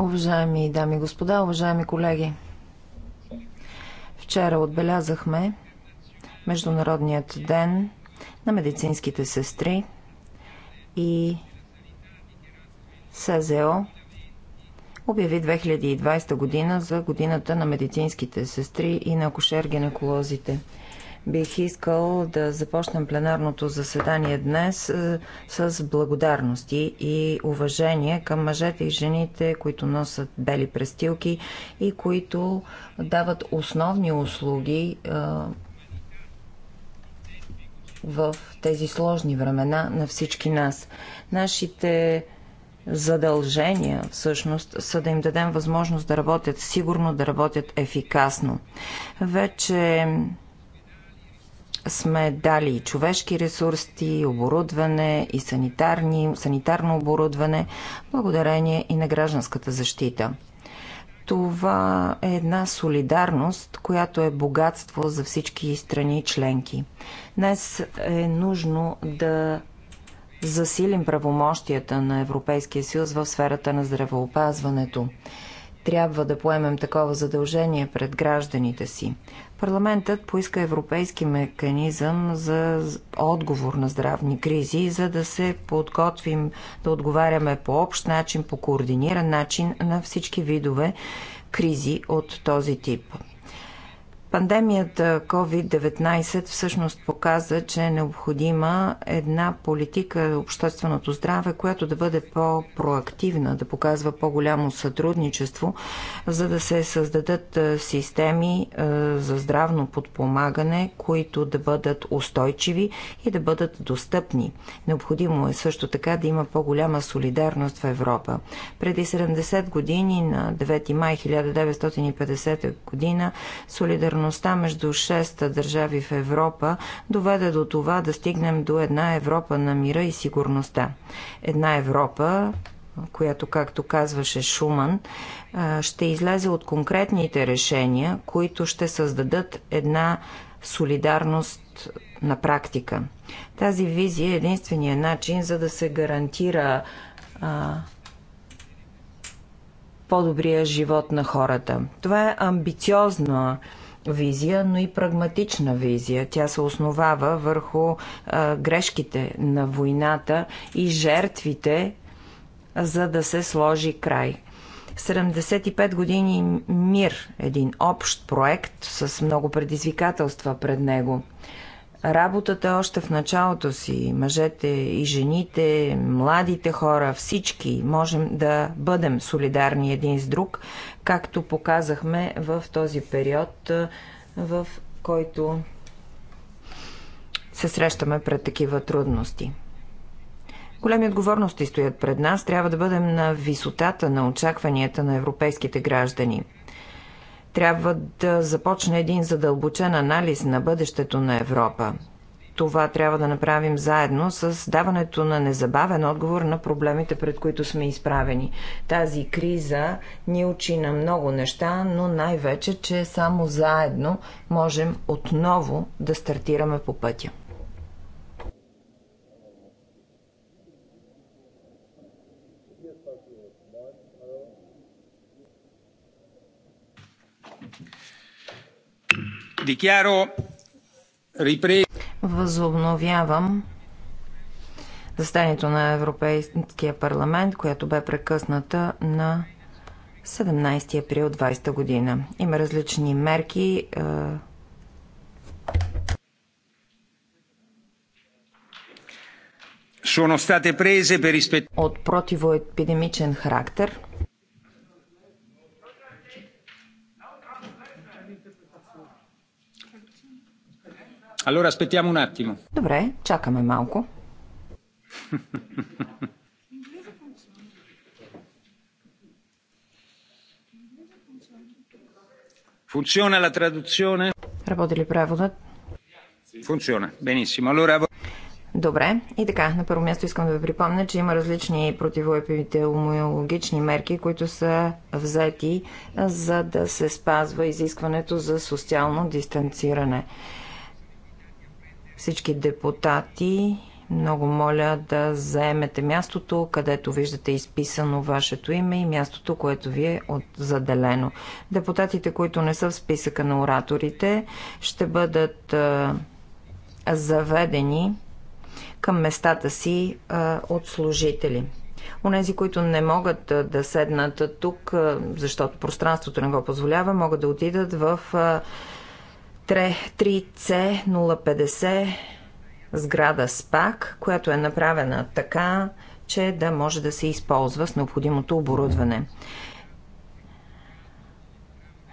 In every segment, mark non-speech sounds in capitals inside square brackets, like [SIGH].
Уважаеми дами и господа, уважаеми колеги, вчера отбелязахме Международният ден на медицинските сестри и СЗО обяви 2020 година за годината на медицинските сестри и на акушер-гинеколозите. Бих искал да започнем пленарното заседание днес е, с благодарности и уважение към мъжете и жените, които носят бели престилки и които дават основни услуги е, в тези сложни времена на всички нас. Нашите задължения всъщност са да им дадем възможност да работят сигурно, да работят ефикасно. Вече сме дали и човешки ресурси, оборудване и санитарни, санитарно оборудване, благодарение и на гражданската защита. Това е една солидарност, която е богатство за всички страни членки. Днес е нужно да засилим правомощията на Европейския съюз в сферата на здравеопазването трябва да поемем такова задължение пред гражданите си. Парламентът поиска европейски механизъм за отговор на здравни кризи, за да се подготвим да отговаряме по общ начин, по координиран начин на всички видове кризи от този тип. Пандемията COVID-19 всъщност показа, че е необходима една политика общественото здраве, която да бъде по-проактивна, да показва по-голямо сътрудничество, за да се създадат е, системи е, за здравно подпомагане, които да бъдат устойчиви и да бъдат достъпни. Необходимо е също така да има по-голяма солидарност в Европа. Преди 70 години, на 9 май 1950 година, солидарността солидарността между шеста държави в Европа доведе до това да стигнем до една Европа на мира и сигурността. Една Европа, която, както казваше Шуман, ще излезе от конкретните решения, които ще създадат една солидарност на практика. Тази визия е единствения начин за да се гарантира по-добрия живот на хората. Това е амбициозна визия, но и прагматична визия. Тя се основава върху а, грешките на войната и жертвите, за да се сложи край. 75 години мир, един общ проект с много предизвикателства пред него. Работата още в началото си, мъжете и жените, младите хора, всички можем да бъдем солидарни един с друг, както показахме в този период, в който се срещаме пред такива трудности. Големи отговорности стоят пред нас. Трябва да бъдем на висотата на очакванията на европейските граждани. Трябва да започне един задълбочен анализ на бъдещето на Европа това трябва да направим заедно с даването на незабавен отговор на проблемите, пред които сме изправени. Тази криза ни учи на много неща, но най-вече, че само заедно можем отново да стартираме по пътя. Dichiaro ripreso. Възобновявам застанието на Европейския парламент, която бе прекъсната на 17 април 2020 година. Има различни мерки. От противоепидемичен характер. Allora aspettiamo un attimo. Добре, чакаме малко. Funziona la traduzione? Работи ли преводът? Функциона. Benissimo. Allora... Добре. И така, на първо място искам да ви припомня, че има различни противоепидемиологични мерки, които са взети за да се спазва изискването за социално дистанциране всички депутати, много моля да заемете мястото, където виждате изписано вашето име и мястото, което ви е заделено. Депутатите, които не са в списъка на ораторите, ще бъдат заведени към местата си от служители. Онези, които не могат да седнат тук, защото пространството не го позволява, могат да отидат в 3C050 сграда СПАК, която е направена така, че да може да се използва с необходимото оборудване.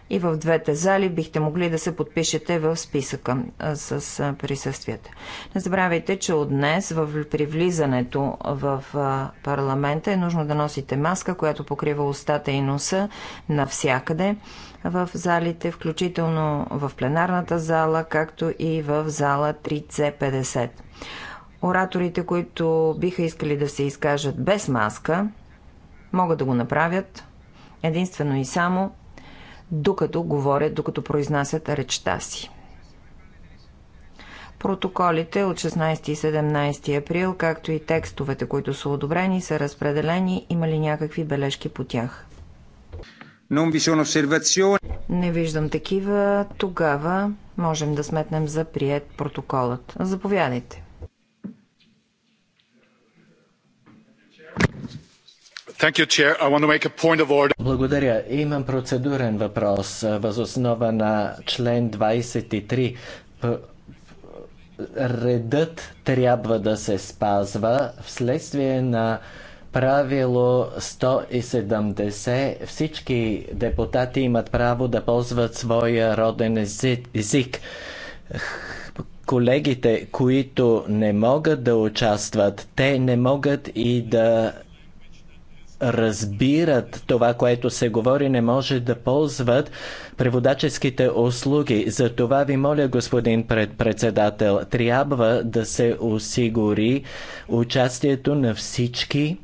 И в двете зали бихте могли да се подпишете в списъка с присъствията. Не забравяйте, че от днес при влизането в парламента е нужно да носите маска, която покрива устата и носа навсякъде в залите, включително в пленарната зала, както и в зала 3C50. Ораторите, които биха искали да се изкажат без маска, могат да го направят единствено и само докато говорят, докато произнасят речта си. Протоколите от 16 и 17 април, както и текстовете, които са одобрени, са разпределени. Има ли някакви бележки по тях? Не виждам такива. Тогава можем да сметнем за прият протоколът. Заповядайте. Благодаря. Имам процедурен въпрос възоснова на член 23. Редът трябва да се спазва вследствие на правило 170 всички депутати имат право да ползват своя роден език. Колегите, които не могат да участват, те не могат и да разбират това, което се говори, не може да ползват преводаческите услуги. За това ви моля, господин председател, трябва да се осигури участието на всички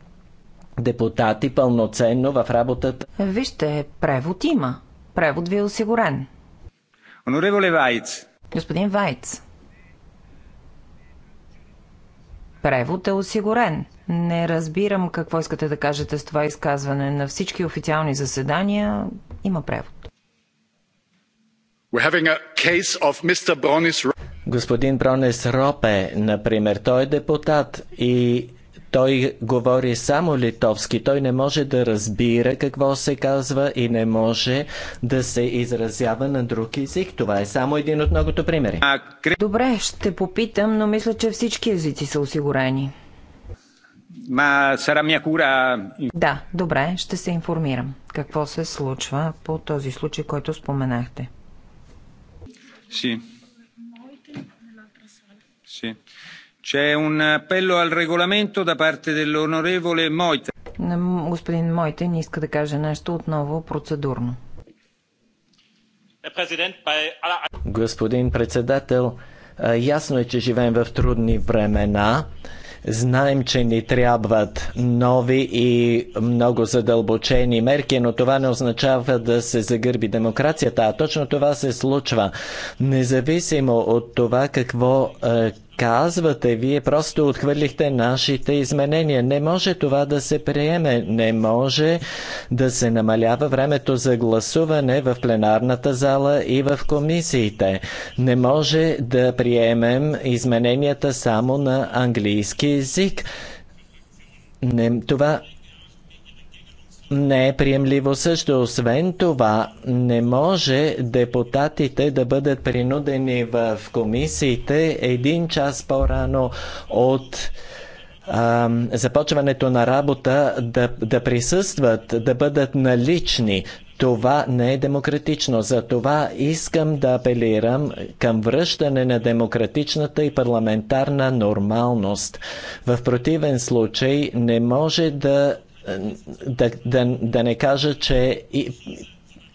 депутати пълноценно в работата. Вижте, превод има. Превод ви е осигурен. Онореволе Вайц. Господин Вайц. Превод е осигурен. Не разбирам какво искате да кажете с това изказване. На всички официални заседания има превод. Господин Бронес Ропе, например, той е депутат и той говори само литовски, той не може да разбира какво се казва и не може да се изразява на друг език. Това е само един от многото примери. Добре, ще попитам, но мисля, че всички езици са осигурени. Ма, сара мя кура... Е да, добре, ще се информирам. Какво се случва по този случай, който споменахте? Си. Си. C'è un appello al regolamento da parte dell'onorevole Moita. Господин Мойте не иска да каже нещо отново процедурно. Господин председател, ясно е, че живеем в трудни времена. Знаем, че ни трябват нови и много задълбочени мерки, но това не означава да се загърби демокрацията, а точно това се случва. Независимо от това какво казвате, вие просто отхвърлихте нашите изменения. Не може това да се приеме. Не може да се намалява времето за гласуване в пленарната зала и в комисиите. Не може да приемем измененията само на английски язик. Не, това не е приемливо също. Освен това, не може депутатите да бъдат принудени в комисиите един час по-рано от а, започването на работа да, да присъстват, да бъдат налични. Това не е демократично. За това искам да апелирам към връщане на демократичната и парламентарна нормалност. В противен случай не може да да, да, да не кажа, че и,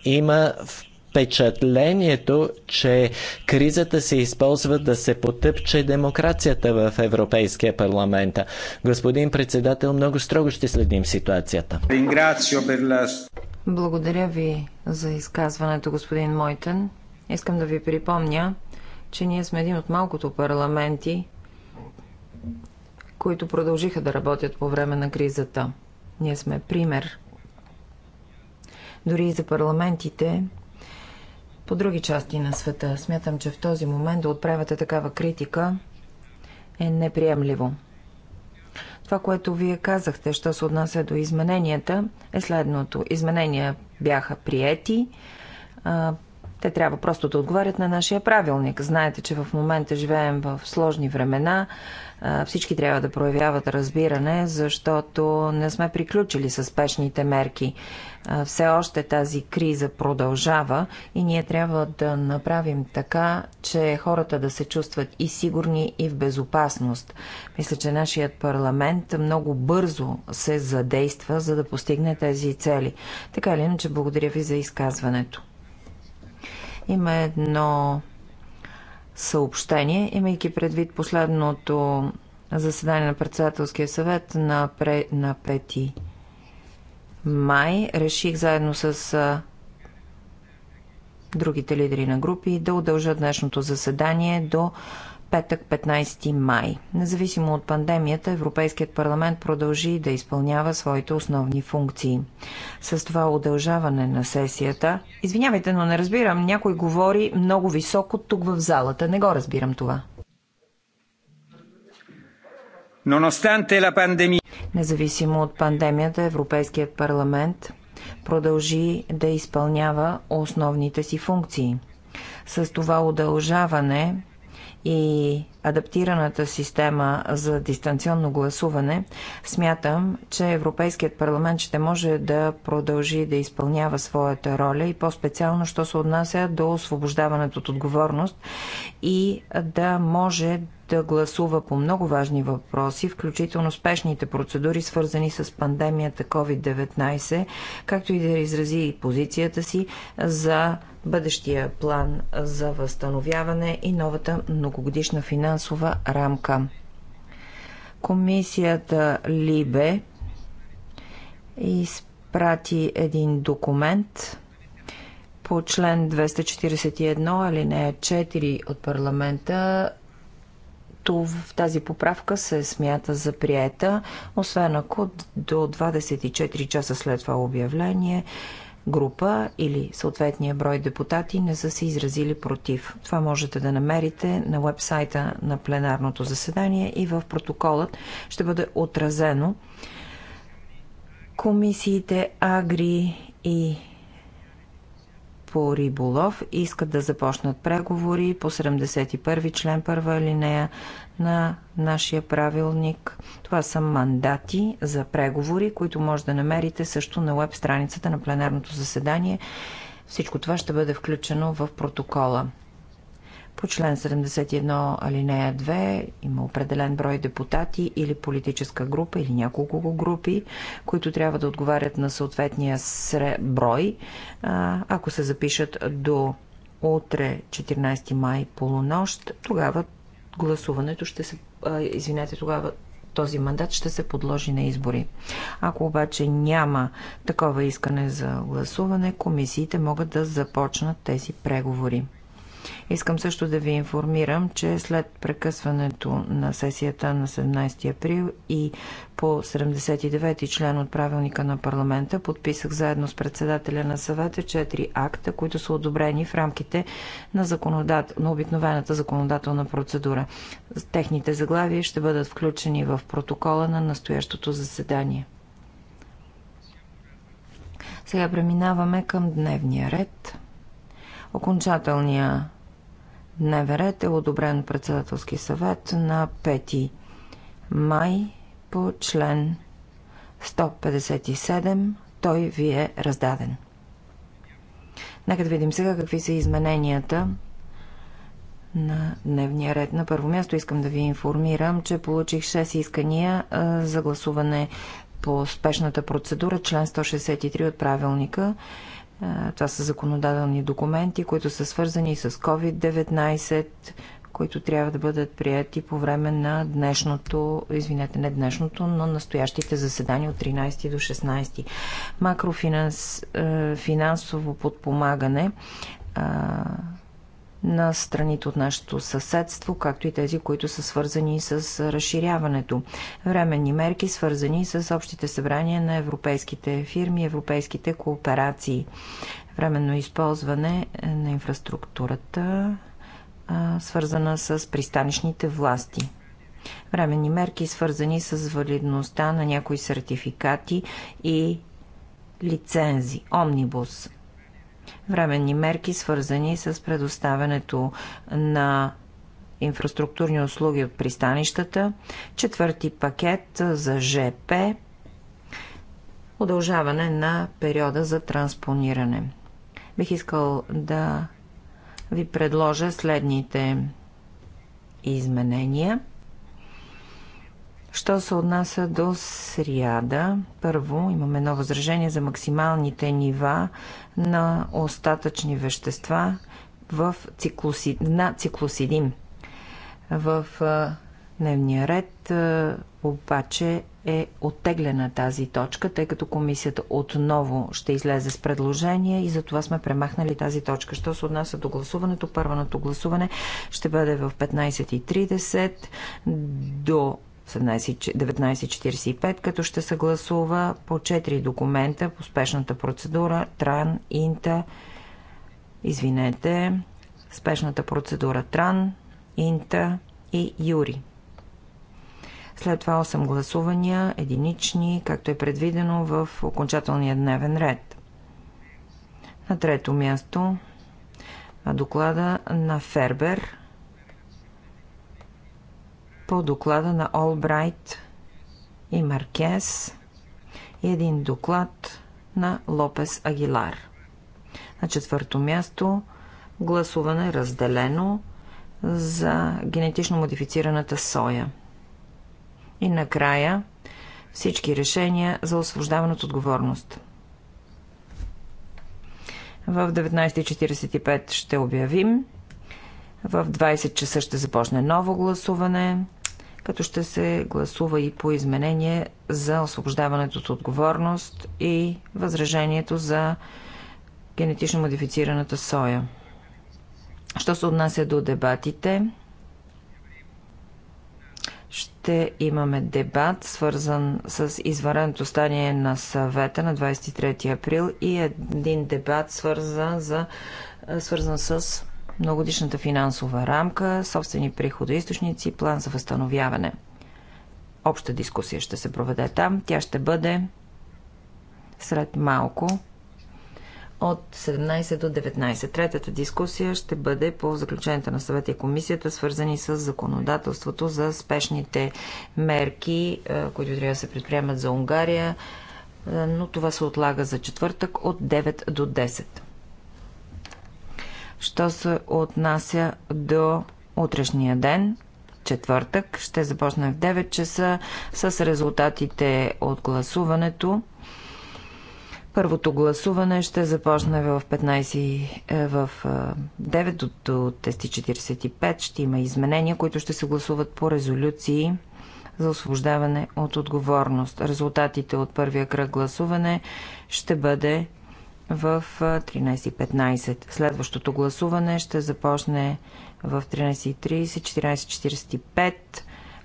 има впечатлението, че кризата се използва да се потъпче демокрацията в Европейския парламент. Господин председател, много строго ще следим ситуацията. Благодаря ви за изказването, господин Мойтен. Искам да ви припомня, че ние сме един от малкото парламенти, които продължиха да работят по време на кризата. Ние сме пример. Дори и за парламентите по други части на света. Смятам, че в този момент да отправяте такава критика е неприемливо. Това, което вие казахте, що се отнася до измененията, е следното. Изменения бяха приети, те трябва просто да отговарят на нашия правилник. Знаете, че в момента живеем в сложни времена. Всички трябва да проявяват разбиране, защото не сме приключили с спешните мерки. Все още тази криза продължава и ние трябва да направим така, че хората да се чувстват и сигурни, и в безопасност. Мисля, че нашият парламент много бързо се задейства, за да постигне тези цели. Така ли, че благодаря ви за изказването. Има едно съобщение, имайки предвид последното заседание на председателския съвет на, пре, на 5 май. Реших заедно с другите лидери на групи да удължа днешното заседание до петък 15 май. Независимо от пандемията, Европейският парламент продължи да изпълнява своите основни функции. С това удължаване на сесията... Извинявайте, но не разбирам. Някой говори много високо тук в залата. Не го разбирам това. Независимо от пандемията, Европейският парламент продължи да изпълнява основните си функции. С това удължаване и адаптираната система за дистанционно гласуване, смятам, че Европейският парламент ще може да продължи да изпълнява своята роля и по-специално, що се отнася до освобождаването от отговорност и да може да гласува по много важни въпроси, включително спешните процедури, свързани с пандемията COVID-19, както и да изрази позицията си за бъдещия план за възстановяване и новата многогодишна финансова рамка. Комисията Либе изпрати един документ по член 241 алинея 4 от парламента в тази поправка се смята за приета, освен ако до 24 часа след това обявление група или съответния брой депутати не са се изразили против. Това можете да намерите на вебсайта на пленарното заседание и в протоколът ще бъде отразено комисиите Агри и по риболов искат да започнат преговори по 71 член първа линея на нашия правилник. Това са мандати за преговори, които може да намерите също на веб страницата на пленарното заседание. Всичко това ще бъде включено в протокола. По член 71 алинея 2 има определен брой депутати или политическа група или няколко групи, които трябва да отговарят на съответния брой, ако се запишат до утре 14 май полунощ, тогава гласуването ще се... Извинете, тогава този мандат ще се подложи на избори. Ако обаче няма такова искане за гласуване, комисиите могат да започнат тези преговори. Искам също да ви информирам, че след прекъсването на сесията на 17 април и по 79 ти член от правилника на парламента подписах заедно с председателя на съвета 4 акта, които са одобрени в рамките на, законодат... на обикновената законодателна процедура. Техните заглавия ще бъдат включени в протокола на настоящото заседание. Сега преминаваме към дневния ред. Окончателния дневен е ред е одобрен председателски съвет на 5 май по член 157. Той ви е раздаден. Нека да видим сега какви са измененията на дневния ред. На първо място искам да ви информирам, че получих 6 искания за гласуване по спешната процедура, член 163 от правилника това са законодателни документи, които са свързани с COVID-19, които трябва да бъдат прияти по време на днешното, извинете, не днешното, но настоящите заседания от 13 до 16. Макрофинансово подпомагане на страните от нашето съседство, както и тези, които са свързани с разширяването. Временни мерки, свързани с общите събрания на европейските фирми, европейските кооперации. Временно използване на инфраструктурата, свързана с пристанищните власти. Временни мерки, свързани с валидността на някои сертификати и лицензи. Омнибус – временни мерки, свързани с предоставянето на инфраструктурни услуги от пристанищата, четвърти пакет за ЖП, удължаване на периода за транспониране. Бих искал да ви предложа следните изменения. Що се отнася до сряда, първо имаме едно възражение за максималните нива на остатъчни вещества в циклоси... на циклосидим. В дневния ред обаче е оттеглена тази точка, тъй като комисията отново ще излезе с предложение и затова сме премахнали тази точка. Що се отнася до гласуването, Първаното гласуване ще бъде в 15.30 до 1945, като ще се гласува по 4 документа по спешната процедура ТРАН, ИНТА, извинете, спешната процедура ТРАН, Инта и Юри. След това 8 гласувания, единични, както е предвидено в окончателния дневен ред. На трето място доклада на Фербер по доклада на Олбрайт и Маркес и един доклад на Лопес Агилар. На четвърто място гласуване разделено за генетично модифицираната соя. И накрая всички решения за освобождаване от отговорност. В 19.45 ще обявим. В 20 часа ще започне ново гласуване като ще се гласува и по изменение за освобождаването от отговорност и възражението за генетично модифицираната соя. Що се отнася до дебатите, ще имаме дебат, свързан с извареното стание на съвета на 23 април и един дебат, свързан, за, свързан с многодишната финансова рамка, собствени източници, план за възстановяване. Обща дискусия ще се проведе там. Тя ще бъде сред малко от 17 до 19. Третата дискусия ще бъде по заключенията на съвета и комисията, свързани с законодателството за спешните мерки, е, които трябва да се предприемат за Унгария, е, но това се отлага за четвъртък от 9 до 10. Що се отнася до утрешния ден, четвъртък, ще започнем в 9 часа с резултатите от гласуването. Първото гласуване ще започне в 15 е, в 9 е, от до 10.45. Ще има изменения, които ще се гласуват по резолюции за освобождаване от отговорност. Резултатите от първия кръг гласуване ще бъде в 13.15. Следващото гласуване ще започне в 13.30, 14.45.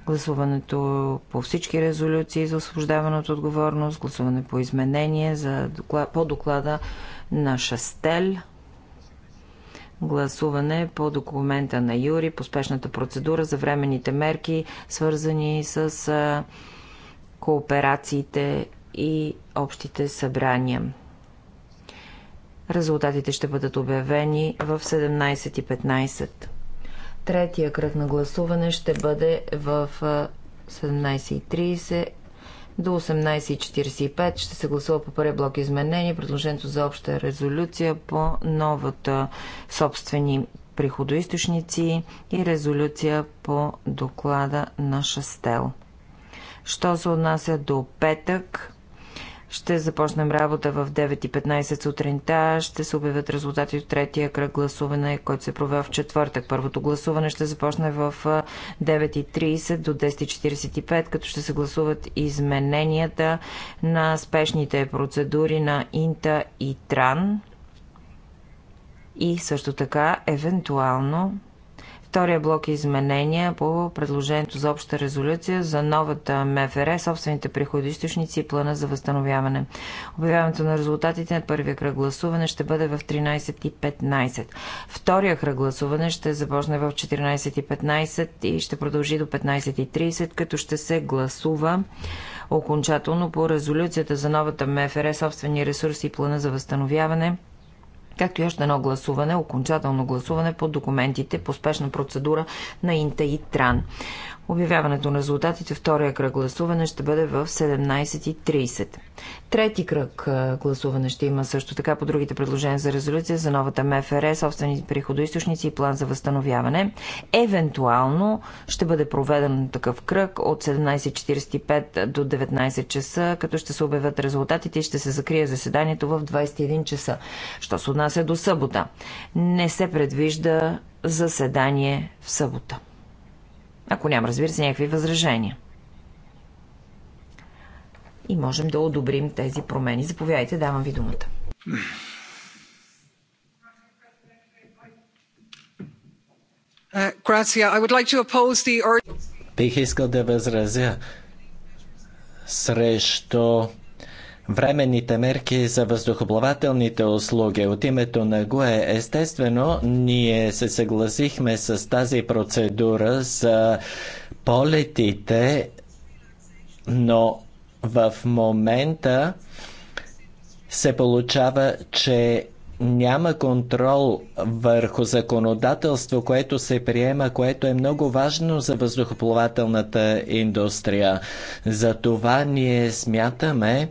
Гласуването по всички резолюции за освобождаване от отговорност, гласуване по изменение за доклад, по доклада на Шастел. гласуване по документа на Юри, по спешната процедура за временните мерки, свързани с кооперациите и общите събрания. Резултатите ще бъдат обявени в 17.15. Третия кръг на гласуване ще бъде в 17.30 до 18.45 ще се гласува по първия блок изменение, предложението за обща резолюция по новата собствени приходоисточници и резолюция по доклада на Шастел. Що се отнася до петък, ще започнем работа в 9.15 сутринта. Ще се обявят резултати от третия кръг гласуване, който се провел в четвъртък. Първото гласуване ще започне в 9.30 до 10.45, като ще се гласуват измененията на спешните процедури на Инта и Тран. И също така, евентуално, Втория блок е изменения по предложението за обща резолюция за новата МФР, собствените приходоисточници и плана за възстановяване. Обявяването на резултатите на първия кръг гласуване ще бъде в 13.15. Втория кръг гласуване ще започне в 14.15 и ще продължи до 15.30, като ще се гласува окончателно по резолюцията за новата МФР, собствени ресурси и плана за възстановяване – както и още едно гласуване, окончателно гласуване по документите по спешна процедура на Инта и Тран. Обявяването на резултатите втория кръг гласуване ще бъде в 17.30. Трети кръг гласуване ще има също така по другите предложения за резолюция за новата МФР, собствени приходоисточници и план за възстановяване. Евентуално ще бъде проведен такъв кръг от 17.45 до 19 часа, като ще се обявят резултатите и ще се закрие заседанието в 21 часа. Що се отнася до събота? Не се предвижда заседание в събота. Ако няма, разбира се, някакви възражения. И можем да одобрим тези промени. Заповядайте, давам ви думата. Е, Бих искал да възразя срещу временните мерки за въздухоплавателните услуги. От името на ГУЕ, естествено, ние се съгласихме с тази процедура за полетите, но в момента се получава, че няма контрол върху законодателство, което се приема, което е много важно за въздухоплавателната индустрия. За това ние смятаме,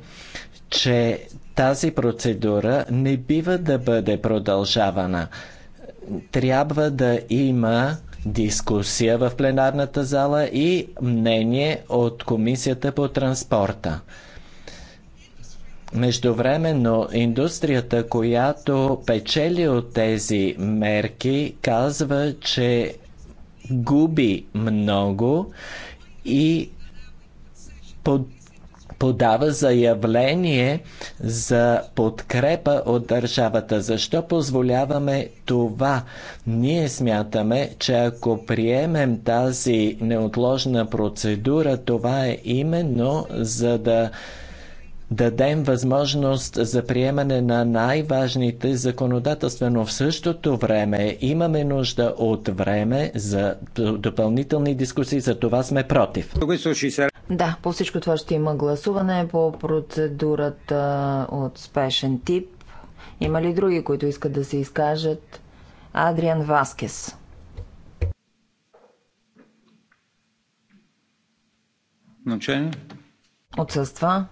че тази процедура не бива да бъде продължавана. Трябва да има дискусия в пленарната зала и мнение от Комисията по транспорта. Междувременно индустрията, която печели от тези мерки, казва, че губи много и под подава заявление за подкрепа от държавата. Защо позволяваме това? Ние смятаме, че ако приемем тази неотложна процедура, това е именно за да дадем възможност за приемане на най-важните законодателства, но в същото време имаме нужда от време за допълнителни дискусии, за това сме против. Да, по всичко това ще има гласуване по процедурата от спешен тип. Има ли други, които искат да се изкажат? Адриан Васкес. Отсъства.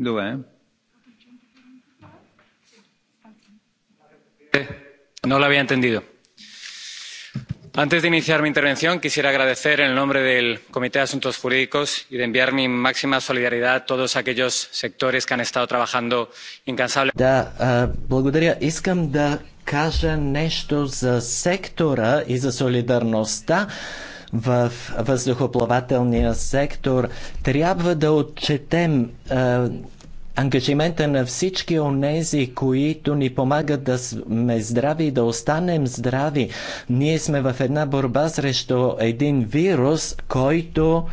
Добре. No lo había entendido. Antes de iniciar mi intervención, quisiera agradecer en nombre del Comité de Asuntos Jurídicos y de enviar mi máxima solidaridad a todos aquellos sectores que han estado trabajando incansablemente в въздухоплавателния сектор, трябва да отчетем е, ангажимента на всички онези, които ни помагат да сме здрави и да останем здрави. Ние сме в една борба срещу един вирус, който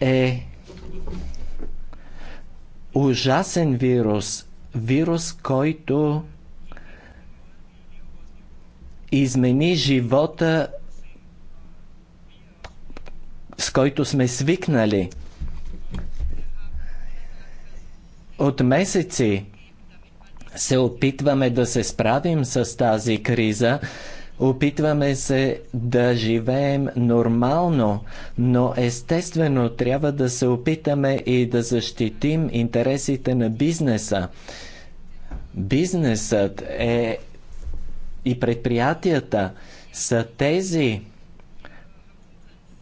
е ужасен вирус. Вирус, който измени живота с който сме свикнали. От месеци се опитваме да се справим с тази криза, опитваме се да живеем нормално, но естествено трябва да се опитаме и да защитим интересите на бизнеса. Бизнесът е и предприятията са тези,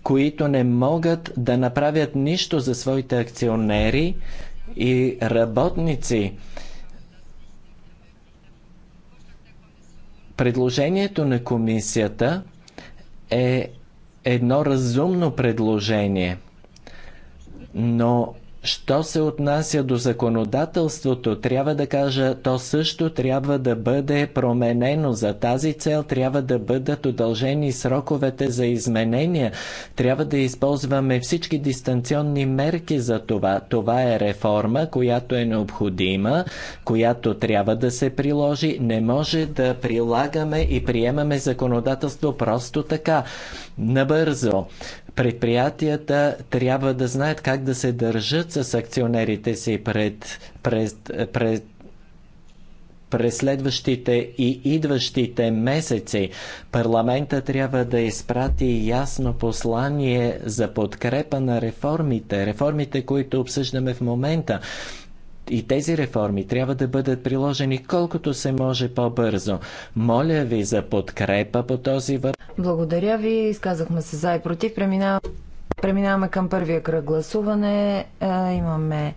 които не могат да направят нищо за своите акционери и работници. Предложението на комисията е едно разумно предложение, но Що се отнася до законодателството, трябва да кажа, то също трябва да бъде променено. За тази цел трябва да бъдат удължени сроковете за изменения. Трябва да използваме всички дистанционни мерки за това. Това е реформа, която е необходима, която трябва да се приложи. Не може да прилагаме и приемаме законодателство просто така, набързо предприятията трябва да знаят как да се държат с акционерите си пред, пред, пред през следващите и идващите месеци парламента трябва да изпрати ясно послание за подкрепа на реформите, реформите, които обсъждаме в момента и тези реформи трябва да бъдат приложени колкото се може по-бързо. Моля ви за подкрепа по този въпрос. Благодаря ви. Изказахме се за и против. Преминаваме, Преминаваме към първия кръг гласуване. Е, имаме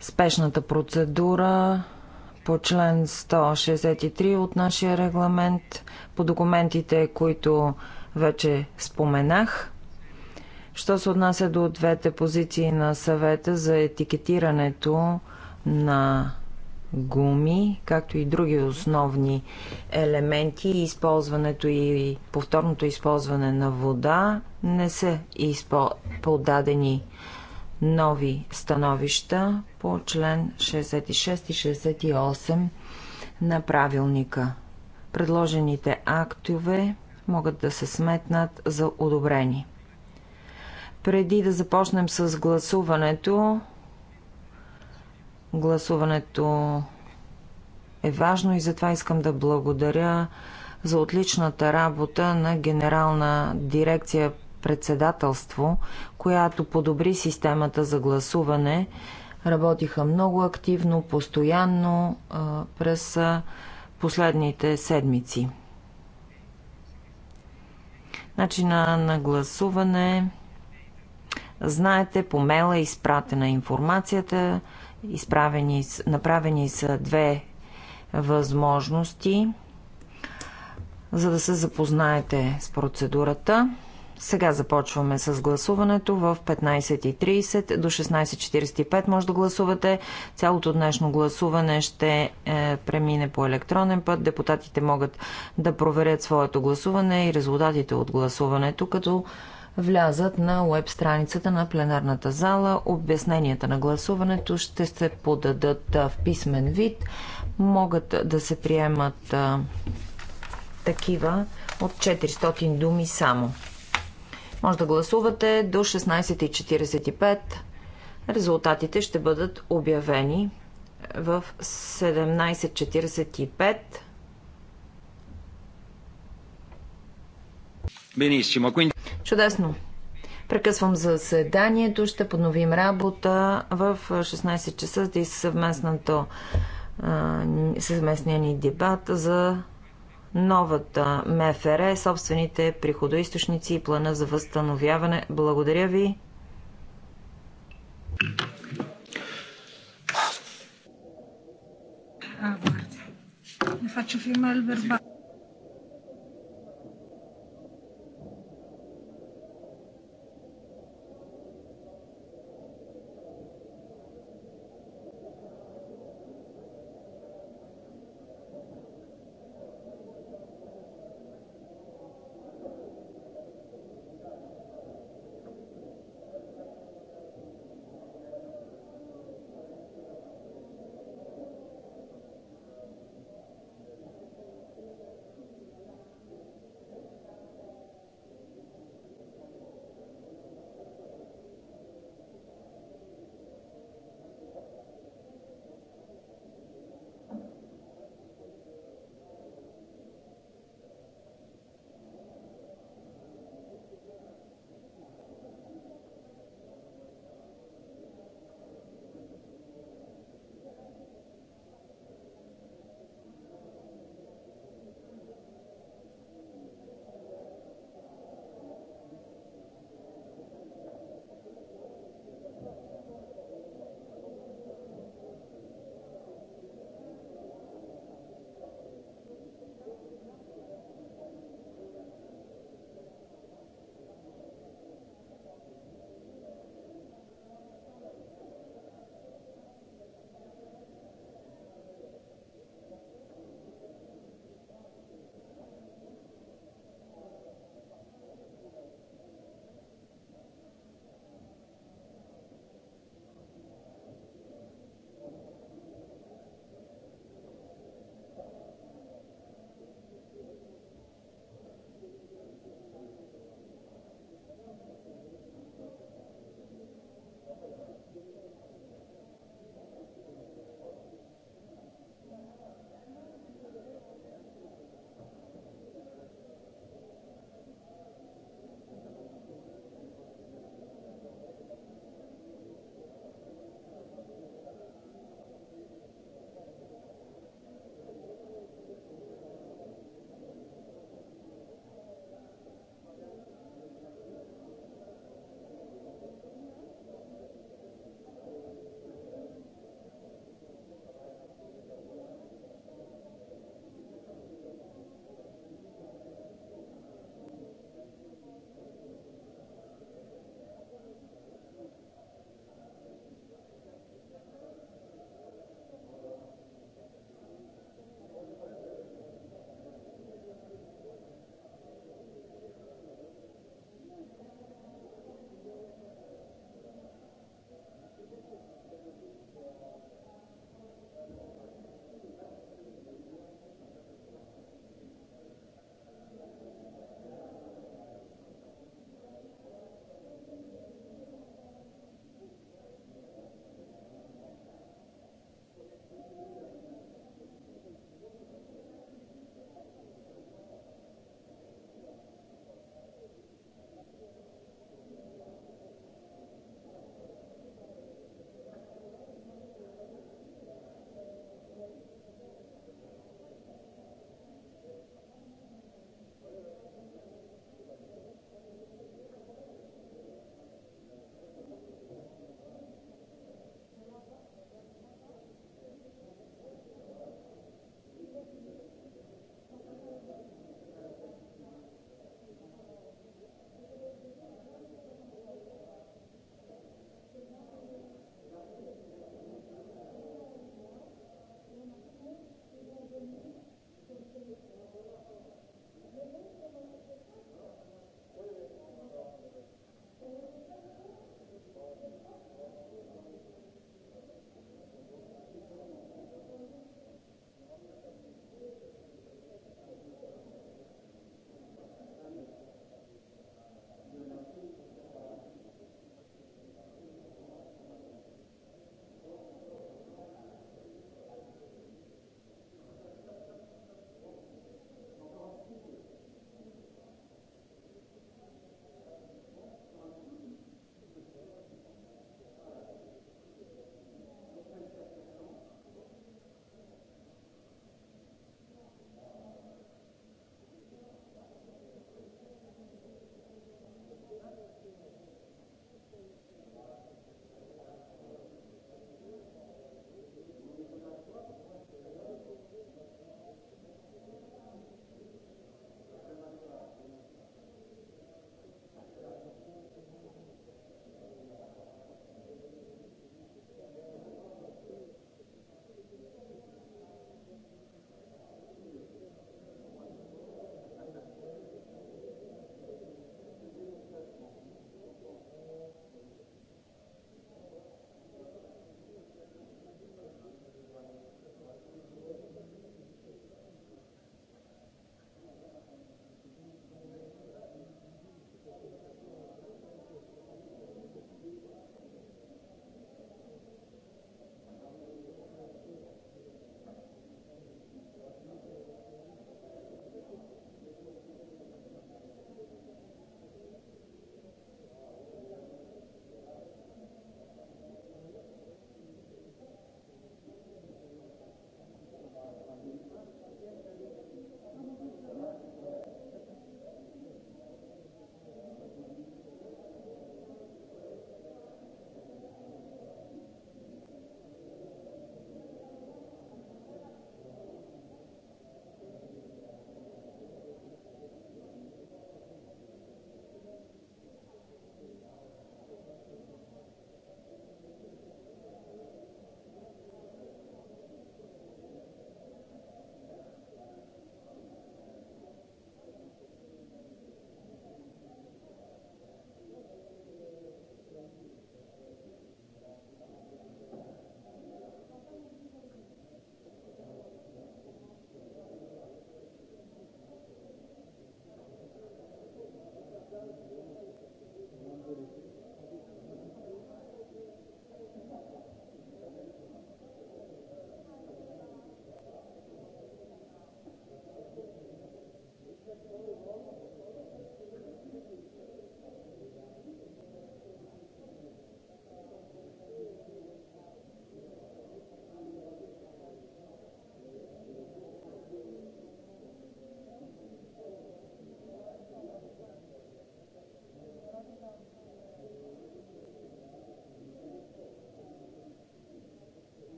спешната процедура по член 163 от нашия регламент, по документите, които вече споменах. Що се отнася до двете позиции на съвета за етикетирането на гуми, както и други основни елементи, използването и повторното използване на вода не са подадени нови становища по член 66 и 68 на правилника. Предложените актове могат да се сметнат за одобрени. Преди да започнем с гласуването, Гласуването е важно и затова искам да благодаря за отличната работа на Генерална дирекция председателство, която подобри системата за гласуване. Работиха много активно, постоянно през последните седмици. Начина на гласуване. Знаете, по мела е изпратена информацията. Изправени, направени са две възможности, за да се запознаете с процедурата. Сега започваме с гласуването в 15.30 до 16.45 може да гласувате. Цялото днешно гласуване ще е, премине по електронен път. Депутатите могат да проверят своето гласуване и резултатите от гласуването, като влязат на веб страницата на пленарната зала. Обясненията на гласуването ще се подадат в писмен вид. Могат да се приемат а, такива от 400 думи само. Може да гласувате до 16.45. Резултатите ще бъдат обявени в 17.45 quindi... Чудесно. Прекъсвам заседанието. Ще подновим работа в 16 часа и съвместното съвместния ни дебат за новата МФР, собствените приходоисточници и плана за възстановяване. Благодаря ви. Ah, faccio firmare il verbale.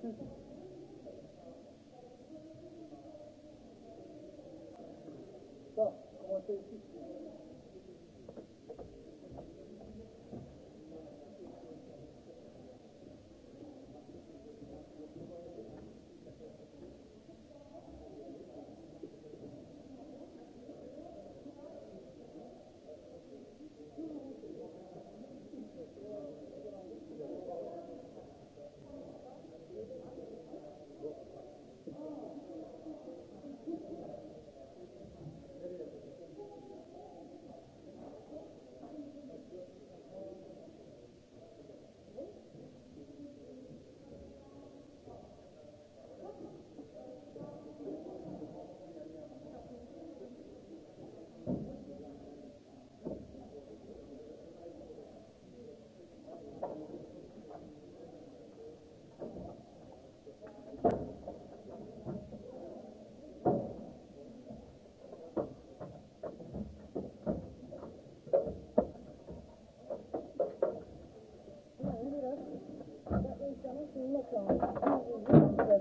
Thank you. Thank you.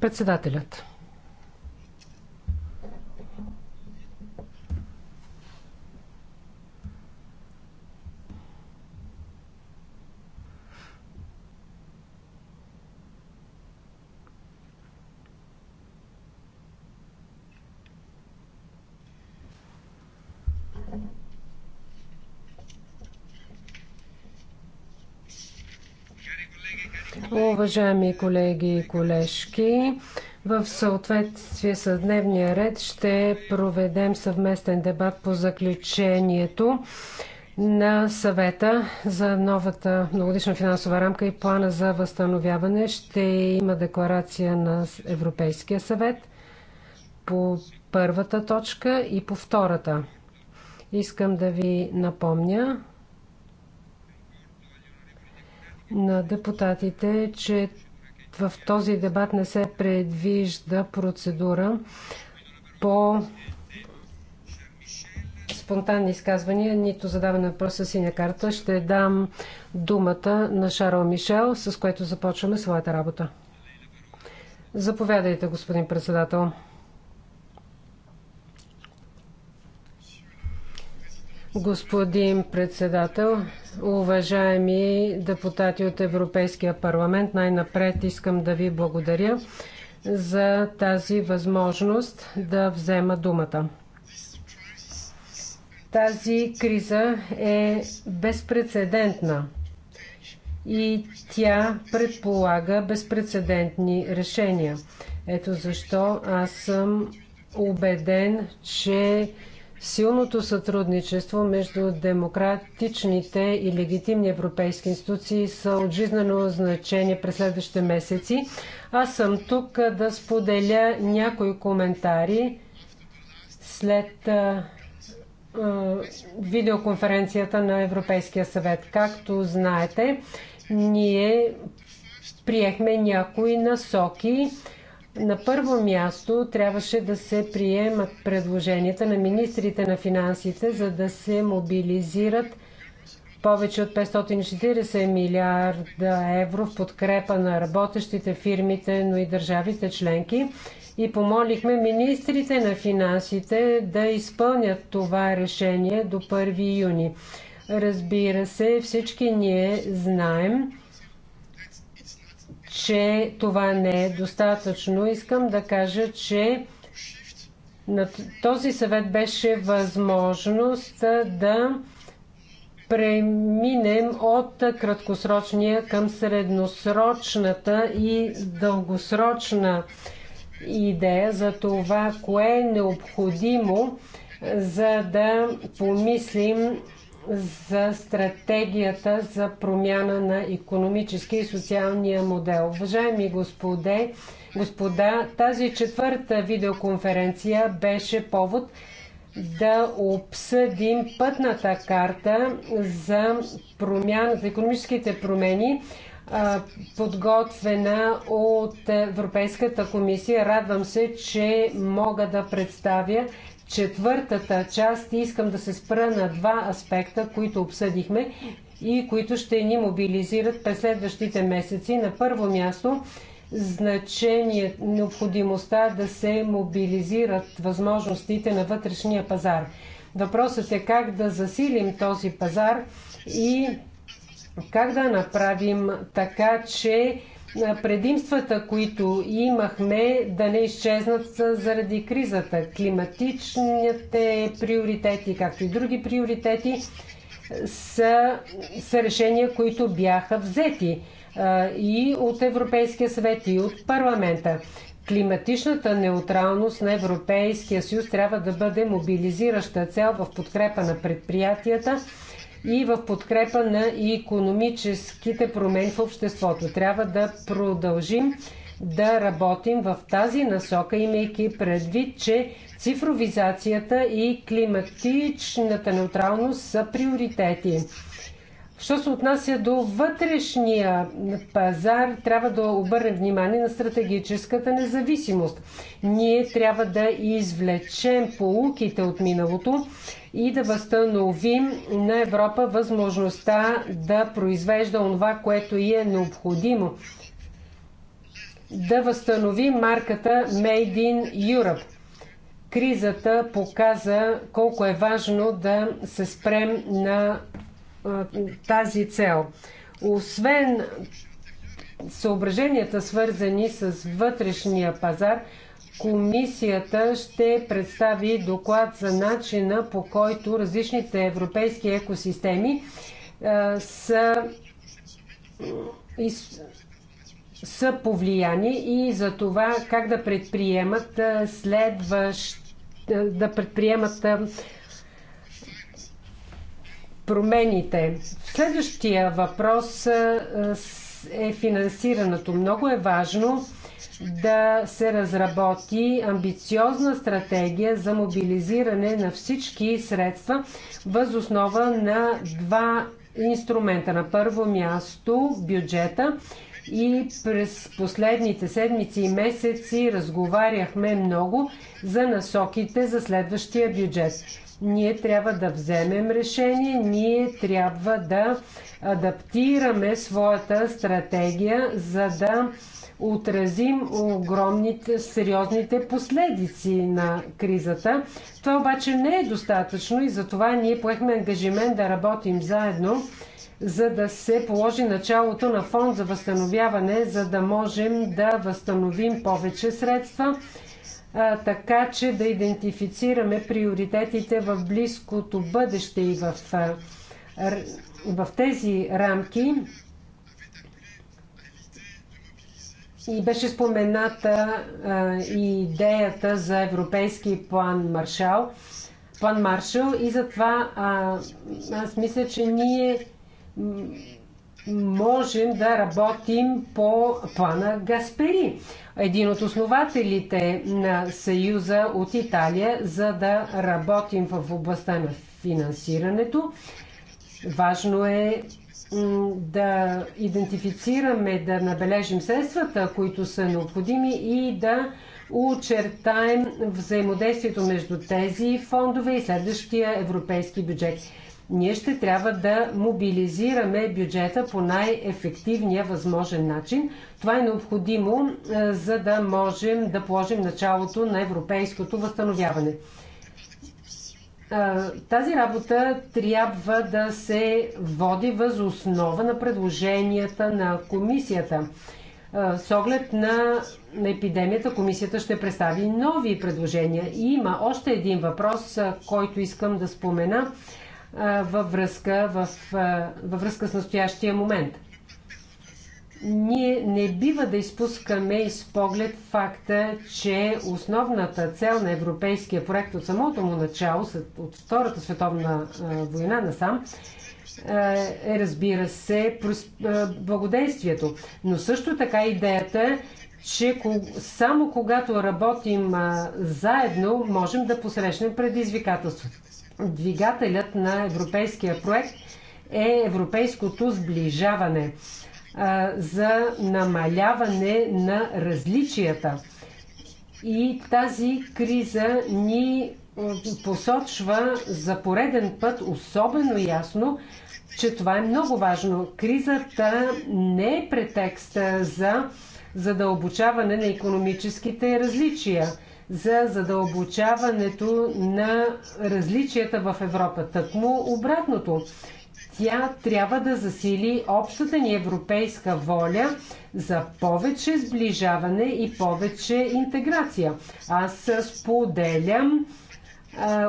Председателят Уважаеми колеги и колежки, в съответствие с дневния ред ще проведем съвместен дебат по заключението на съвета за новата многодишна финансова рамка и плана за възстановяване. Ще има декларация на Европейския съвет по първата точка и по втората. Искам да ви напомня, на депутатите, че в този дебат не се предвижда процедура по спонтанни изказвания, нито задаване на въпроса синя карта. Ще дам думата на Шарл Мишел, с което започваме своята работа. Заповядайте, господин председател. Господин председател, уважаеми депутати от Европейския парламент, най-напред искам да ви благодаря за тази възможност да взема думата. Тази криза е безпредседентна и тя предполага безпредседентни решения. Ето защо аз съм убеден, че Силното сътрудничество между демократичните и легитимни европейски институции са от жизнено значение през следващите месеци. Аз съм тук да споделя някои коментари след а, а, видеоконференцията на Европейския съвет. Както знаете, ние приехме някои насоки на първо място трябваше да се приемат предложенията на министрите на финансите, за да се мобилизират повече от 540 милиарда евро в подкрепа на работещите фирмите, но и държавите членки. И помолихме министрите на финансите да изпълнят това решение до 1 юни. Разбира се, всички ние знаем, че това не е достатъчно. Искам да кажа, че на този съвет беше възможност да преминем от краткосрочния към средносрочната и дългосрочна идея за това, кое е необходимо, за да помислим за стратегията за промяна на економически и социалния модел. Уважаеми господе, господа, тази четвърта видеоконференция беше повод да обсъдим пътната карта за промяна, за економическите промени, подготвена от Европейската комисия. Радвам се, че мога да представя четвъртата част искам да се спра на два аспекта, които обсъдихме и които ще ни мобилизират през следващите месеци. На първо място значение, необходимостта да се мобилизират възможностите на вътрешния пазар. Въпросът е как да засилим този пазар и как да направим така, че предимствата, които имахме, да не изчезнат заради кризата. Климатичните приоритети, както и други приоритети, са, са решения, които бяха взети а, и от Европейския съвет, и от парламента. Климатичната неутралност на Европейския съюз трябва да бъде мобилизираща цел в подкрепа на предприятията и в подкрепа на економическите промени в обществото. Трябва да продължим да работим в тази насока, имайки предвид, че цифровизацията и климатичната неутралност са приоритети. Що се отнася до вътрешния пазар, трябва да обърнем внимание на стратегическата независимост. Ние трябва да извлечем полуките от миналото, и да възстановим на Европа възможността да произвежда онова, което и е необходимо. Да възстановим марката Made in Europe. Кризата показа колко е важно да се спрем на тази цел. Освен съображенията, свързани с вътрешния пазар, Комисията ще представи доклад за начина по който различните европейски екосистеми са, са повлияни и за това как да предприемат следващ да предприемат промените. Следващия въпрос е финансирането. Много е важно да се разработи амбициозна стратегия за мобилизиране на всички средства възоснова на два инструмента. На първо място бюджета и през последните седмици и месеци разговаряхме много за насоките за следващия бюджет. Ние трябва да вземем решение, ние трябва да адаптираме своята стратегия, за да отразим огромните, сериозните последици на кризата. Това обаче не е достатъчно и затова ние поехме ангажимент да работим заедно, за да се положи началото на фонд за възстановяване, за да можем да възстановим повече средства, а, така че да идентифицираме приоритетите в близкото бъдеще и в, в тези рамки И беше спомената а, и идеята за европейски план Маршал, план Маршал и затова а, аз мисля, че ние можем да работим по плана Гаспери, един от основателите на Съюза от Италия, за да работим в областта на финансирането. Важно е да идентифицираме, да набележим средствата, които са необходими и да очертаем взаимодействието между тези фондове и следващия европейски бюджет. Ние ще трябва да мобилизираме бюджета по най-ефективния възможен начин. Това е необходимо, е, за да можем да положим началото на европейското възстановяване. Тази работа трябва да се води въз основа на предложенията на комисията. С оглед на, на епидемията, комисията ще представи нови предложения. И има още един въпрос, който искам да спомена във връзка, във, във връзка с настоящия момент – ние не бива да изпускаме из поглед факта, че основната цел на европейския проект от самото му начало, от Втората световна война насам, е, разбира се, благодействието, Но също така идеята, че само когато работим заедно, можем да посрещнем предизвикателството. Двигателят на европейския проект е европейското сближаване – за намаляване на различията. И тази криза ни посочва за пореден път особено ясно, че това е много важно. Кризата не е претекст за задълбочаване на економическите различия, за задълбочаването на различията в Европа. Тъкмо обратното. Тя трябва да засили общата ни европейска воля за повече сближаване и повече интеграция. Аз споделям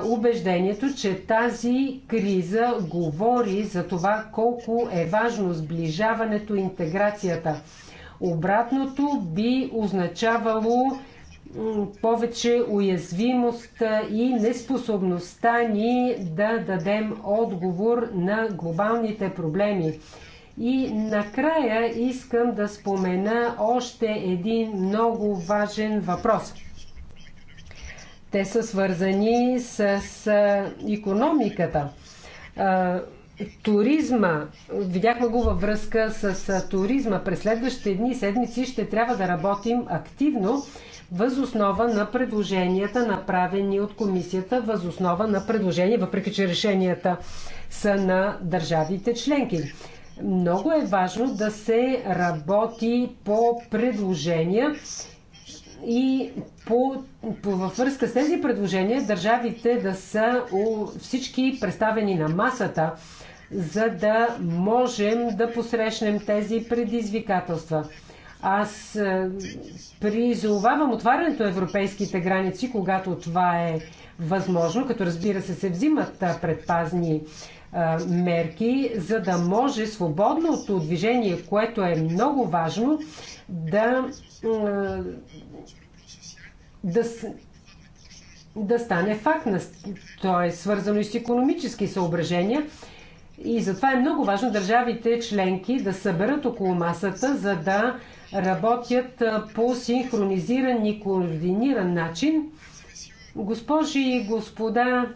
убеждението, че тази криза говори за това колко е важно сближаването и интеграцията. Обратното би означавало повече уязвимост и неспособността ни да дадем отговор на глобалните проблеми. И накрая искам да спомена още един много важен въпрос. Те са свързани с економиката туризма, видяхме го във връзка с туризма, през следващите дни и седмици ще трябва да работим активно възоснова на предложенията, направени от комисията, възоснова на предложения, въпреки че решенията са на държавите членки. Много е важно да се работи по предложения, и по, по, във връзка с тези предложения, държавите да са у, всички представени на масата, за да можем да посрещнем тези предизвикателства. Аз е, призовавам отварянето на европейските граници, когато това е възможно, като разбира се се взимат предпазни е, мерки, за да може свободното движение, което е много важно, да, да, да стане факт. То е свързано и с економически съображения. И затова е много важно държавите членки да съберат около масата, за да работят по синхронизиран и координиран начин. Госпожи и господа,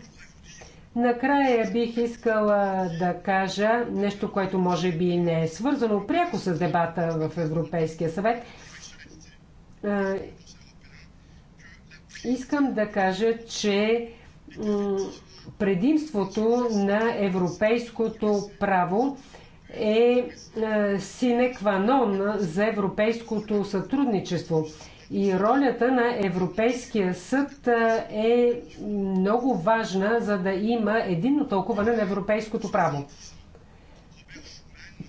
Накрая бих искала да кажа нещо, което може би не е свързано пряко с дебата в Европейския съвет. Искам да кажа, че предимството на европейското право е синекванон за европейското сътрудничество. И ролята на Европейския съд е много важна, за да има единно тълкуване на европейското право.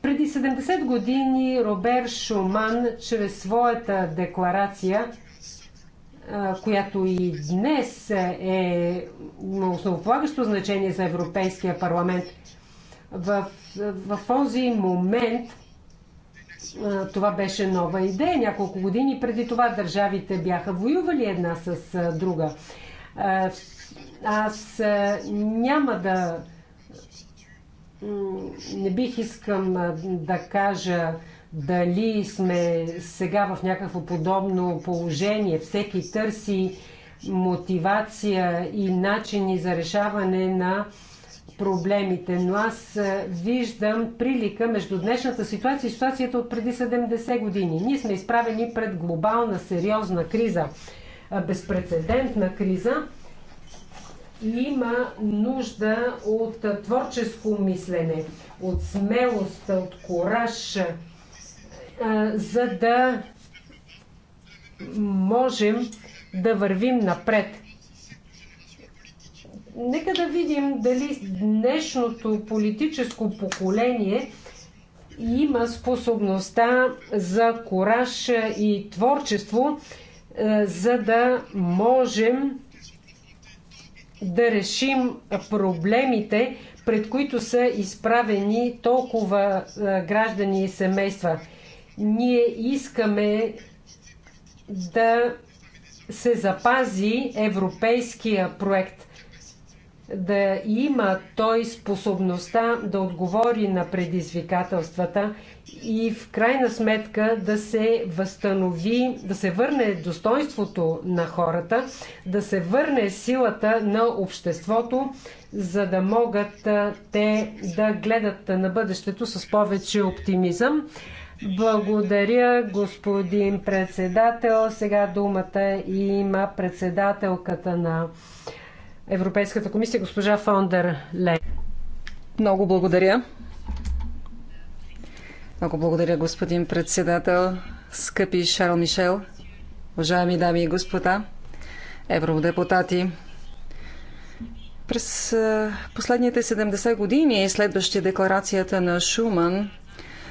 Преди 70 години Робер Шуман чрез своята декларация, която и днес е основополагащо значение за Европейския парламент, в, в този момент това беше нова идея. Няколко години преди това държавите бяха воювали една с друга. Аз няма да. Не бих искам да кажа дали сме сега в някакво подобно положение. Всеки търси мотивация и начини за решаване на проблемите, но аз виждам прилика между днешната ситуация и ситуацията от преди 70 години. Ние сме изправени пред глобална, сериозна криза, безпредседентна криза има нужда от творческо мислене, от смелост, от кораж, за да можем да вървим напред. Нека да видим дали днешното политическо поколение има способността за кораж и творчество, е, за да можем да решим проблемите, пред които са изправени толкова е, граждани и семейства. Ние искаме да се запази европейския проект да има той способността да отговори на предизвикателствата и в крайна сметка да се възстанови, да се върне достоинството на хората, да се върне силата на обществото, за да могат те да гледат на бъдещето с повече оптимизъм. Благодаря, господин председател. Сега думата има председателката на Европейската комисия, госпожа Фондер Лей. Много благодаря. Много благодаря, господин председател, скъпи Шарл Мишел, уважаеми дами и господа, евродепутати. През последните 70 години, следващи декларацията на Шуман,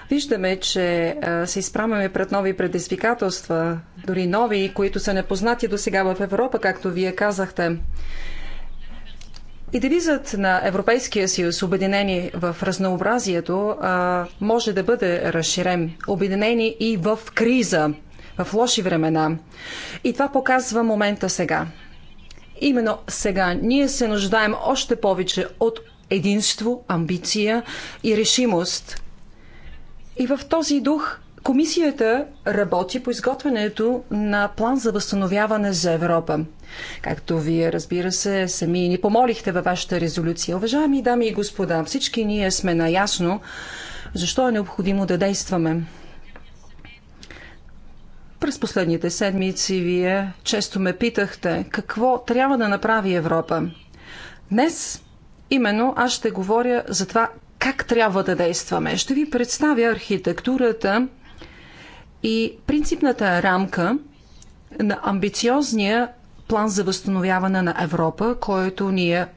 виждаме, че се изправяме пред нови предизвикателства, дори нови, които са непознати до сега в Европа, както вие казахте. И девизът на Европейския съюз, обединени в разнообразието, може да бъде разширен. Обединени и в криза, в лоши времена. И това показва момента сега. Именно сега ние се нуждаем още повече от единство, амбиция и решимост. И в този дух комисията работи по изготвянето на план за възстановяване за Европа – Както вие, разбира се, сами ни помолихте във вашата резолюция. Уважаеми дами и господа, всички ние сме наясно защо е необходимо да действаме. През последните седмици вие често ме питахте какво трябва да направи Европа. Днес именно аз ще говоря за това как трябва да действаме. Ще ви представя архитектурата и принципната рамка на амбициозния план за възстановяване на Европа, който ние е,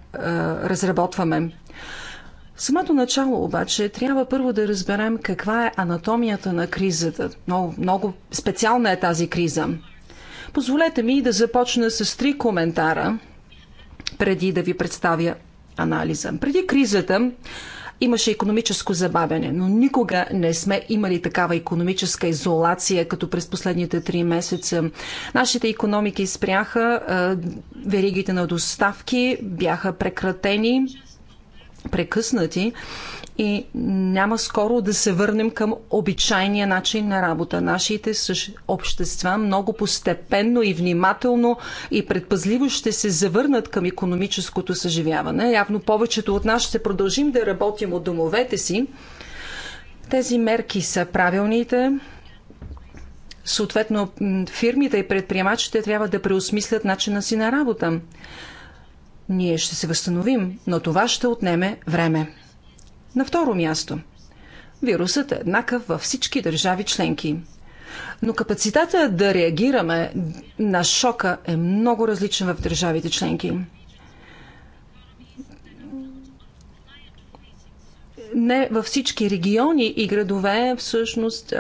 разработваме. В самото начало обаче трябва първо да разберем каква е анатомията на кризата. Много, много специална е тази криза. Позволете ми да започна с три коментара, преди да ви представя анализа. Преди кризата имаше економическо забавяне, но никога не сме имали такава економическа изолация, като през последните три месеца. Нашите економики спряха, веригите на доставки бяха прекратени, прекъснати и няма скоро да се върнем към обичайния начин на работа. Нашите общества много постепенно и внимателно и предпазливо ще се завърнат към економическото съживяване. Явно повечето от нас ще продължим да работим от домовете си. Тези мерки са правилните. Съответно, фирмите и предприемачите трябва да преосмислят начина си на работа. Ние ще се възстановим, но това ще отнеме време. На второ място, вирусът е еднакъв във всички държави членки. Но капацитета да реагираме на шока е много различен в държавите членки. Не във всички региони и градове всъщност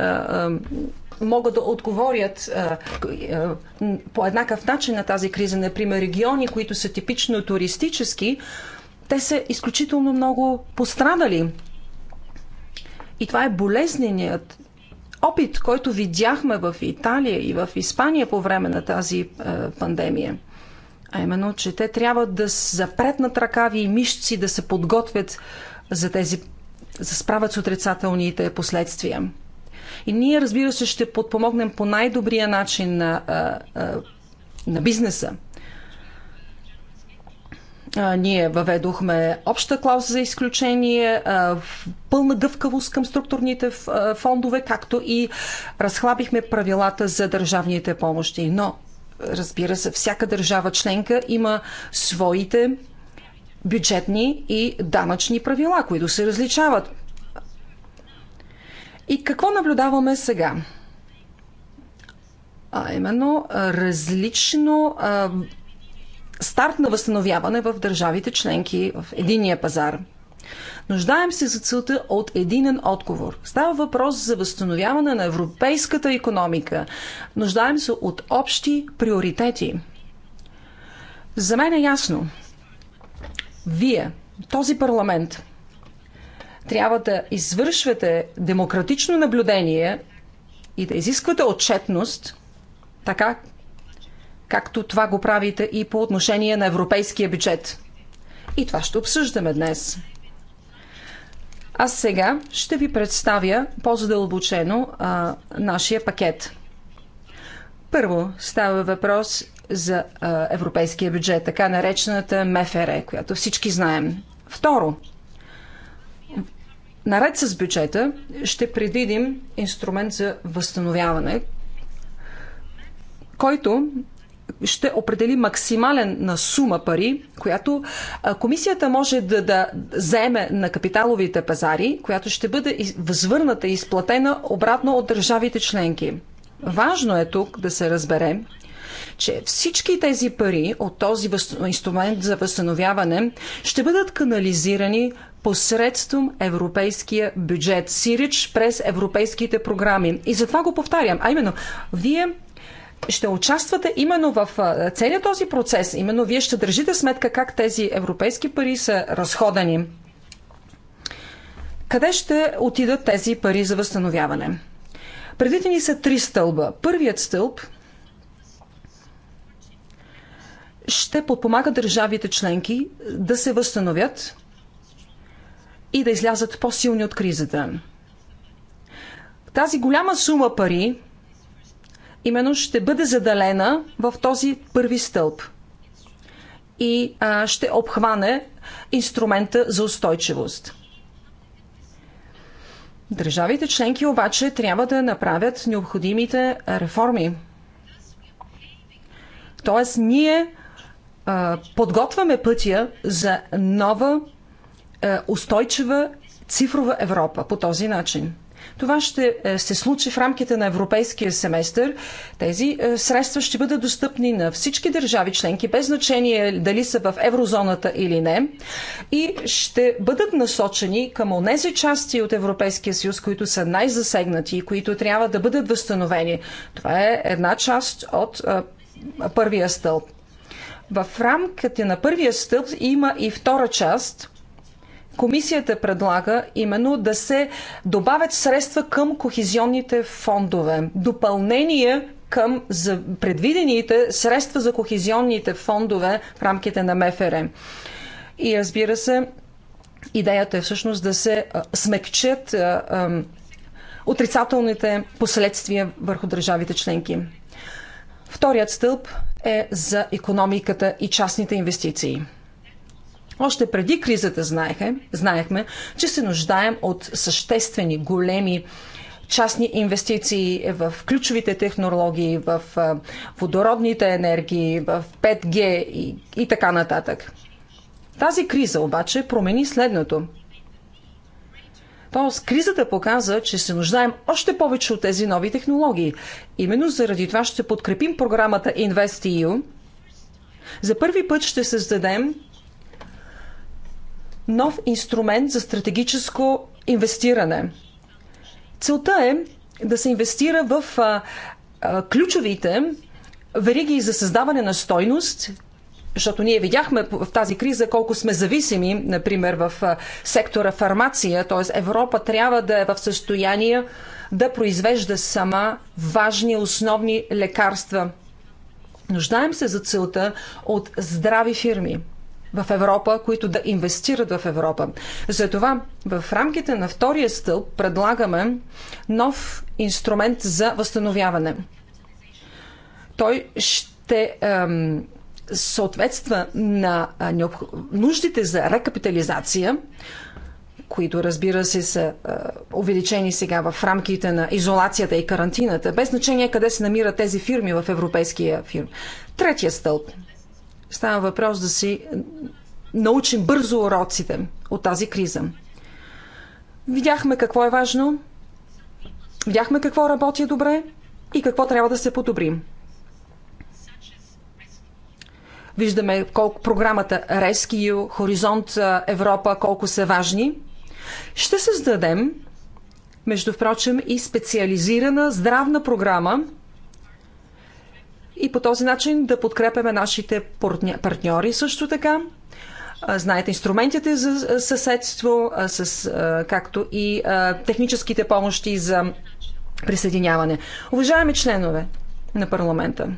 могат да отговорят а, а, по еднакъв начин на тази криза. Например, региони, които са типично туристически, те са изключително много пострадали. И това е болезненият опит, който видяхме в Италия и в Испания по време на тази е, пандемия. А именно, че те трябва да запретнат ръкави и мишци, да се подготвят за тези, за справят с отрицателните последствия. И ние, разбира се, ще подпомогнем по най-добрия начин на, е, е, на бизнеса, ние въведохме обща клауза за изключение, пълна гъвкавост към структурните фондове, както и разхлабихме правилата за държавните помощи. Но, разбира се, всяка държава членка има своите бюджетни и данъчни правила, които се различават. И какво наблюдаваме сега? А именно различно старт на възстановяване в държавите членки, в единия пазар. Нуждаем се за целта от единен отговор. Става въпрос за възстановяване на европейската економика. Нуждаем се от общи приоритети. За мен е ясно. Вие, този парламент, трябва да извършвате демократично наблюдение и да изисквате отчетност, така както това го правите и по отношение на европейския бюджет. И това ще обсъждаме днес. Аз сега ще ви представя по-задълбочено нашия пакет. Първо става въпрос за а, европейския бюджет, така наречената МФР, която всички знаем. Второ, наред с бюджета ще предвидим инструмент за възстановяване, който ще определи максимален на сума пари, която комисията може да, да заеме на капиталовите пазари, която ще бъде възвърната и изплатена обратно от държавите членки. Важно е тук да се разбере, че всички тези пари от този инструмент за възстановяване ще бъдат канализирани посредством европейския бюджет, сирич през европейските програми. И затова го повтарям, а именно, вие ще участвате именно в целият този процес. Именно вие ще държите сметка как тези европейски пари са разходени. Къде ще отидат тези пари за възстановяване? Предите ни са три стълба. Първият стълб ще подпомага държавите членки да се възстановят и да излязат по-силни от кризата. Тази голяма сума пари, именно ще бъде заделена в този първи стълб и а, ще обхване инструмента за устойчивост. Държавите членки обаче трябва да направят необходимите реформи. Тоест, ние а, подготвяме пътя за нова а, устойчива цифрова Европа по този начин. Това ще е, се случи в рамките на европейския семестър. Тези е, средства ще бъдат достъпни на всички държави членки, без значение дали са в еврозоната или не, и ще бъдат насочени към онези части от Европейския съюз, които са най-засегнати и които трябва да бъдат възстановени. Това е една част от а, е, първия стълб. В рамките на първия стълб има и втора част – Комисията предлага именно да се добавят средства към кохезионните фондове. Допълнение към предвидените средства за кохезионните фондове в рамките на МФР. И разбира се, идеята е всъщност да се смекчат отрицателните последствия върху държавите членки. Вторият стълб е за економиката и частните инвестиции. Още преди кризата знаехме, знаехме че се нуждаем от съществени, големи частни инвестиции в ключовите технологии, в водородните енергии, в 5G и, и така нататък. Тази криза обаче промени следното. Тоест, кризата показа, че се нуждаем още повече от тези нови технологии. Именно заради това ще подкрепим програмата InvestEU. За първи път ще създадем нов инструмент за стратегическо инвестиране. Целта е да се инвестира в ключовите вериги за създаване на стойност, защото ние видяхме в тази криза колко сме зависими, например в сектора фармация, т.е. Европа трябва да е в състояние да произвежда сама важни основни лекарства. Нуждаем се за целта от здрави фирми в Европа, които да инвестират в Европа. Затова в рамките на втория стълб предлагаме нов инструмент за възстановяване. Той ще ем, съответства на необх... нуждите за рекапитализация, които разбира се са е, увеличени сега в рамките на изолацията и карантината, без значение къде се намират тези фирми в европейския фирм. Третия стълб Става въпрос да си научим бързо уроците от тази криза. Видяхме какво е важно, видяхме какво работи добре и какво трябва да се подобрим. Виждаме колко програмата Rescue, Хоризонт Европа, колко са важни. Ще създадем, между впрочем, и специализирана здравна програма – и по този начин да подкрепяме нашите партньори също така. Знаете инструментите за съседство, с, както и техническите помощи за присъединяване. Уважаеми членове на парламента,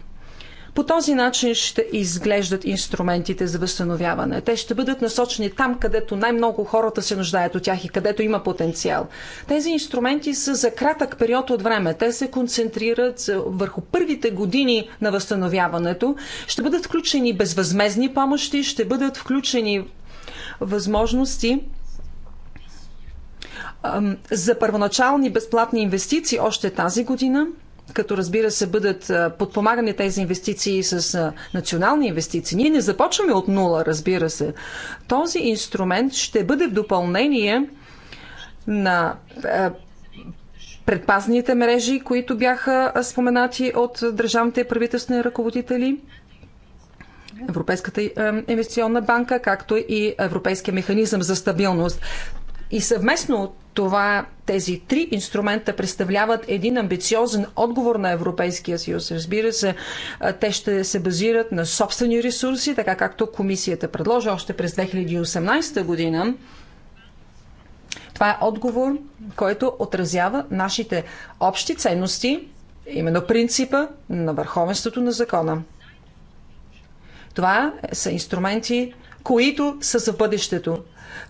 по този начин ще изглеждат инструментите за възстановяване. Те ще бъдат насочени там, където най-много хората се нуждаят от тях и където има потенциал. Тези инструменти са за кратък период от време. Те се концентрират върху първите години на възстановяването. Ще бъдат включени безвъзмезни помощи, ще бъдат включени възможности за първоначални безплатни инвестиции още тази година – като разбира се бъдат подпомагани тези инвестиции с национални инвестиции. Ние не започваме от нула, разбира се. Този инструмент ще бъде в допълнение на предпазните мрежи, които бяха споменати от държавните правителствени ръководители. Европейската инвестиционна банка, както и Европейския механизъм за стабилност. И съвместно от това тези три инструмента представляват един амбициозен отговор на Европейския съюз. Разбира се, те ще се базират на собствени ресурси, така както комисията предложи още през 2018 година. Това е отговор, който отразява нашите общи ценности, именно принципа на върховенството на закона. Това са инструменти, които са за бъдещето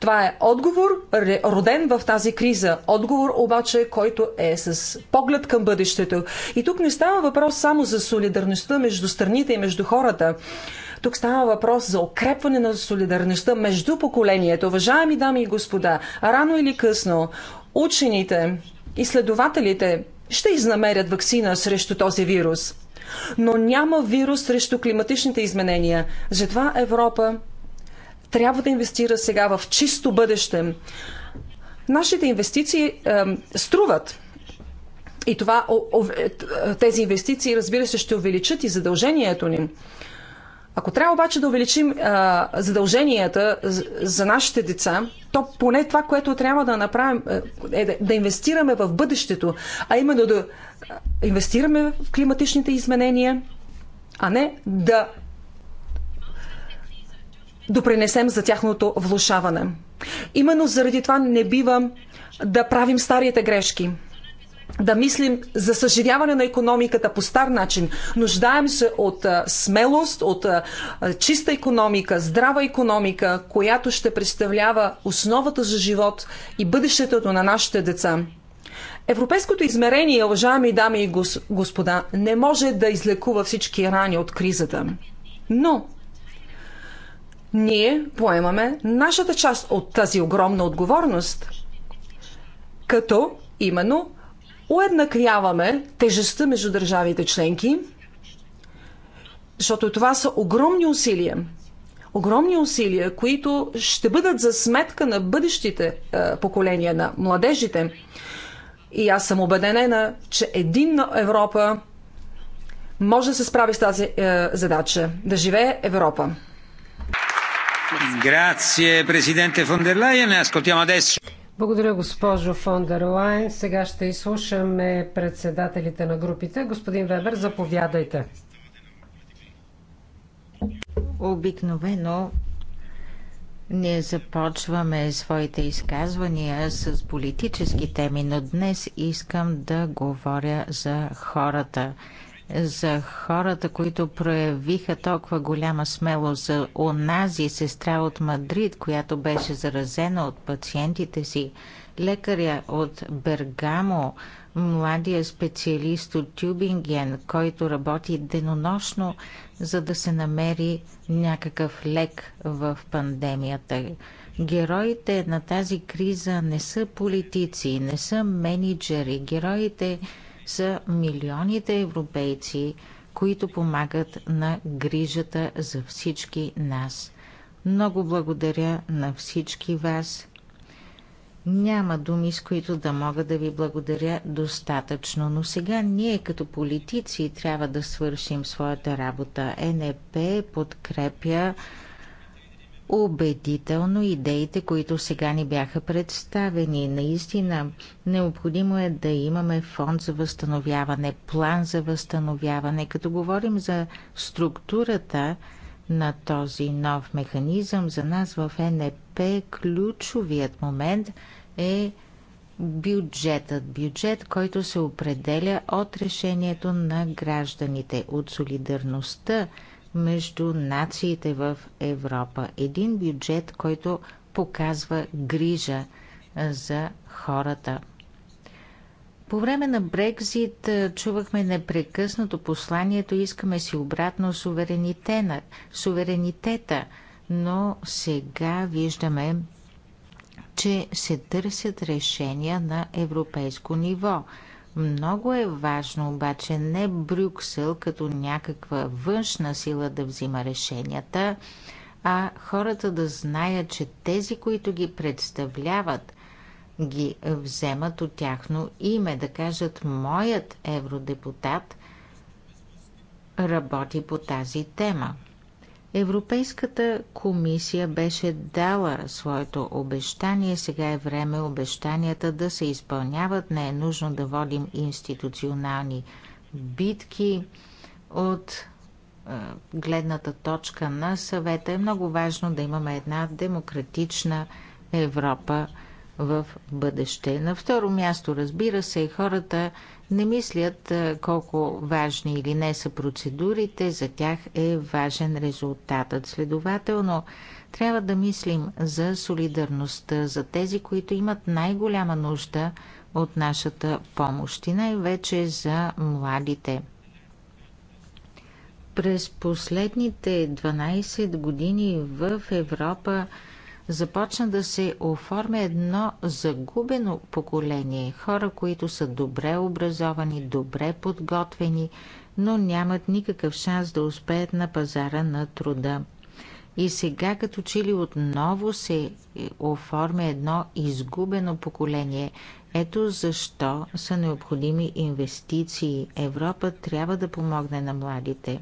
това е отговор, роден в тази криза. Отговор обаче, който е с поглед към бъдещето. И тук не става въпрос само за солидарността между страните и между хората. Тук става въпрос за укрепване на солидарността между поколението. Уважаеми дами и господа, рано или късно учените, изследователите ще изнамерят вакцина срещу този вирус. Но няма вирус срещу климатичните изменения. Затова Европа трябва да инвестира сега в чисто бъдеще. Нашите инвестиции е, струват. И това, о, о, е, е, тези инвестиции, разбира се, ще увеличат и задължението ни. Ако трябва обаче да увеличим а, задълженията за нашите деца, то поне това, което трябва да направим е, е да, да инвестираме в бъдещето, а именно да инвестираме в климатичните изменения, а не да допринесем за тяхното влушаване. Именно заради това не бива да правим старите грешки да мислим за съживяване на економиката по стар начин. Нуждаем се от смелост, от чиста економика, здрава економика, която ще представлява основата за живот и бъдещето на нашите деца. Европейското измерение, уважаеми дами и господа, не може да излекува всички рани от кризата. Но ние поемаме нашата част от тази огромна отговорност, като именно уеднакряваме тежестта между държавите членки, защото това са огромни усилия. Огромни усилия, които ще бъдат за сметка на бъдещите е, поколения, на младежите. И аз съм убедена, че на Европа може да се справи с тази е, задача. Да живее Европа! президенте Благодаря, госпожо фон дер Лайен. Сега ще изслушаме председателите на групите. Господин Вебер, заповядайте. Обикновено ние започваме своите изказвания с политически теми, но днес искам да говоря за хората за хората, които проявиха толкова голяма смелост за онази сестра от Мадрид, която беше заразена от пациентите си, лекаря от Бергамо, младия специалист от Тюбинген, който работи денонощно, за да се намери някакъв лек в пандемията. Героите на тази криза не са политици, не са менеджери. Героите са милионите европейци, които помагат на грижата за всички нас. Много благодаря на всички вас. Няма думи, с които да мога да ви благодаря достатъчно, но сега ние като политици трябва да свършим своята работа. Е НЕП подкрепя убедително идеите, които сега ни бяха представени. Наистина, необходимо е да имаме фонд за възстановяване, план за възстановяване. Като говорим за структурата на този нов механизъм, за нас в НП ключовият момент е бюджетът. Бюджет, който се определя от решението на гражданите, от солидарността между нациите в Европа. Един бюджет, който показва грижа за хората. По време на Брекзит чувахме непрекъснато посланието искаме си обратно суверенитета, но сега виждаме, че се търсят решения на европейско ниво – много е важно обаче не Брюксел като някаква външна сила да взима решенията, а хората да знаят, че тези, които ги представляват, ги вземат от тяхно име, да кажат моят евродепутат работи по тази тема. Европейската комисия беше дала своето обещание, сега е време обещанията да се изпълняват, не е нужно да водим институционални битки от е, гледната точка на съвета е много важно да имаме една демократична Европа в бъдеще. На второ място, разбира се, хората не мислят колко важни или не са процедурите, за тях е важен резултатът. Следователно, трябва да мислим за солидарността, за тези, които имат най-голяма нужда от нашата помощ и най-вече за младите. През последните 12 години в Европа започна да се оформя едно загубено поколение хора, които са добре образовани, добре подготвени, но нямат никакъв шанс да успеят на пазара на труда. И сега като че ли отново се оформя едно изгубено поколение. Ето защо са необходими инвестиции. Европа трябва да помогне на младите.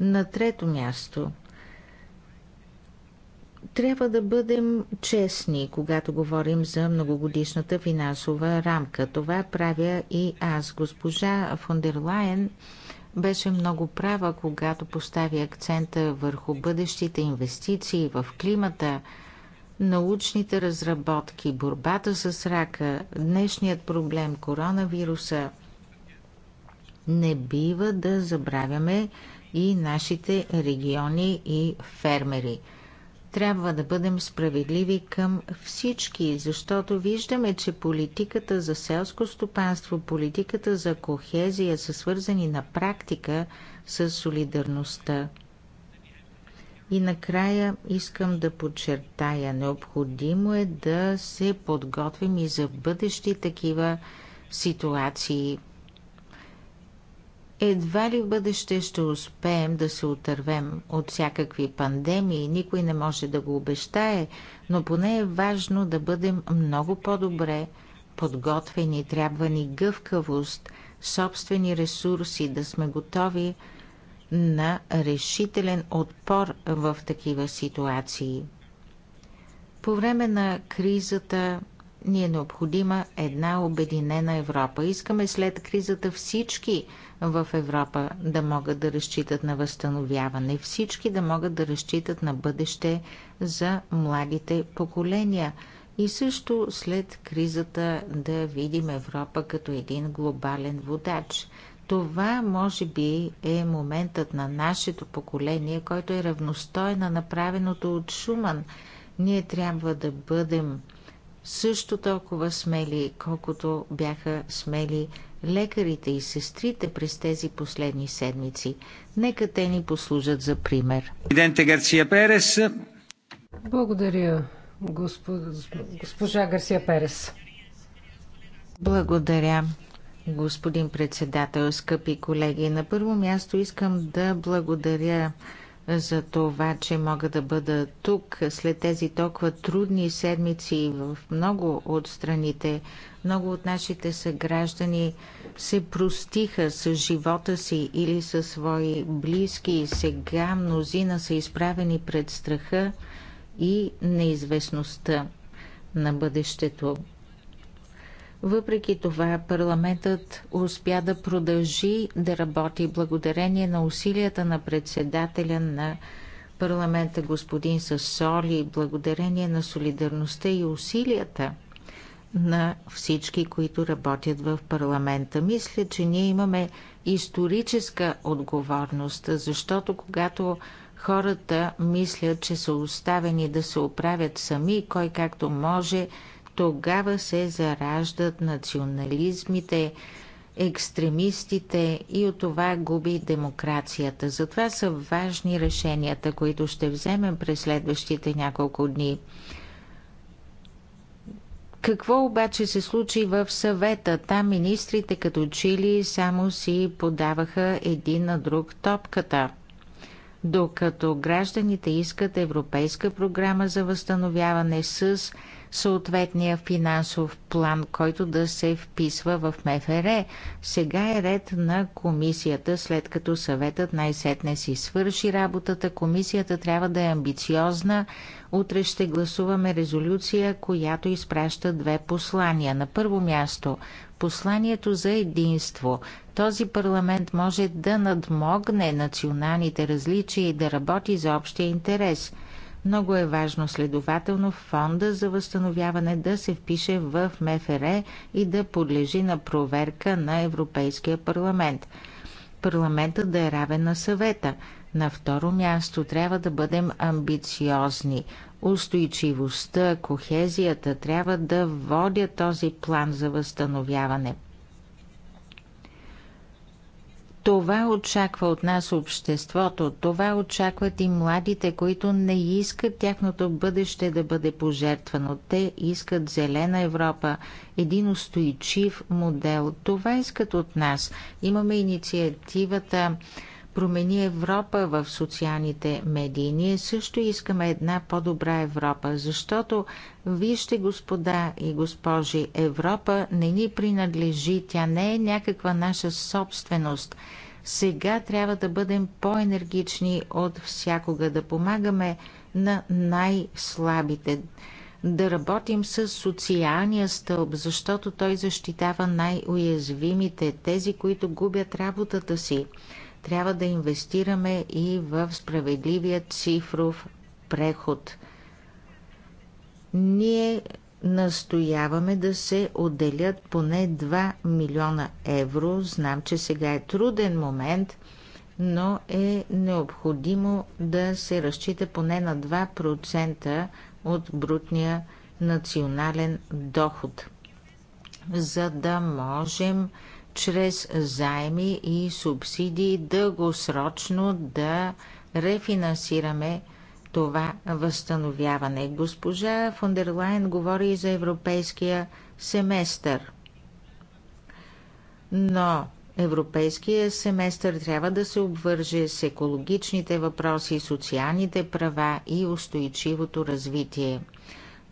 На трето място трябва да бъдем честни, когато говорим за многогодишната финансова рамка. Това правя и аз. Госпожа Фондерлайн беше много права, когато постави акцента върху бъдещите инвестиции в климата, научните разработки, борбата с рака, днешният проблем коронавируса. Не бива да забравяме и нашите региони и фермери – трябва да бъдем справедливи към всички, защото виждаме, че политиката за селско стопанство, политиката за кохезия са свързани на практика с солидарността. И накрая искам да подчертая, необходимо е да се подготвим и за бъдещи такива ситуации. Едва ли в бъдеще ще успеем да се отървем от всякакви пандемии, никой не може да го обещае, но поне е важно да бъдем много по-добре подготвени, трябва ни гъвкавост, собствени ресурси, да сме готови на решителен отпор в такива ситуации. По време на кризата ни е необходима една обединена Европа. Искаме след кризата всички в Европа да могат да разчитат на възстановяване, всички да могат да разчитат на бъдеще за младите поколения. И също след кризата да видим Европа като един глобален водач. Това може би е моментът на нашето поколение, който е равностойно направеното от Шуман. Ние трябва да бъдем също толкова смели, колкото бяха смели лекарите и сестрите през тези последни седмици. Нека те ни послужат за пример. Благодаря, госпожа Гарсия Перес. Благодаря, господин председател, скъпи колеги. На първо място искам да благодаря за това, че мога да бъда тук след тези толкова трудни седмици в много от страните. Много от нашите съграждани се простиха с живота си или със свои близки. Сега мнозина са изправени пред страха и неизвестността на бъдещето. Въпреки това парламентът успя да продължи да работи благодарение на усилията на председателя на парламента господин Сасоли, благодарение на солидарността и усилията на всички, които работят в парламента. Мисля, че ние имаме историческа отговорност, защото когато хората мислят, че са оставени да се оправят сами, кой както може, тогава се зараждат национализмите, екстремистите и от това губи демокрацията. Затова са важни решенията, които ще вземем през следващите няколко дни. Какво обаче се случи в съвета? Там министрите като чили само си подаваха един на друг топката. Докато гражданите искат европейска програма за възстановяване с съответния финансов план, който да се вписва в МФР. Сега е ред на комисията, след като съветът най-сетне си свърши работата. Комисията трябва да е амбициозна. Утре ще гласуваме резолюция, която изпраща две послания. На първо място посланието за единство. Този парламент може да надмогне националните различия и да работи за общия интерес – много е важно следователно фонда за възстановяване да се впише в МФР и да подлежи на проверка на Европейския парламент. Парламентът да е равен на съвета. На второ място трябва да бъдем амбициозни. Устойчивостта, кохезията трябва да водят този план за възстановяване – това очаква от нас обществото, това очакват и младите, които не искат тяхното бъдеще да бъде пожертвано. Те искат зелена Европа, един устойчив модел. Това искат от нас. Имаме инициативата промени Европа в социалните медии. Ние също искаме една по-добра Европа, защото вижте, господа и госпожи, Европа не ни принадлежи, тя не е някаква наша собственост. Сега трябва да бъдем по-енергични от всякога, да помагаме на най-слабите да работим с социалния стълб, защото той защитава най-уязвимите, тези, които губят работата си. Трябва да инвестираме и в справедливия цифров преход. Ние настояваме да се отделят поне 2 милиона евро. Знам, че сега е труден момент, но е необходимо да се разчита поне на 2% от брутния национален доход, за да можем чрез заеми и субсидии дългосрочно да рефинансираме това възстановяване. Госпожа Фондерлайн говори и за европейския семестър. Но Европейския семестър трябва да се обвърже с екологичните въпроси, социалните права и устойчивото развитие.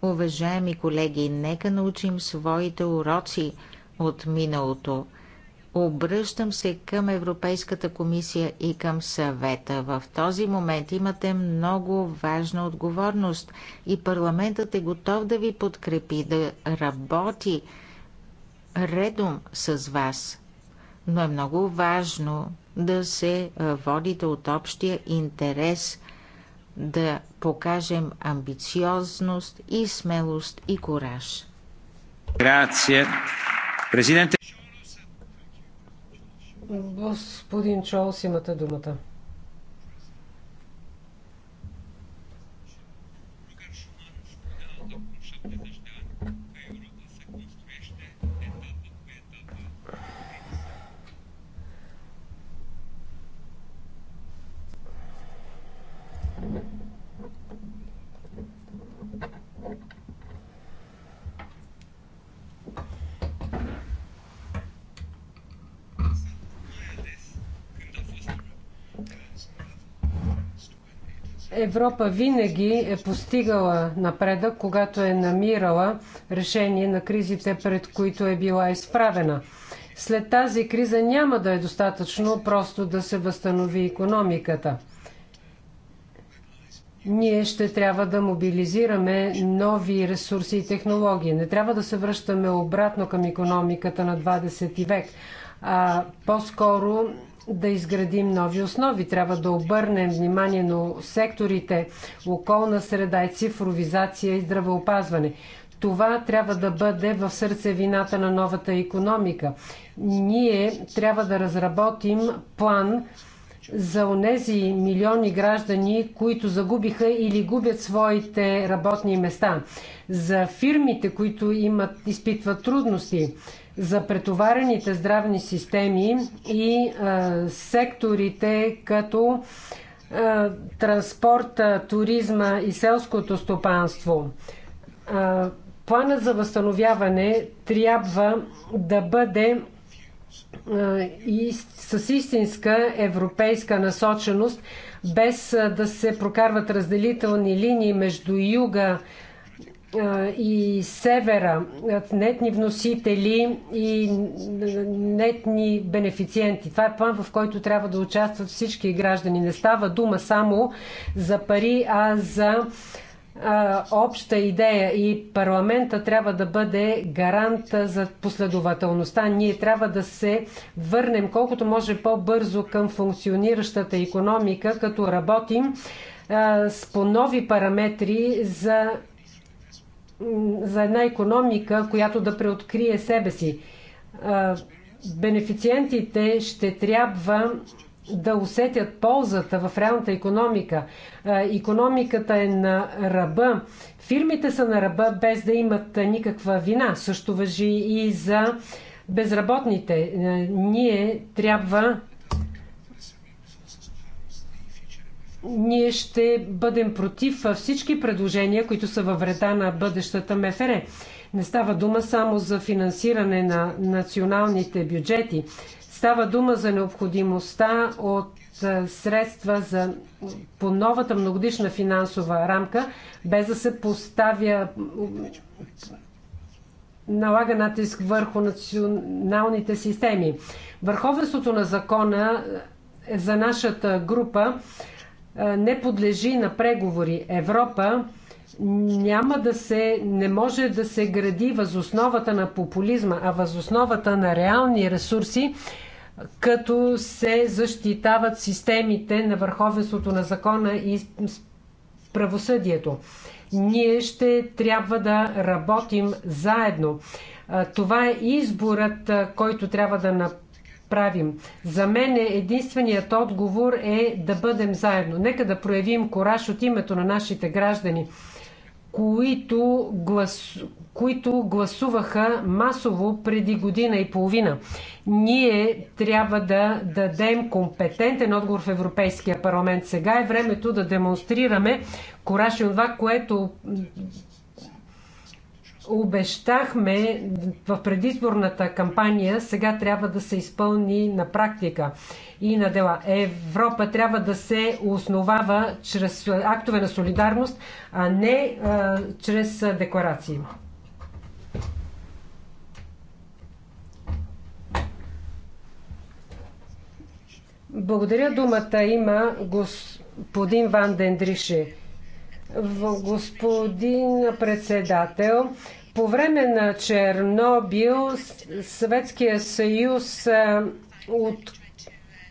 Уважаеми колеги, нека научим своите уроци от миналото – Обръщам се към Европейската комисия и към съвета. В този момент имате много важна отговорност и парламентът е готов да ви подкрепи, да работи редом с вас. Но е много важно да се водите от общия интерес, да покажем амбициозност и смелост и кураж. Грация. Президенте Господин Чолс, имате думата. Европа винаги е постигала напредък, когато е намирала решение на кризите, пред които е била изправена. След тази криза няма да е достатъчно просто да се възстанови економиката. Ние ще трябва да мобилизираме нови ресурси и технологии. Не трябва да се връщаме обратно към економиката на 20 век, а по-скоро да изградим нови основи. Трябва да обърнем внимание на секторите околна среда и цифровизация и здравеопазване. Това трябва да бъде в сърцевината на новата економика. Ние трябва да разработим план за онези милиони граждани, които загубиха или губят своите работни места, за фирмите, които имат, изпитват трудности, за претоварените здравни системи и а, секторите като а, транспорта, туризма и селското стопанство. А, планът за възстановяване трябва да бъде и с истинска европейска насоченост, без да се прокарват разделителни линии между юга, и севера, нетни вносители и нетни бенефициенти. Това е план, в който трябва да участват всички граждани. Не става дума само за пари, а за а, обща идея и парламента трябва да бъде гарант за последователността. Ние трябва да се върнем колкото може по-бързо към функциониращата економика, като работим а, с по нови параметри за за една економика, която да преоткрие себе си. Бенефициентите ще трябва да усетят ползата в реалната економика. Економиката е на ръба. Фирмите са на ръба без да имат никаква вина. Също въжи и за безработните. Е, ние трябва ние ще бъдем против всички предложения, които са във вреда на бъдещата МФР. Не става дума само за финансиране на националните бюджети. Става дума за необходимостта от средства за, по новата многодишна финансова рамка, без да се поставя налага натиск върху националните системи. Върховенството на закона е за нашата група не подлежи на преговори. Европа няма да се, не може да се гради възосновата на популизма, а възосновата на реални ресурси, като се защитават системите на върховенството на закона и правосъдието. Ние ще трябва да работим заедно. Това е изборът, който трябва да направим правим. За мен е единственият отговор е да бъдем заедно. Нека да проявим кораж от името на нашите граждани, които, глас... които гласуваха масово преди година и половина. Ние трябва да дадем компетентен отговор в Европейския парламент. Сега е времето да демонстрираме кораж и това, което обещахме в предизборната кампания, сега трябва да се изпълни на практика и на дела. Европа трябва да се основава чрез актове на солидарност, а не а, чрез декларации. Благодаря думата има господин Ван Дендрише. Господин председател, по време на Чернобил Съветския съюз от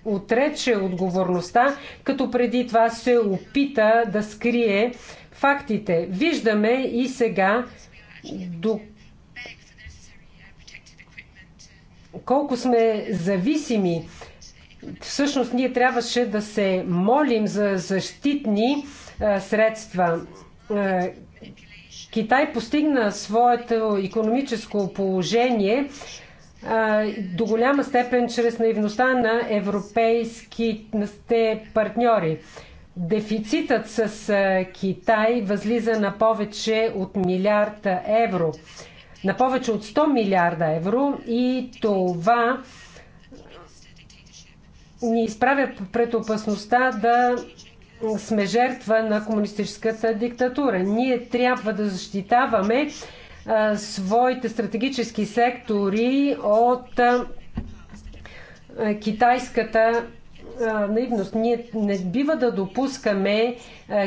отрече отговорността, като преди това се опита да скрие фактите. Виждаме и сега до колко сме зависими. Всъщност ние трябваше да се молим за защитни средства. Китай постигна своето економическо положение до голяма степен чрез наивността на европейските партньори. Дефицитът с Китай възлиза на повече от милиард евро. На повече от 100 милиарда евро и това ни изправя пред опасността да сме жертва на комунистическата диктатура. Ние трябва да защитаваме а, своите стратегически сектори от а, китайската а, наивност. Ние не бива да допускаме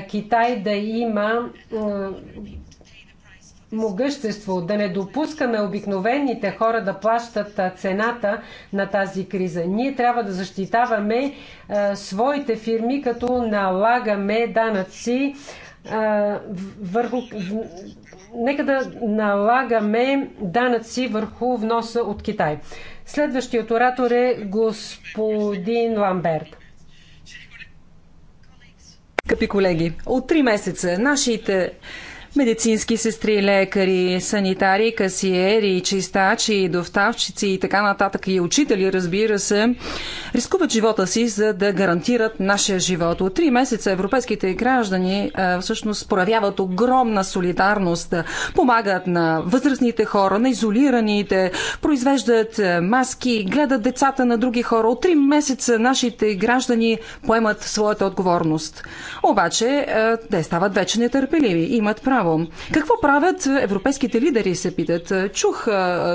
Китай да има могъщество, да не допускаме обикновените хора да плащат цената на тази криза. Ние трябва да защитаваме своите фирми, като налагаме данъци върху. Нека да налагаме данъци върху вноса от Китай. Следващият оратор е господин Ламберт. Скъпи колеги, от три месеца нашите медицински сестри, лекари, санитари, касиери, чистачи, доставчици и така нататък и учители, разбира се, рискуват живота си, за да гарантират нашия живот. От три месеца европейските граждани всъщност проявяват огромна солидарност, помагат на възрастните хора, на изолираните, произвеждат маски, гледат децата на други хора. От три месеца нашите граждани поемат своята отговорност. Обаче те стават вече нетърпеливи, имат право право. Какво правят европейските лидери, се питат. Чух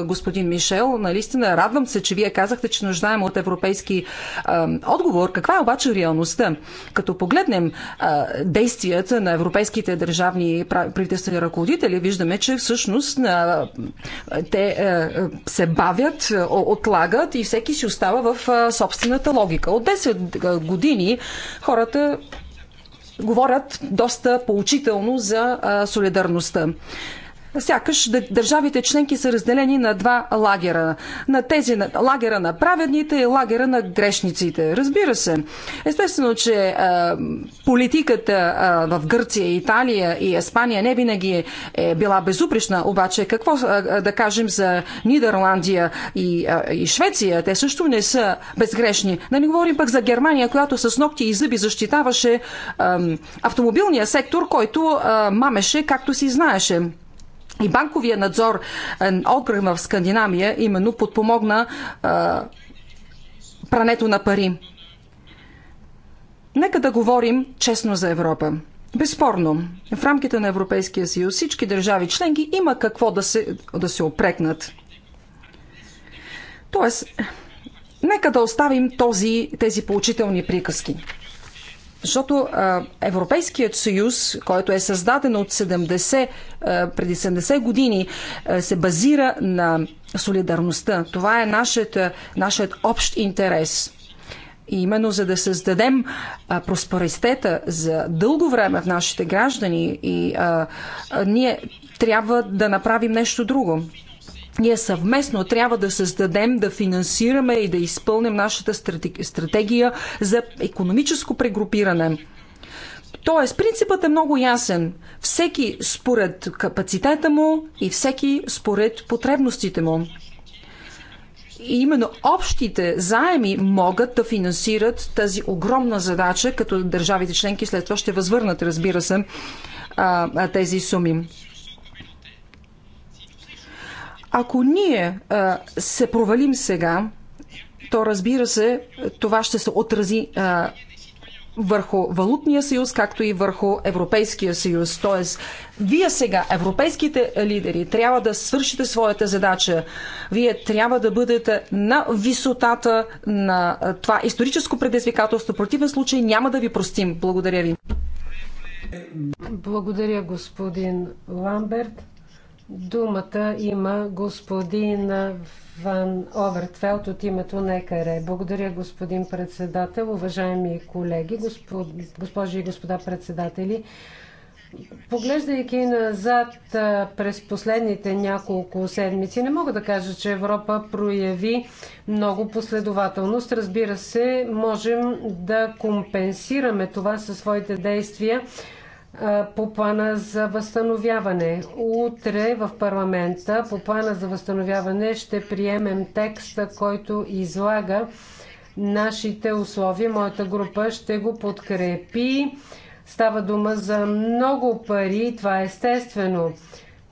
господин Мишел, наистина радвам се, че вие казахте, че нуждаем от европейски а, отговор. Каква е обаче реалността? Като погледнем а, действията на европейските държавни правителствени ръководители, виждаме, че всъщност а, те се бавят, отлагат и всеки си остава в собствената логика. От 10 години хората говорят доста поучително за солидарността сякаш държавите членки са разделени на два лагера. На тези на, лагера на праведните и лагера на грешниците. Разбира се. Естествено, че а, политиката а, в Гърция, Италия и Испания не винаги е, е била безупречна, обаче какво а, да кажем за Нидерландия и, а, и Швеция? Те също не са безгрешни. Да не говорим пък за Германия, която с ногти и зъби защитаваше а, автомобилния сектор, който а, мамеше както си знаеше. И банковия надзор е, окръг в Скандинавия именно подпомогна а, е, прането на пари. Нека да говорим честно за Европа. Безспорно, в рамките на Европейския съюз всички държави членки има какво да се, да се опрекнат. Тоест, нека да оставим този, тези поучителни приказки. Защото а, Европейският съюз, който е създаден от 70, а, преди 70 години, а, се базира на солидарността. Това е нашият, нашият общ интерес. И именно за да създадем а, за дълго време в нашите граждани, и а, а, ние трябва да направим нещо друго ние съвместно трябва да създадем, да финансираме и да изпълним нашата стратегия за економическо прегрупиране. Тоест, принципът е много ясен. Всеки според капацитета му и всеки според потребностите му. И именно общите заеми могат да финансират тази огромна задача, като държавите членки след това ще възвърнат, разбира се, тези суми. Ако ние а, се провалим сега, то разбира се, това ще се отрази а, върху валутния съюз, както и върху Европейския съюз. Тоест, вие сега, европейските лидери, трябва да свършите своята задача. Вие трябва да бъдете на висотата на това историческо предизвикателство. В противен случай няма да ви простим. Благодаря ви. Благодаря, господин Ламберт. Думата има господин Ван Овертфелд от името на ЕКР. Благодаря, господин председател, уважаеми колеги, господ... госпожи и господа председатели. Поглеждайки назад през последните няколко седмици, не мога да кажа, че Европа прояви много последователност. Разбира се, можем да компенсираме това със своите действия по плана за възстановяване. Утре в парламента по плана за възстановяване ще приемем текста, който излага нашите условия. Моята група ще го подкрепи. Става дума за много пари, това е естествено.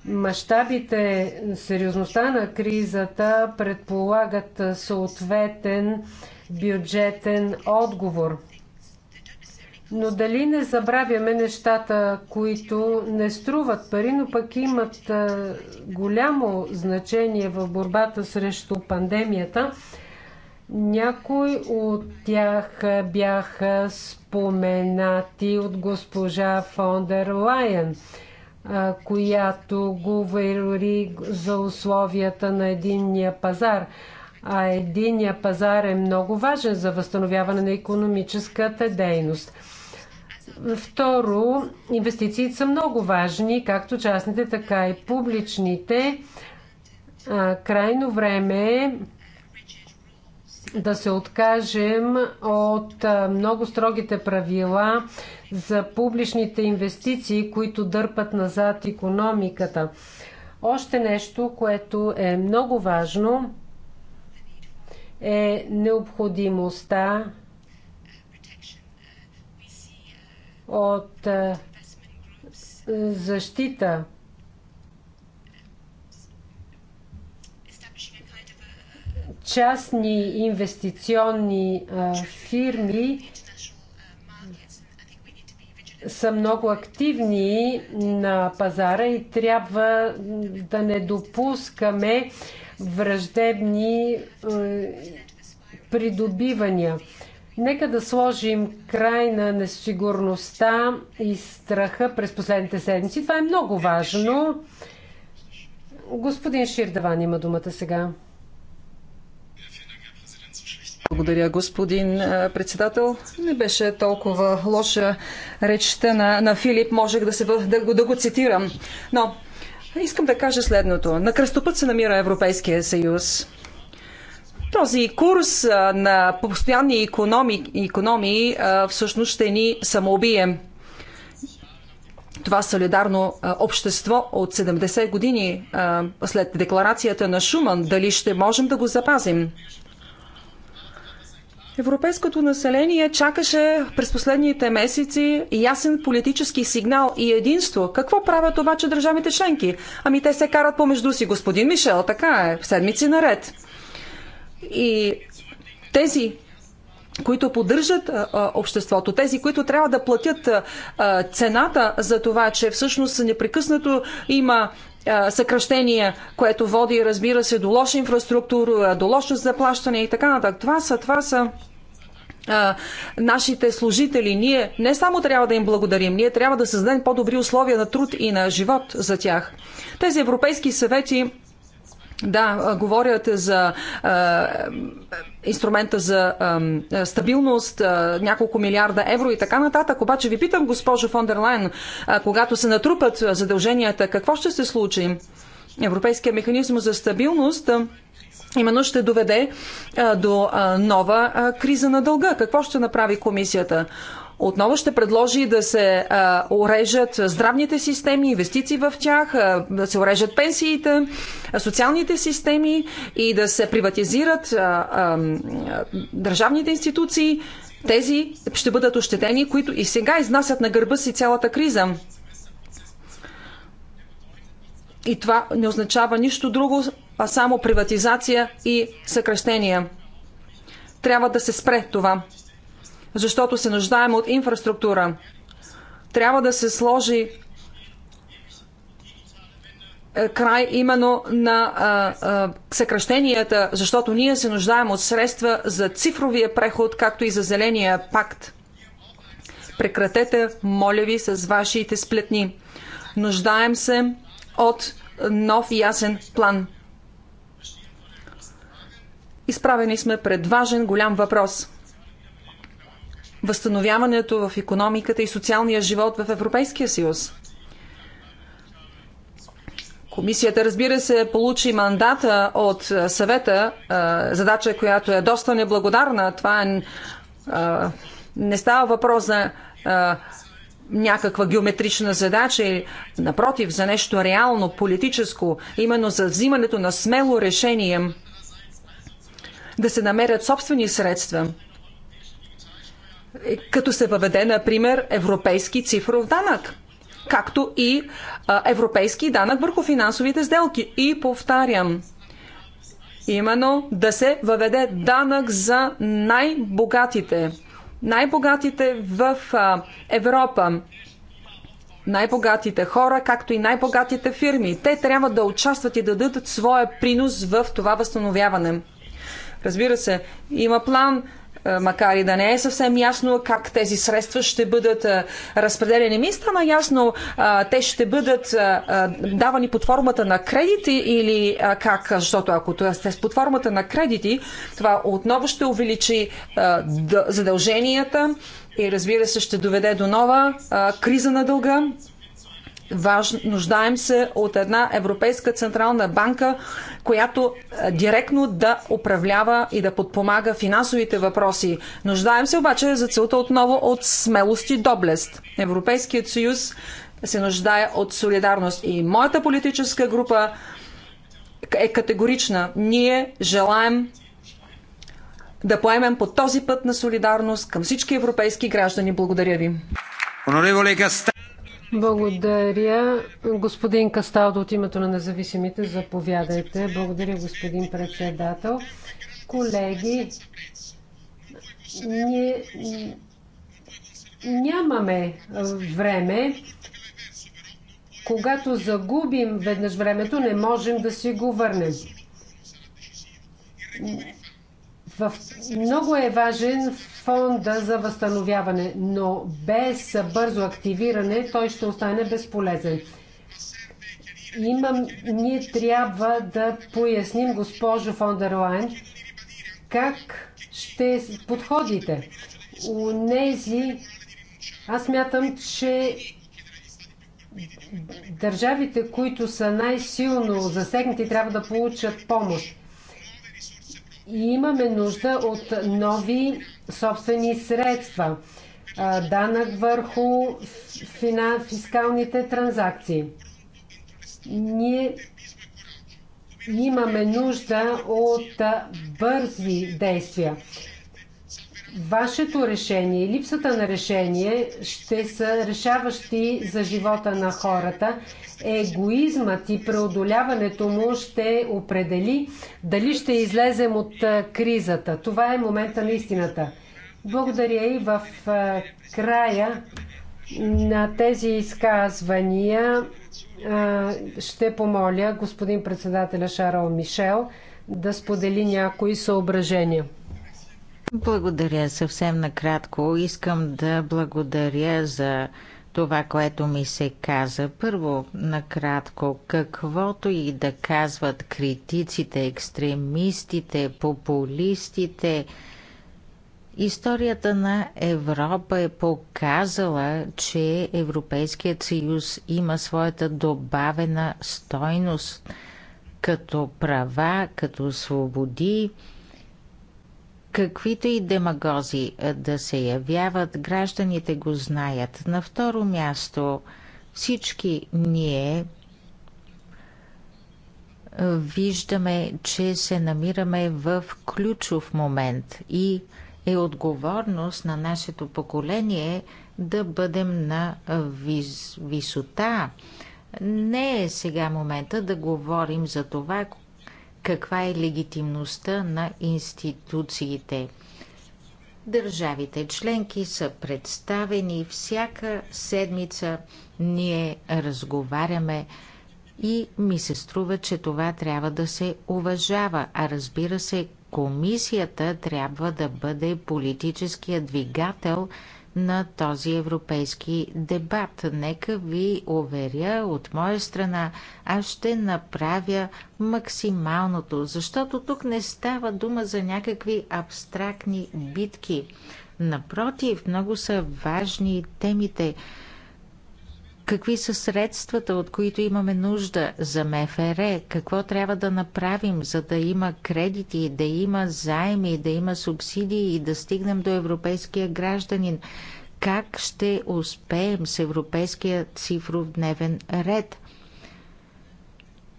Мащабите, сериозността на кризата предполагат съответен бюджетен отговор. Но дали не забравяме нещата, които не струват пари, но пък имат голямо значение в борбата срещу пандемията? Някои от тях бяха споменати от госпожа Фондер Лайен, която говори за условията на единния пазар. А единния пазар е много важен за възстановяване на економическата дейност. Второ, инвестициите са много важни, както частните, така и публичните. Крайно време е да се откажем от много строгите правила за публичните инвестиции, които дърпат назад економиката. Още нещо, което е много важно, е необходимостта от е, защита частни инвестиционни е, фирми са много активни на пазара и трябва да не допускаме враждебни е, придобивания. Нека да сложим край на несигурността и страха през последните седмици. Това е много важно. Господин Ширдаван има думата сега. Благодаря, господин председател. Не беше толкова лоша речта на, на Филип. Можех да, се, да, го, да го цитирам. Но искам да кажа следното. На кръстопът се намира Европейския съюз. Този курс на постоянни економи, економии всъщност ще ни самоубие. Това солидарно общество от 70 години след декларацията на Шуман, дали ще можем да го запазим? Европейското население чакаше през последните месеци ясен политически сигнал и единство. Какво правят обаче държавите членки? Ами те се карат помежду си, господин Мишел, така е, седмици наред. И тези, които поддържат обществото, тези, които трябва да платят а, цената за това, че всъщност непрекъснато има а, съкръщение, което води, разбира се, до лоша инфраструктура, до лошо заплащане и така нататък. Това са, това са а, нашите служители. Ние не само трябва да им благодарим, ние трябва да създадем по-добри условия на труд и на живот за тях. Тези европейски съвети да, говорят за инструмента за стабилност, няколко милиарда евро и така нататък. Обаче ви питам, госпожо Фондерлайн, а, когато се натрупат задълженията, какво ще се случи? Европейския механизъм за стабилност именно ще доведе до нова криза на дълга. Какво ще направи комисията? отново ще предложи да се а, урежат здравните системи, инвестиции в тях, а, да се урежат пенсиите, а, социалните системи и да се приватизират а, а, държавните институции. Тези ще бъдат ощетени, които и сега изнасят на гърба си цялата криза. И това не означава нищо друго, а само приватизация и съкрещения. Трябва да се спре това защото се нуждаем от инфраструктура. Трябва да се сложи е, край именно на а, а, съкръщенията, защото ние се нуждаем от средства за цифровия преход, както и за зеления пакт. Прекратете, моля ви, с вашите сплетни. Нуждаем се от нов ясен план. Изправени сме пред важен голям въпрос – възстановяването в економиката и социалния живот в Европейския съюз. Комисията, разбира се, получи мандата от съвета, задача, която е доста неблагодарна. Това е, не става въпрос за някаква геометрична задача, напротив, за нещо реално, политическо, именно за взимането на смело решение да се намерят собствени средства – е, като се въведе, например, европейски цифров данък, както и а, европейски данък върху финансовите сделки. И повтарям, именно да се въведе данък за най-богатите. Най-богатите в а, Европа, най-богатите хора, както и най-богатите фирми. Те трябва да участват и да дадат своя принос в това възстановяване. Разбира се, има план е, макар и да не е съвсем ясно как тези средства ще бъдат е, разпределени. Ми стана ясно, е, те ще бъдат давани под формата на кредити или как, защото ако това сте под формата на кредити, това отново ще увеличи задълженията и разбира се ще доведе до нова криза на дълга Важ, нуждаем се от една Европейска централна банка, която е, директно да управлява и да подпомага финансовите въпроси. Нуждаем се обаче за целта отново от смелост и доблест. Европейският съюз се нуждае от солидарност. И моята политическа група е категорична. Ние желаем да поемем по този път на солидарност към всички европейски граждани. Благодаря ви. Благодаря. Господин Касталдо от името на независимите, заповядайте. Благодаря, господин председател. Колеги, ние нямаме време. Когато загубим веднъж времето, не можем да си го върнем. В... Много е важен фонда за възстановяване, но без бързо активиране той ще остане безполезен. Имам... Ние трябва да поясним, госпожо Фондерлайн Лайн, как ще подходите. нези, аз мятам, че държавите, които са най-силно засегнати, трябва да получат помощ. И имаме нужда от нови собствени средства. Данък върху фискалните транзакции. Ние имаме нужда от бързи действия. Вашето решение и липсата на решение ще са решаващи за живота на хората. Егоизмът и преодоляването му ще определи дали ще излезем от кризата. Това е момента на истината. Благодаря и в края на тези изказвания ще помоля господин председателя Шарл Мишел да сподели някои съображения. Благодаря. Съвсем накратко искам да благодаря за това, което ми се каза. Първо, накратко, каквото и да казват критиците, екстремистите, популистите, историята на Европа е показала, че Европейският съюз има своята добавена стойност като права, като свободи, Каквито и демагози да се явяват, гражданите го знаят. На второ място, всички ние виждаме, че се намираме в ключов момент и е отговорност на нашето поколение да бъдем на вис... висота. Не е сега момента да говорим за това каква е легитимността на институциите. Държавите членки са представени всяка седмица. Ние разговаряме и ми се струва, че това трябва да се уважава. А разбира се, комисията трябва да бъде политическия двигател на този европейски дебат. Нека ви уверя от моя страна, аз ще направя максималното, защото тук не става дума за някакви абстрактни битки. Напротив, много са важни темите, Какви са средствата, от които имаме нужда за МФР? Какво трябва да направим, за да има кредити, да има заеми, да има субсидии и да стигнем до европейския гражданин? Как ще успеем с европейския цифров дневен ред?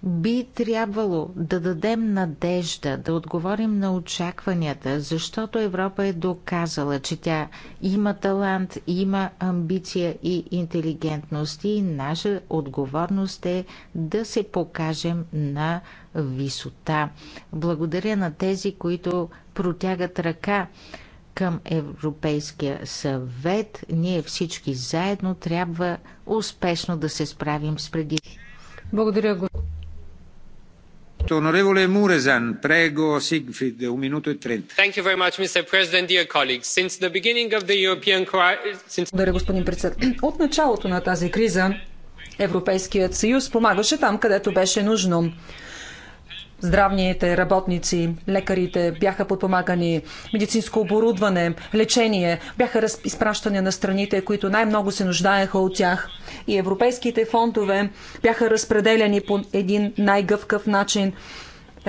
Би трябвало да дадем надежда, да отговорим на очакванията, защото Европа е доказала, че тя има талант, има амбиция и интелигентност и наша отговорност е да се покажем на висота. Благодаря на тези, които протягат ръка към Европейския съвет. Ние всички заедно трябва успешно да се справим с преди. Благодаря, господин mr e president господин председател. От началото на тази криза Европейският съюз помагаше там, където беше нужно здравните работници, лекарите бяха подпомагани, медицинско оборудване, лечение, бяха изпращани на страните, които най-много се нуждаеха от тях. И европейските фондове бяха разпределени по един най-гъвкав начин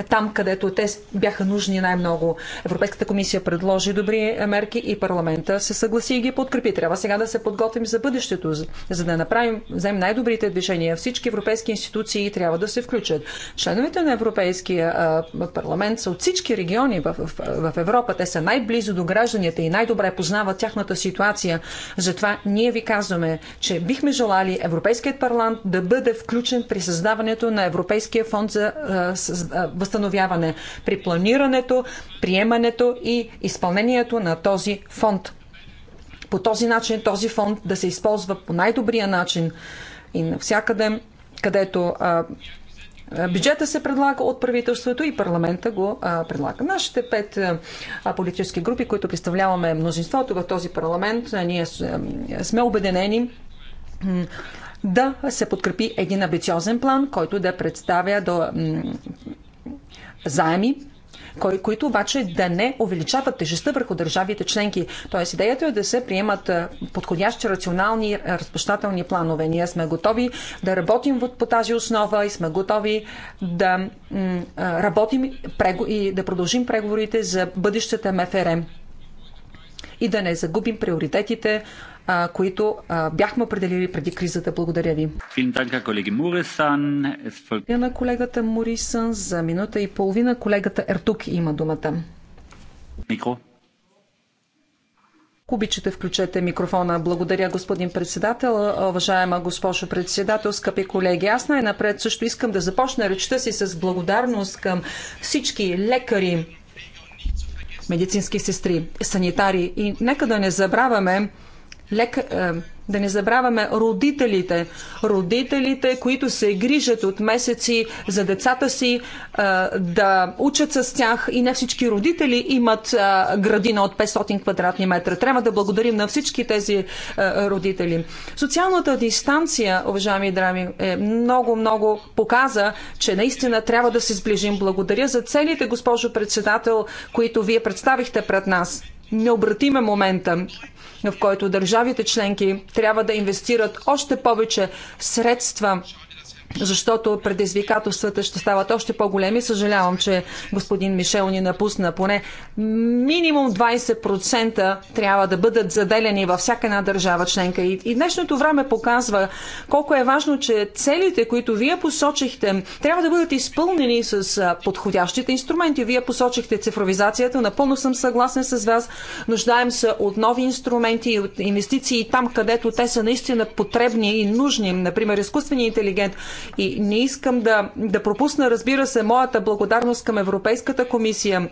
там, където те бяха нужни най-много. Европейската комисия предложи добри мерки и парламента се съгласи и ги подкрепи. Трябва сега да се подготвим за бъдещето, за да направим, вземем най-добрите движения. Всички европейски институции трябва да се включат. Членовете на Европейския парламент са от всички региони в, в, в Европа. Те са най-близо до гражданите и най-добре познават тяхната ситуация. Затова ние ви казваме, че бихме желали Европейският парламент да бъде включен при създаването на Европейския фонд за а, възстановяване при планирането, приемането и изпълнението на този фонд. По този начин този фонд да се използва по най-добрия начин и навсякъде, където а, Бюджета се предлага от правителството и парламента го а, предлага. Нашите пет а, политически групи, които представляваме мнозинството в този парламент, а, ние а, сме обединени да се подкрепи един амбициозен план, който да представя до заеми, кои, които обаче да не увеличават тежестта върху държавите членки. Тоест идеята е да се приемат подходящи рационални разпощателни планове. Ние сме готови да работим по тази основа и сме готови да работим и да продължим преговорите за бъдещата МФРМ и да не загубим приоритетите, които бяхме определили преди кризата. Благодаря ви. Благодаря на колегата Морисън за минута и половина. Колегата Ертук има думата. Микро. включете микрофона. Благодаря, господин председател. Уважаема госпожо председател, скъпи колеги, аз най-напред също искам да започна речта си с благодарност към всички лекари, медицински сестри, санитари. И нека да не забравяме, лек, е, да не забравяме родителите. Родителите, които се грижат от месеци за децата си, е, да учат с тях и не всички родители имат е, градина от 500 квадратни метра. Трябва да благодарим на всички тези родители. Социалната дистанция, уважаеми драми, е много-много показа, че наистина трябва да се сближим. Благодаря за целите, госпожо председател, които вие представихте пред нас. Необратим е момента в който държавите членки трябва да инвестират още повече средства защото предизвикателствата ще стават още по-големи. Съжалявам, че господин Мишел ни напусна. Поне минимум 20% трябва да бъдат заделени във всяка една държава членка. И, и днешното време показва колко е важно, че целите, които вие посочихте, трябва да бъдат изпълнени с подходящите инструменти. Вие посочихте цифровизацията, напълно съм съгласен с вас. Нуждаем се от нови инструменти и от инвестиции там, където те са наистина потребни и нужни. Например, изкуственият интелигент и не искам да, да пропусна, разбира се, моята благодарност към Европейската комисия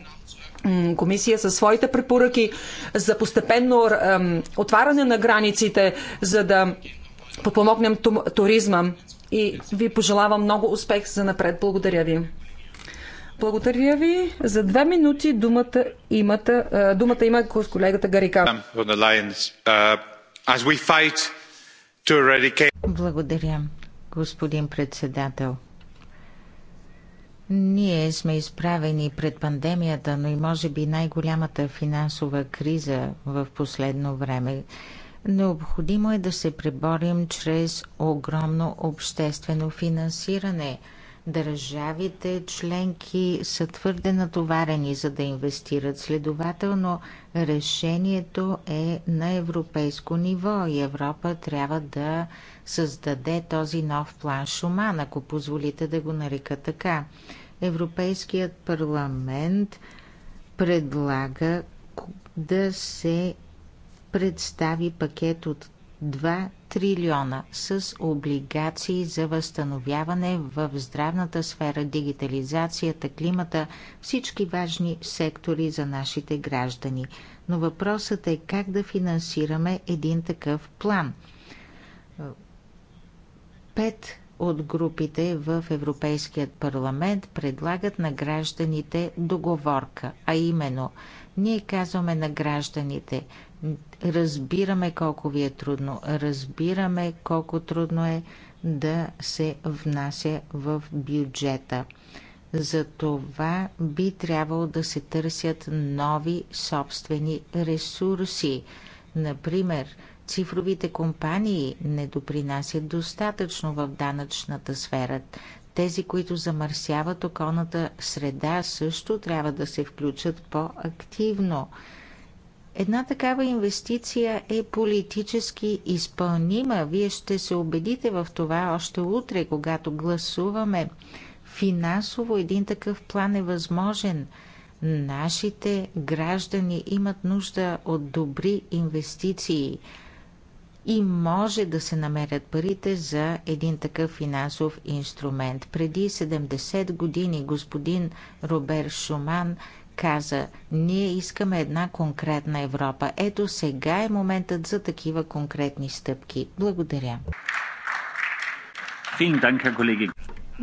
комисия със своите препоръки за постепенно ем, отваряне на границите, за да подпомогнем туризма. И ви пожелавам много успех за напред. Благодаря ви. Благодаря ви. За две минути думата, имата, е, думата има колегата Гарика. Uh, Благодаря господин председател. Ние сме изправени пред пандемията, но и може би най-голямата финансова криза в последно време. Необходимо е да се преборим чрез огромно обществено финансиране – Държавите членки са твърде натоварени за да инвестират. Следователно, решението е на европейско ниво и Европа трябва да създаде този нов план Шуман, ако позволите да го нарека така. Европейският парламент предлага да се представи пакет от 2 трилиона с облигации за възстановяване в здравната сфера, дигитализацията, климата, всички важни сектори за нашите граждани. Но въпросът е как да финансираме един такъв план. Пет от групите в Европейският парламент предлагат на гражданите договорка, а именно ние казваме на гражданите, Разбираме колко ви е трудно. Разбираме колко трудно е да се внася в бюджета. За това би трябвало да се търсят нови собствени ресурси. Например, цифровите компании не допринасят достатъчно в данъчната сфера. Тези, които замърсяват околната среда, също трябва да се включат по-активно. Една такава инвестиция е политически изпълнима. Вие ще се убедите в това още утре, когато гласуваме. Финансово един такъв план е възможен. Нашите граждани имат нужда от добри инвестиции и може да се намерят парите за един такъв финансов инструмент. Преди 70 години господин Робер Шуман каза, ние искаме една конкретна Европа. Ето сега е моментът за такива конкретни стъпки. Благодаря.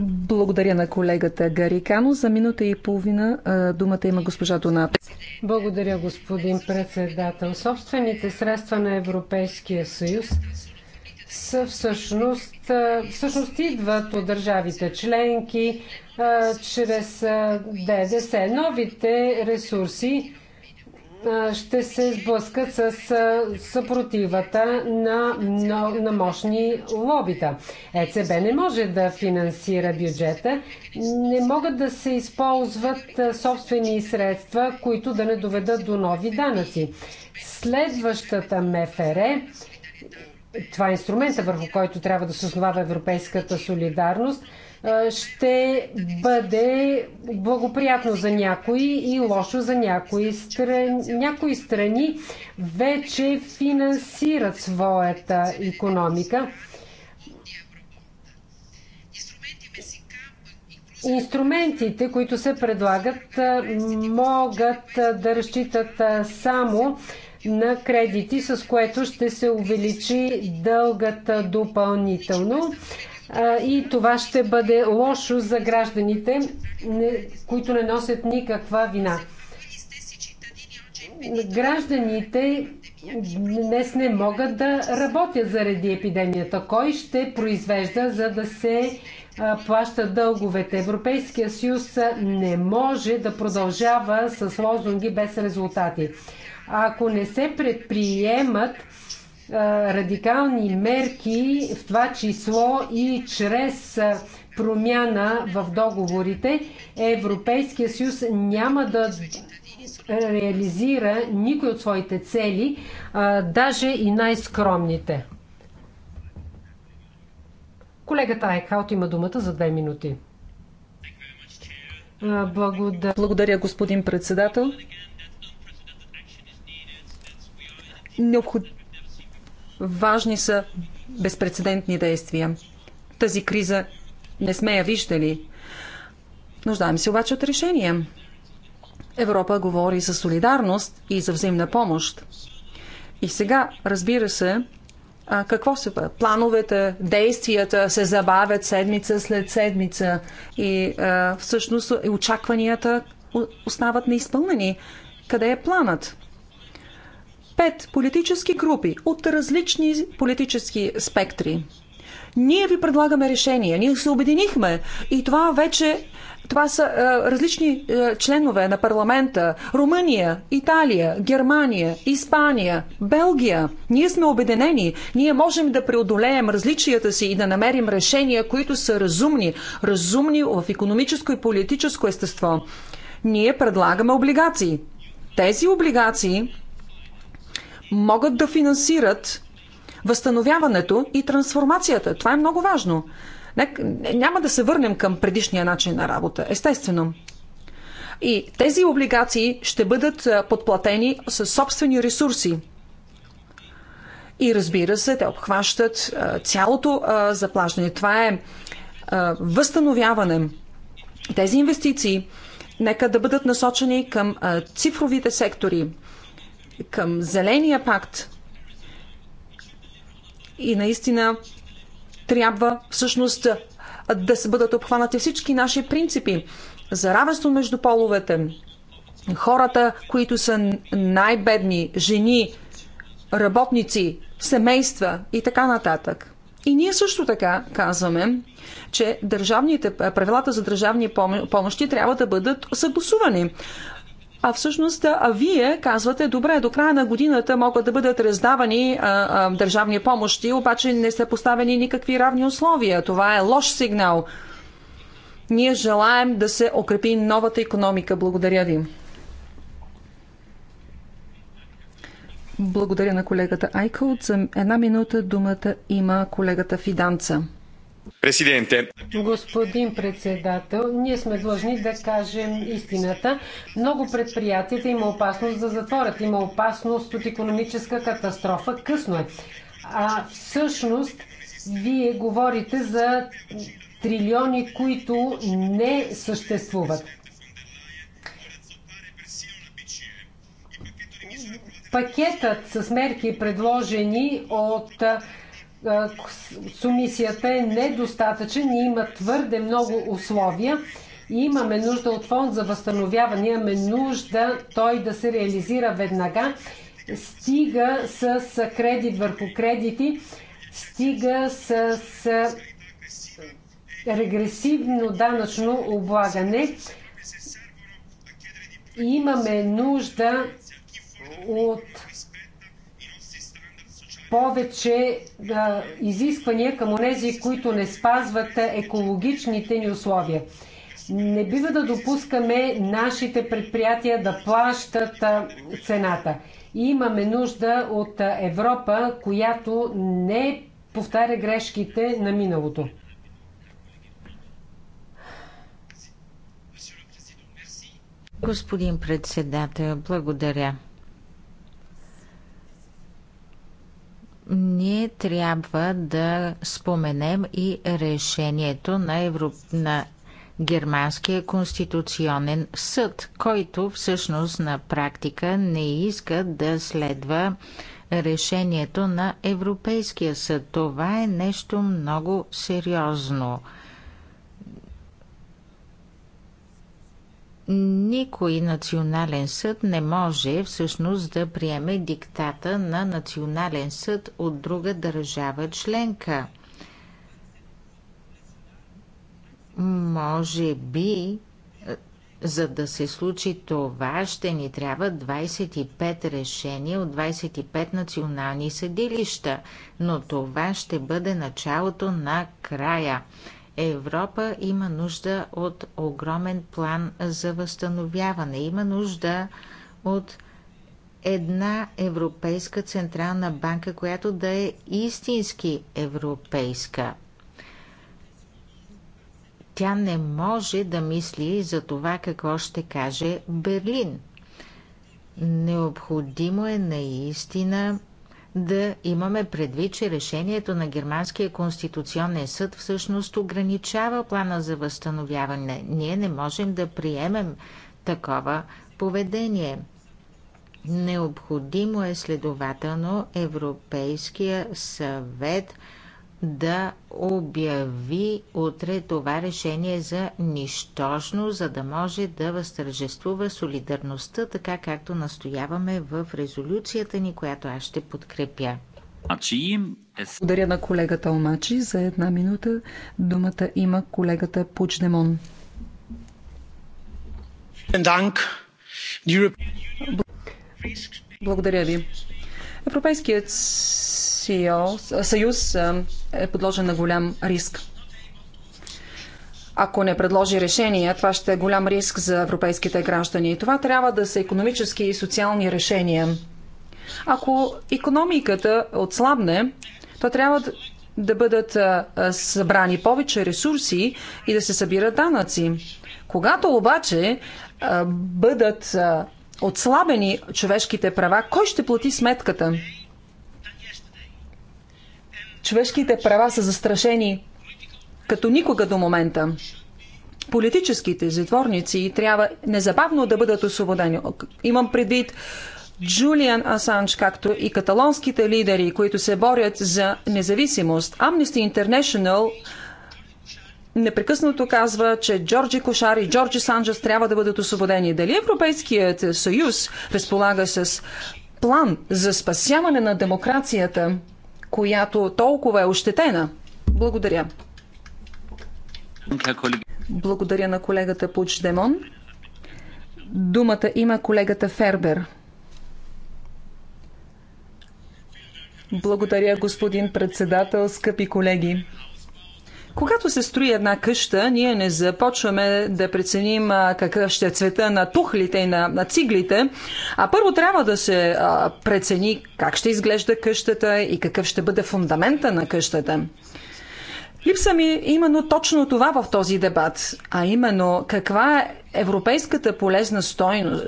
Благодаря на колегата Гарикано. За минута и половина думата има госпожа Донат. Благодаря, господин председател. Собствените средства на Европейския съюз са всъщност, всъщност идват от държавите членки, чрез ДДС. Новите ресурси ще се сблъскат с съпротивата на, на, на мощни лобита. ЕЦБ не може да финансира бюджета, не могат да се използват собствени средства, които да не доведат до нови данъци. Следващата МФР, това е инструмента върху който трябва да се основава европейската солидарност – ще бъде благоприятно за някои и лошо за някои страни. Някои страни вече финансират своята економика. Инструментите, които се предлагат, могат да разчитат само на кредити, с което ще се увеличи дългата допълнително и това ще бъде лошо за гражданите, които не носят никаква вина. Гражданите днес не могат да работят заради епидемията. Кой ще произвежда, за да се плаща дълговете? Европейския съюз не може да продължава с лозунги без резултати. Ако не се предприемат радикални мерки, в това число и чрез промяна в договорите, Европейския съюз няма да реализира никой от своите цели, даже и най-скромните. Колегата Айкхаут има думата за две минути. Благодаря. Благодаря, господин председател. Необходимо Важни са безпредседентни действия. Тази криза не сме я виждали. Нуждаем се обаче от решение. Европа говори за солидарност и за взаимна помощ. И сега, разбира се, а, какво се бъде? Плановете, действията се забавят седмица след седмица и а, всъщност очакванията остават неизпълнени. Къде е планът? пет политически групи от различни политически спектри. Ние ви предлагаме решение, ние се обединихме и това вече това са а, е, различни а, е, членове на парламента. Румъния, Италия, Германия, Испания, Белгия. Ние сме обединени. Ние можем да преодолеем различията си и да намерим решения, които са разумни. Разумни в економическо и политическо естество. Ние предлагаме облигации. Тези облигации могат да финансират възстановяването и трансформацията. Това е много важно. Няма да се върнем към предишния начин на работа, естествено. И тези облигации ще бъдат подплатени с собствени ресурси. И разбира се, те обхващат цялото заплащане. Това е възстановяване. Тези инвестиции нека да бъдат насочени към цифровите сектори, към Зеления пакт. И наистина трябва всъщност да се бъдат обхванати всички наши принципи за равенство между половете. Хората, които са най-бедни, жени, работници, семейства и така нататък. И ние също така казваме, че държавните, правилата за държавни помощи трябва да бъдат съгласувани. А всъщност, а вие казвате, добре, до края на годината могат да бъдат раздавани а, а, държавни помощи, обаче не са поставени никакви равни условия. Това е лош сигнал. Ние желаем да се окрепи новата економика. Благодаря ви. Благодаря на колегата Айкълт. За една минута думата има колегата Фиданца. Президенте. Господин председател, ние сме длъжни да кажем истината. Много предприятията има опасност да затворят. Има опасност от економическа катастрофа. Късно е. А всъщност вие говорите за трилиони, които не съществуват. Пакетът с мерки, предложени от сумисията е недостатъчен и има твърде много условия. И имаме нужда от фонд за възстановяване, имаме нужда той да се реализира веднага, стига с кредит върху кредити, стига с регресивно данъчно облагане. Имаме нужда от повече а, изисквания към онези, които не спазват екологичните ни условия. Не бива да допускаме нашите предприятия да плащат цената. И имаме нужда от Европа, която не повтаря грешките на миналото. Господин председател, благодаря. ние трябва да споменем и решението на, Евро... на Германския конституционен съд, който всъщност на практика не иска да следва решението на Европейския съд. Това е нещо много сериозно. Никой национален съд не може всъщност да приеме диктата на национален съд от друга държава членка. Може би, за да се случи това, ще ни трябва 25 решения от 25 национални съдилища, но това ще бъде началото на края. Европа има нужда от огромен план за възстановяване. Има нужда от една Европейска централна банка, която да е истински европейска. Тя не може да мисли за това какво ще каже Берлин. Необходимо е наистина да имаме предвид, че решението на Германския конституционен съд всъщност ограничава плана за възстановяване. Ние не можем да приемем такова поведение. Необходимо е следователно Европейския съвет – да обяви утре това решение за нищожно, за да може да възтържествува солидарността, така както настояваме в резолюцията ни, която аз ще подкрепя. Е Благодаря на колегата Омачи. За една минута думата има колегата Пучдемон. Благодаря ви. Европейският съюз е подложен на голям риск. Ако не предложи решение, това ще е голям риск за европейските граждани. Това трябва да са економически и социални решения. Ако економиката отслабне, то трябва да бъдат събрани повече ресурси и да се събират данъци. Когато обаче бъдат отслабени човешките права, кой ще плати сметката? човешките права са застрашени като никога до момента. Политическите затворници трябва незабавно да бъдат освободени. Имам предвид Джулиан Асанж, както и каталонските лидери, които се борят за независимост. Amnesty International непрекъснато казва, че Джорджи Кошар и Джорджи Санджас трябва да бъдат освободени. Дали Европейският съюз разполага с план за спасяване на демокрацията която толкова е ощетена. Благодаря. Благодаря на колегата Пуч Демон. Думата има колегата Фербер. Благодаря, господин председател, скъпи колеги. Когато се строи една къща, ние не започваме да преценим какъв ще е цвета на тухлите и на, на циглите, а първо трябва да се а, прецени как ще изглежда къщата и какъв ще бъде фундамента на къщата. Липса ми именно точно това в този дебат, а именно каква е европейската полезна стойност,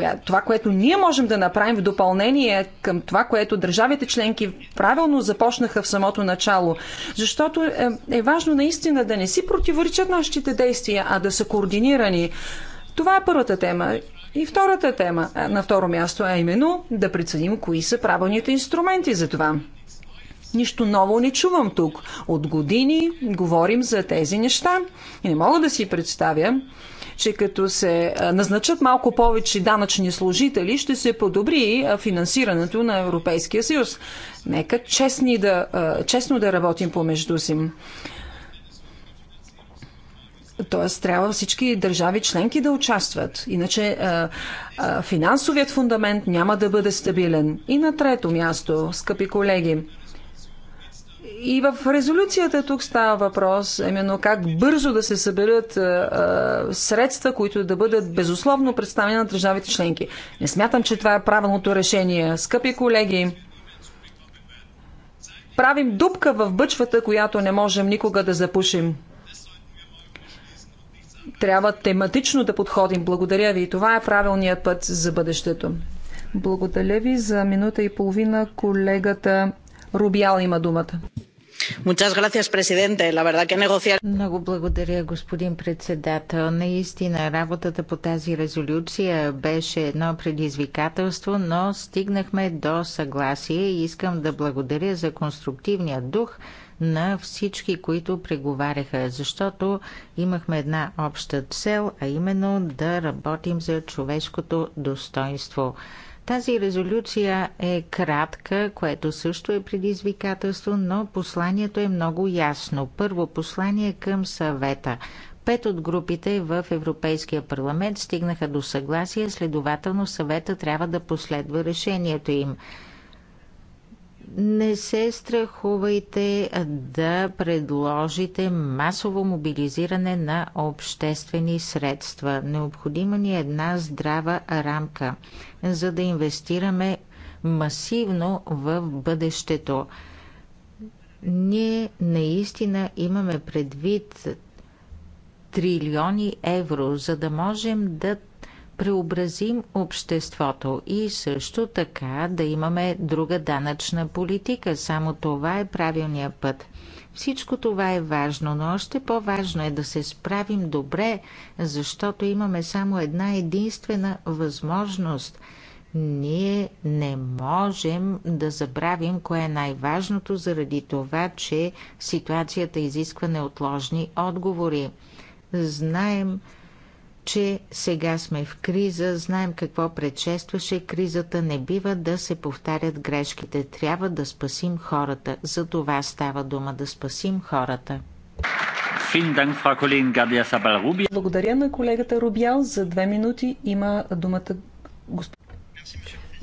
е, това, което ние можем да направим в допълнение към това, което държавите членки правилно започнаха в самото начало. Защото е, е важно наистина да не си противоречат нашите действия, а да са координирани. Това е първата тема. И втората тема е, на второ място е именно да преценим кои са правилните инструменти за това. Нищо ново не чувам тук. От години говорим за тези неща и не мога да си представя, че като се назначат малко повече данъчни служители, ще се подобри финансирането на Европейския съюз. Нека честни да, честно да работим помежду си. Тоест, трябва всички държави членки да участват. Иначе финансовият фундамент няма да бъде стабилен. И на трето място, скъпи колеги, и в резолюцията тук става въпрос именно как бързо да се съберат а, средства, които да бъдат безусловно представени на държавите членки. Не смятам, че това е правилното решение. Скъпи колеги, правим дупка в бъчвата, която не можем никога да запушим. Трябва тематично да подходим. Благодаря ви. Това е правилният път за бъдещето. Благодаря ви за минута и половина колегата Рубиал има думата. Много благодаря, господин председател. Наистина, работата по тази резолюция беше едно предизвикателство, но стигнахме до съгласие и искам да благодаря за конструктивния дух на всички, които преговаряха, защото имахме една обща цел, а именно да работим за човешкото достоинство. Тази резолюция е кратка, което също е предизвикателство, но посланието е много ясно. Първо послание към съвета. Пет от групите в Европейския парламент стигнаха до съгласие, следователно съвета трябва да последва решението им. Не се страхувайте да предложите масово мобилизиране на обществени средства. Необходима ни е една здрава рамка, за да инвестираме масивно в бъдещето. Ние наистина имаме предвид трилиони евро, за да можем да преобразим обществото и също така да имаме друга данъчна политика. Само това е правилния път. Всичко това е важно, но още по-важно е да се справим добре, защото имаме само една единствена възможност. Ние не можем да забравим кое е най-важното заради това, че ситуацията изисква неотложни отговори. Знаем, че сега сме в криза, знаем какво предшестваше кризата, не бива да се повтарят грешките. Трябва да спасим хората. За това става дума да спасим хората. Благодаря на колегата Рубял. За две минути има думата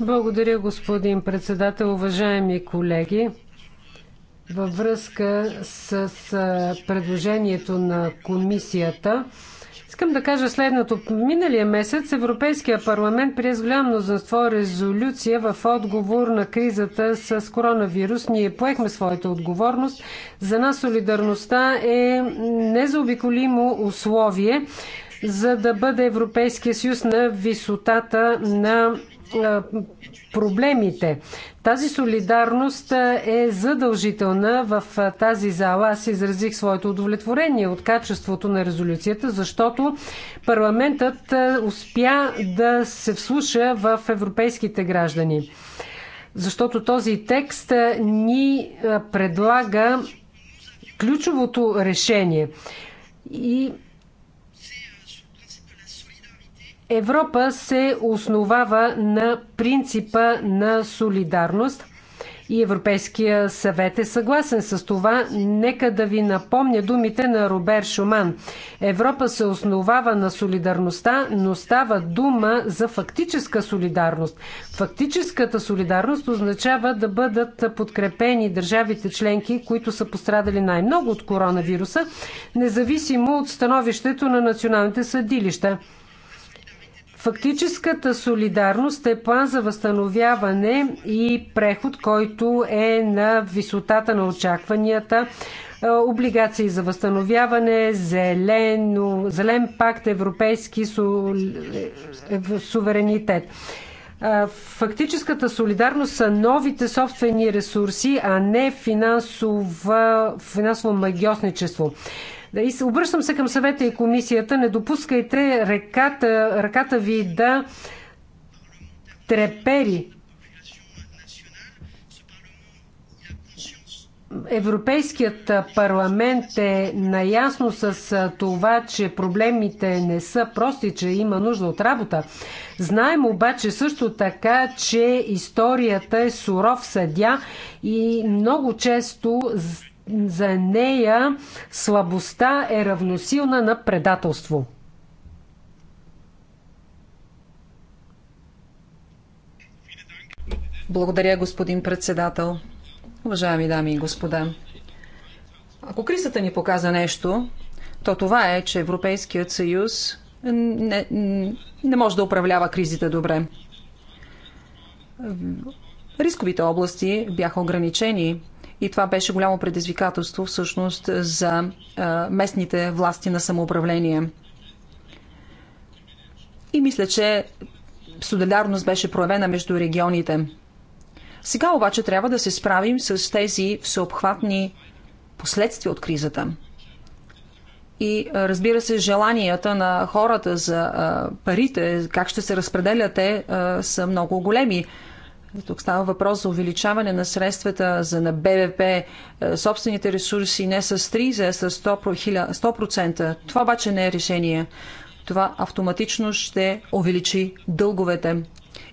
Благодаря, господин председател, уважаеми колеги. Във връзка с предложението на комисията, Искам да кажа следното. Миналия месец Европейския парламент прие с голямо мнозинство резолюция в отговор на кризата с коронавирус. Ние поехме своята отговорност. За нас солидарността е незаобиколимо условие за да бъде Европейския съюз на висотата на проблемите. Тази солидарност е задължителна в тази зала. Аз изразих своето удовлетворение от качеството на резолюцията, защото парламентът успя да се вслуша в европейските граждани. Защото този текст ни предлага ключовото решение. И Европа се основава на принципа на солидарност и Европейския съвет е съгласен с това. Нека да ви напомня думите на Робер Шуман. Европа се основава на солидарността, но става дума за фактическа солидарност. Фактическата солидарност означава да бъдат подкрепени държавите членки, които са пострадали най-много от коронавируса, независимо от становището на националните съдилища. Фактическата солидарност е план за възстановяване и преход, който е на висотата на очакванията. Е, облигации за възстановяване, зелено, зелен пакт, европейски е, суверенитет. Е, фактическата солидарност са новите собствени ресурси, а не финансово, финансово магиосничество. Да, и се обръщам се към съвета и комисията, не допускайте ръката, ръката ви да трепери. Европейският парламент е наясно с това, че проблемите не са прости, че има нужда от работа. Знаем обаче също така, че историята е суров съдя и много често за нея слабостта е равносилна на предателство. Благодаря, господин председател. Уважаеми дами и господа, ако кризата ни показа нещо, то това е, че Европейският съюз не, не може да управлява кризите добре. Рисковите области бяха ограничени и това беше голямо предизвикателство всъщност за местните власти на самоуправление. И мисля, че солидарност беше проявена между регионите. Сега обаче трябва да се справим с тези всеобхватни последствия от кризата. И разбира се, желанията на хората за парите, как ще се разпределят те, са много големи. Тук става въпрос за увеличаване на средствата за на БВП, е, собствените ресурси не с 30, а с 100%, 100%. Това обаче не е решение. Това автоматично ще увеличи дълговете.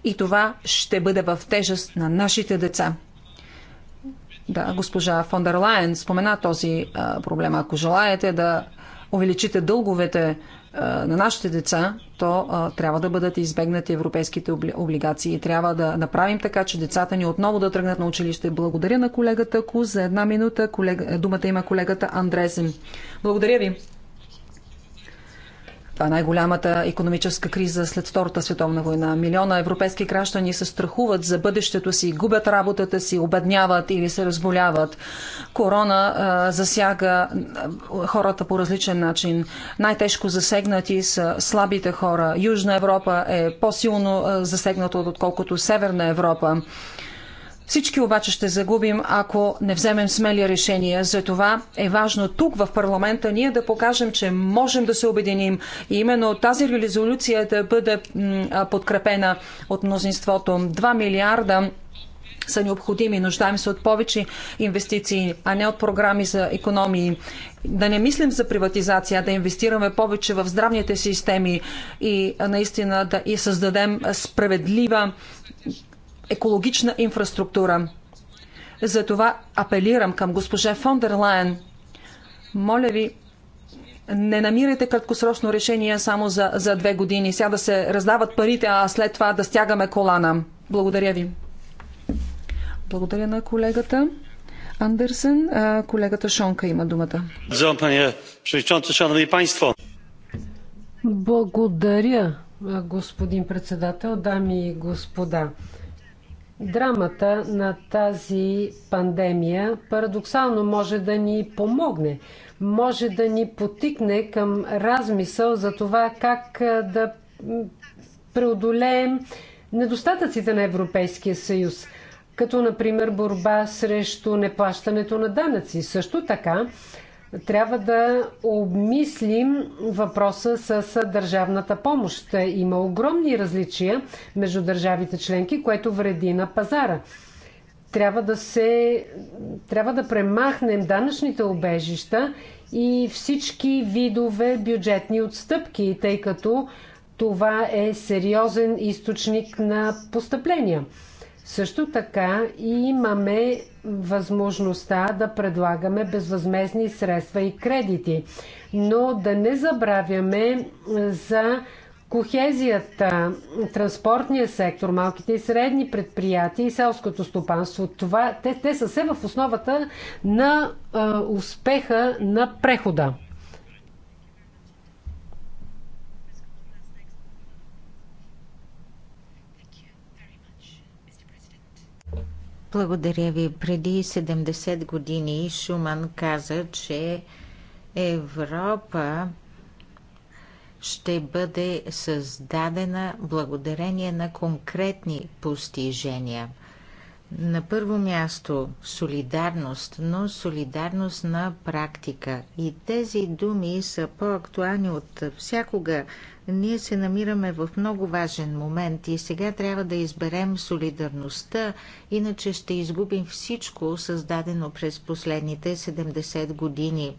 И това ще бъде в тежест на нашите деца. Да, госпожа Фондерлайн спомена този а, проблем. Ако желаете да увеличите дълговете на нашите деца, то а, трябва да бъдат избегнати европейските облигации и трябва да направим така, че децата ни отново да тръгнат на училище. Благодаря на колегата Ку за една минута. Колег... Думата има колегата Андресен. Благодаря ви. Това е най-голямата економическа криза след Втората световна война. Милиона европейски граждани се страхуват за бъдещето си, губят работата си, обедняват или се разболяват. Корона а, засяга хората по различен начин. Най-тежко засегнати са слабите хора. Южна Европа е по-силно засегната, отколкото Северна Европа. Всички обаче ще загубим, ако не вземем смели решения. Затова е важно тук в парламента ние да покажем, че можем да се обединим и именно тази резолюция да бъде подкрепена от мнозинството. 2 милиарда са необходими. Нуждаем се от повече инвестиции, а не от програми за економии. Да не мислим за приватизация, да инвестираме повече в здравните системи и наистина да и създадем справедлива екологична инфраструктура. Затова апелирам към госпожа фон Лайен. Моля ви, не намирайте краткосрочно решение само за, за две години. Сега да се раздават парите, а след това да стягаме колана. Благодаря ви. Благодаря на колегата. Андерсен, колегата Шонка има думата. Благодаря, господин председател, дами и господа. Драмата на тази пандемия парадоксално може да ни помогне, може да ни потикне към размисъл за това как да преодолеем недостатъците на Европейския съюз, като например борба срещу неплащането на данъци. Също така трябва да обмислим въпроса с държавната помощ. Има огромни различия между държавите членки, което вреди на пазара. Трябва да, се, трябва да премахнем данъчните обежища и всички видове бюджетни отстъпки, тъй като това е сериозен източник на постъпления. Също така и имаме възможността да предлагаме безвъзмезни средства и кредити, но да не забравяме за кохезията, транспортния сектор, малките и средни предприятия и селското стопанство. Това, те, те са се в основата на а, успеха на прехода. Благодаря ви. Преди 70 години Шуман каза, че Европа ще бъде създадена благодарение на конкретни постижения. На първо място солидарност, но солидарност на практика. И тези думи са по-актуални от всякога ние се намираме в много важен момент и сега трябва да изберем солидарността, иначе ще изгубим всичко, създадено през последните 70 години.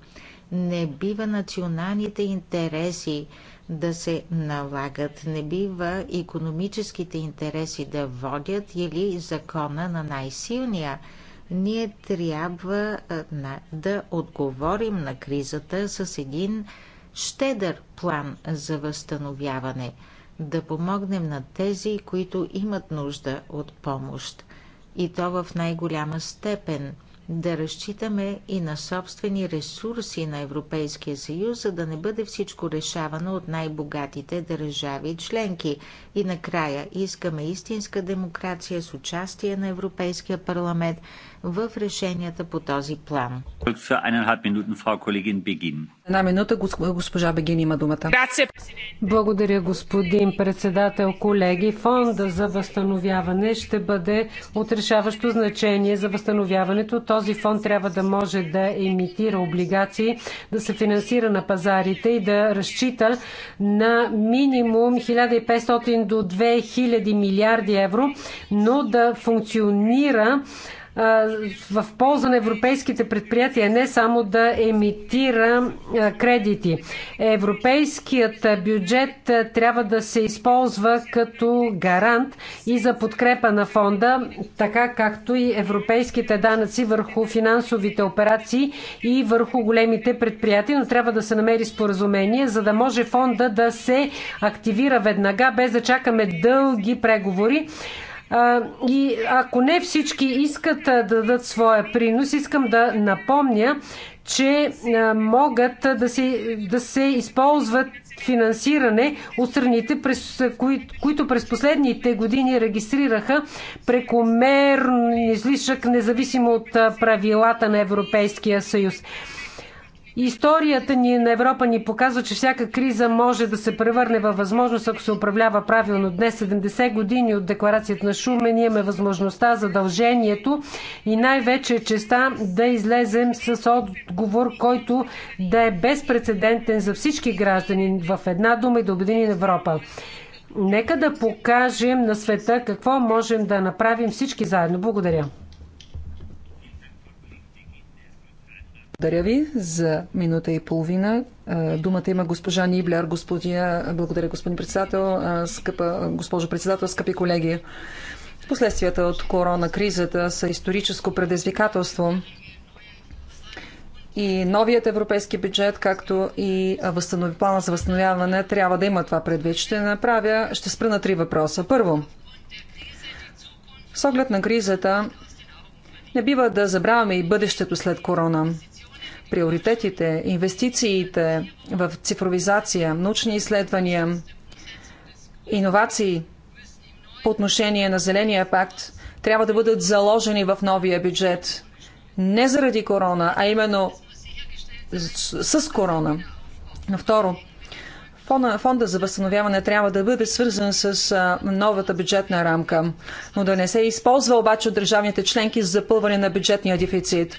Не бива националните интереси да се налагат, не бива економическите интереси да водят или закона на най-силния ние трябва да отговорим на кризата с един щедър план за възстановяване, да помогнем на тези, които имат нужда от помощ и то в най-голяма степен – да разчитаме и на собствени ресурси на Европейския съюз, за да не бъде всичко решавано от най-богатите държави членки. И накрая искаме истинска демокрация с участие на Европейския парламент, в решенията по този план. Една минута госпожа Бегин има думата. Благодаря, господин председател, колеги. Фонда за възстановяване ще бъде отрешаващо значение за възстановяването. Този фонд трябва да може да емитира облигации, да се финансира на пазарите и да разчита на минимум 1500 до 2000 милиарди евро, но да функционира в полза на европейските предприятия, не само да емитира кредити. Европейският бюджет трябва да се използва като гарант и за подкрепа на фонда, така както и европейските данъци върху финансовите операции и върху големите предприятия, но трябва да се намери споразумение, за да може фонда да се активира веднага, без да чакаме дълги преговори. И ако не всички искат да дадат своя принос, искам да напомня, че могат да се, да се използват финансиране от страните, през, кои, които през последните години регистрираха прекомерен излишък, независимо от правилата на Европейския съюз. Историята ни на Европа ни показва, че всяка криза може да се превърне във възможност, ако се управлява правилно. Днес, 70 години от декларацията на Шумен, имаме възможността, задължението и най-вече честа да излезем с отговор, който да е безпредседентен за всички граждани в една дума и да обедини Европа. Нека да покажем на света какво можем да направим всички заедно. Благодаря. Благодаря ви за минута и половина. Думата има госпожа Нибляр, господия, благодаря господин председател, скъпа, госпожо председател, скъпи колеги. Последствията от корона кризата са историческо предизвикателство и новият европейски бюджет, както и възстанов... плана за възстановяване трябва да има това предвид. Ще направя, ще спра на три въпроса. Първо, с оглед на кризата, не бива да забравяме и бъдещето след корона приоритетите, инвестициите в цифровизация, научни изследвания, иновации по отношение на Зеления пакт трябва да бъдат заложени в новия бюджет. Не заради корона, а именно с, с корона. Второ, фонда, фонда за възстановяване трябва да бъде свързан с а, новата бюджетна рамка, но да не се използва обаче от държавните членки за запълване на бюджетния дефицит.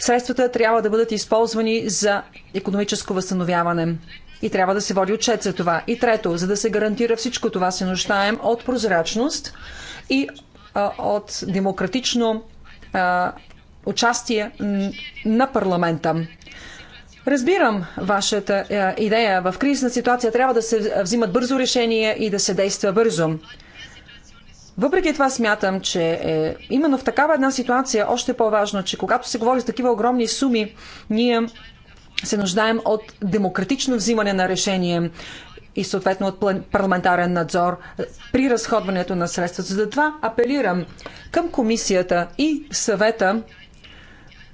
Средствата трябва да бъдат използвани за економическо възстановяване. И трябва да се води отчет за това. И трето, за да се гарантира всичко това, се нуждаем от прозрачност и а, от демократично а, участие на парламента. Разбирам вашата идея. В кризисна ситуация трябва да се взимат бързо решения и да се действа бързо. Въпреки това смятам, че е, именно в такава една ситуация още по-важно, че когато се говори за такива огромни суми, ние се нуждаем от демократично взимане на решение и съответно от парламентарен надзор при разходването на средствата. Затова апелирам към комисията и съвета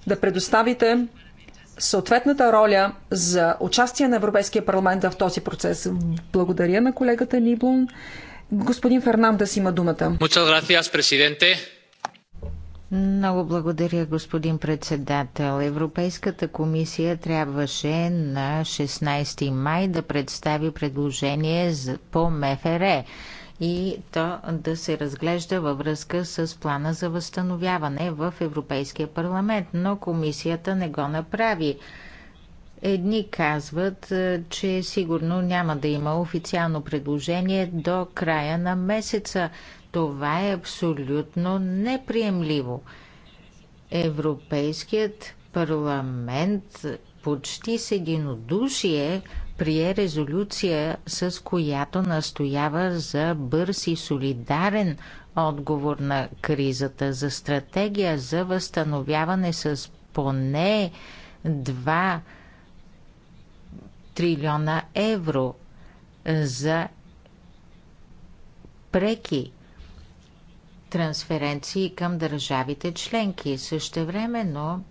да предоставите съответната роля за участие на Европейския парламент в този процес. Благодаря на колегата Ниблун Господин Фернандес има думата. Много благодаря, господин председател. Европейската комисия трябваше на 16 май да представи предложение по МФР и то да се разглежда във връзка с плана за възстановяване в Европейския парламент, но комисията не го направи. Едни казват, е, че сигурно няма да има официално предложение до края на месеца. Това е абсолютно неприемливо. Европейският парламент почти с единодушие прие резолюция, с която настоява за бърз и солидарен отговор на кризата, за стратегия за възстановяване с поне два трилиона евро за преки трансференции към държавите членки. Същевременно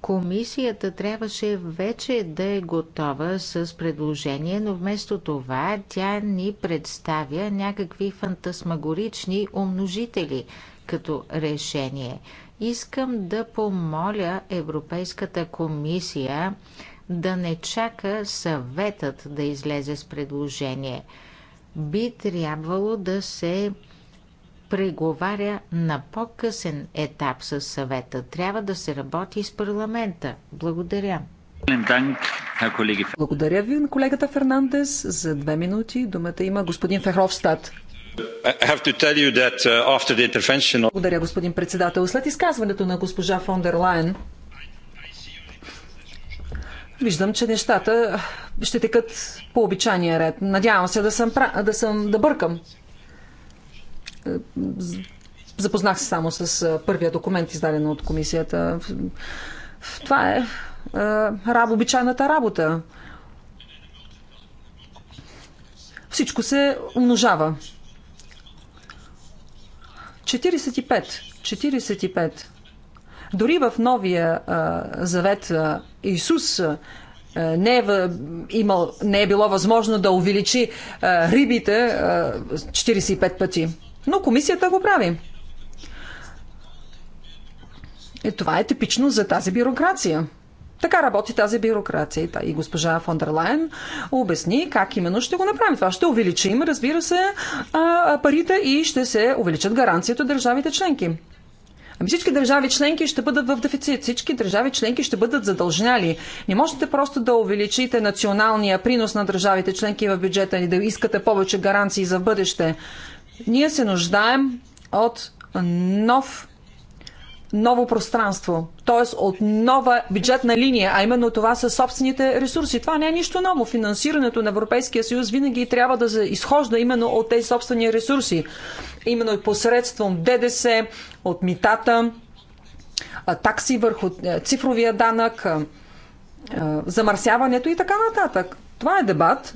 комисията трябваше вече да е готова с предложение, но вместо това тя ни представя някакви фантасмагорични умножители като решение. Искам да помоля Европейската комисия да не чака съветът да излезе с предложение. Би трябвало да се преговаря на по-късен етап с съвета. Трябва да се работи с парламента. Благодаря. Благодаря ви, колегата Фернандес. За две минути думата има господин Фехровстад. Uh, Благодаря, господин председател. След изказването на госпожа фон дер Лайен, виждам, че нещата ще текат по обичайния ред. Надявам се да съм, да, съм, да бъркам. Запознах се само с първия документ, издаден от комисията. Това е раб, обичайната работа. Всичко се умножава. 45. 45. Дори в новия а, завет а, Исус е, не е, имал, не е било възможно да увеличи е, рибите 45 е, пъти. Но комисията го прави. И това е типично за тази бюрокрация. Така работи тази бюрокрация. И госпожа фон обясни как именно ще го направим. Това ще увеличим, разбира се, парите и ще се увеличат гаранцията държавите членки. Ами всички държави членки ще бъдат в дефицит. Всички държави членки ще бъдат задължняли. Не можете просто да увеличите националния принос на държавите членки в бюджета и да искате повече гаранции за бъдеще. Ние се нуждаем от нов ново пространство, т.е. от нова бюджетна линия, а именно това са собствените ресурси. Това не е нищо ново. Финансирането на Европейския съюз винаги трябва да се изхожда именно от тези собствени ресурси. Именно и посредством ДДС, от митата, такси върху цифровия данък, замърсяването и така нататък. Това е дебат,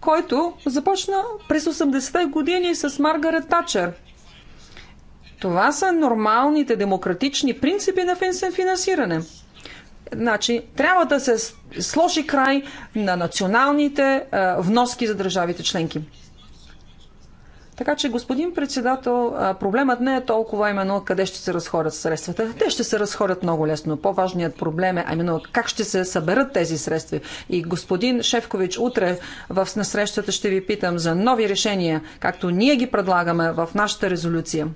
който започна през 80-те години с Маргарет Тачер – това са нормалните демократични принципи на финансиране. Значи, трябва да се сложи край на националните а, е, вноски за държавите членки. Така че, господин председател, е, проблемът не е толкова именно къде ще се разходят средствата. Те ще се разходят много лесно. По-важният проблем е именно как ще се съберат тези средства. И господин Шефкович, утре в насрещата ще ви питам за нови решения, както ние ги предлагаме в нашата резолюция.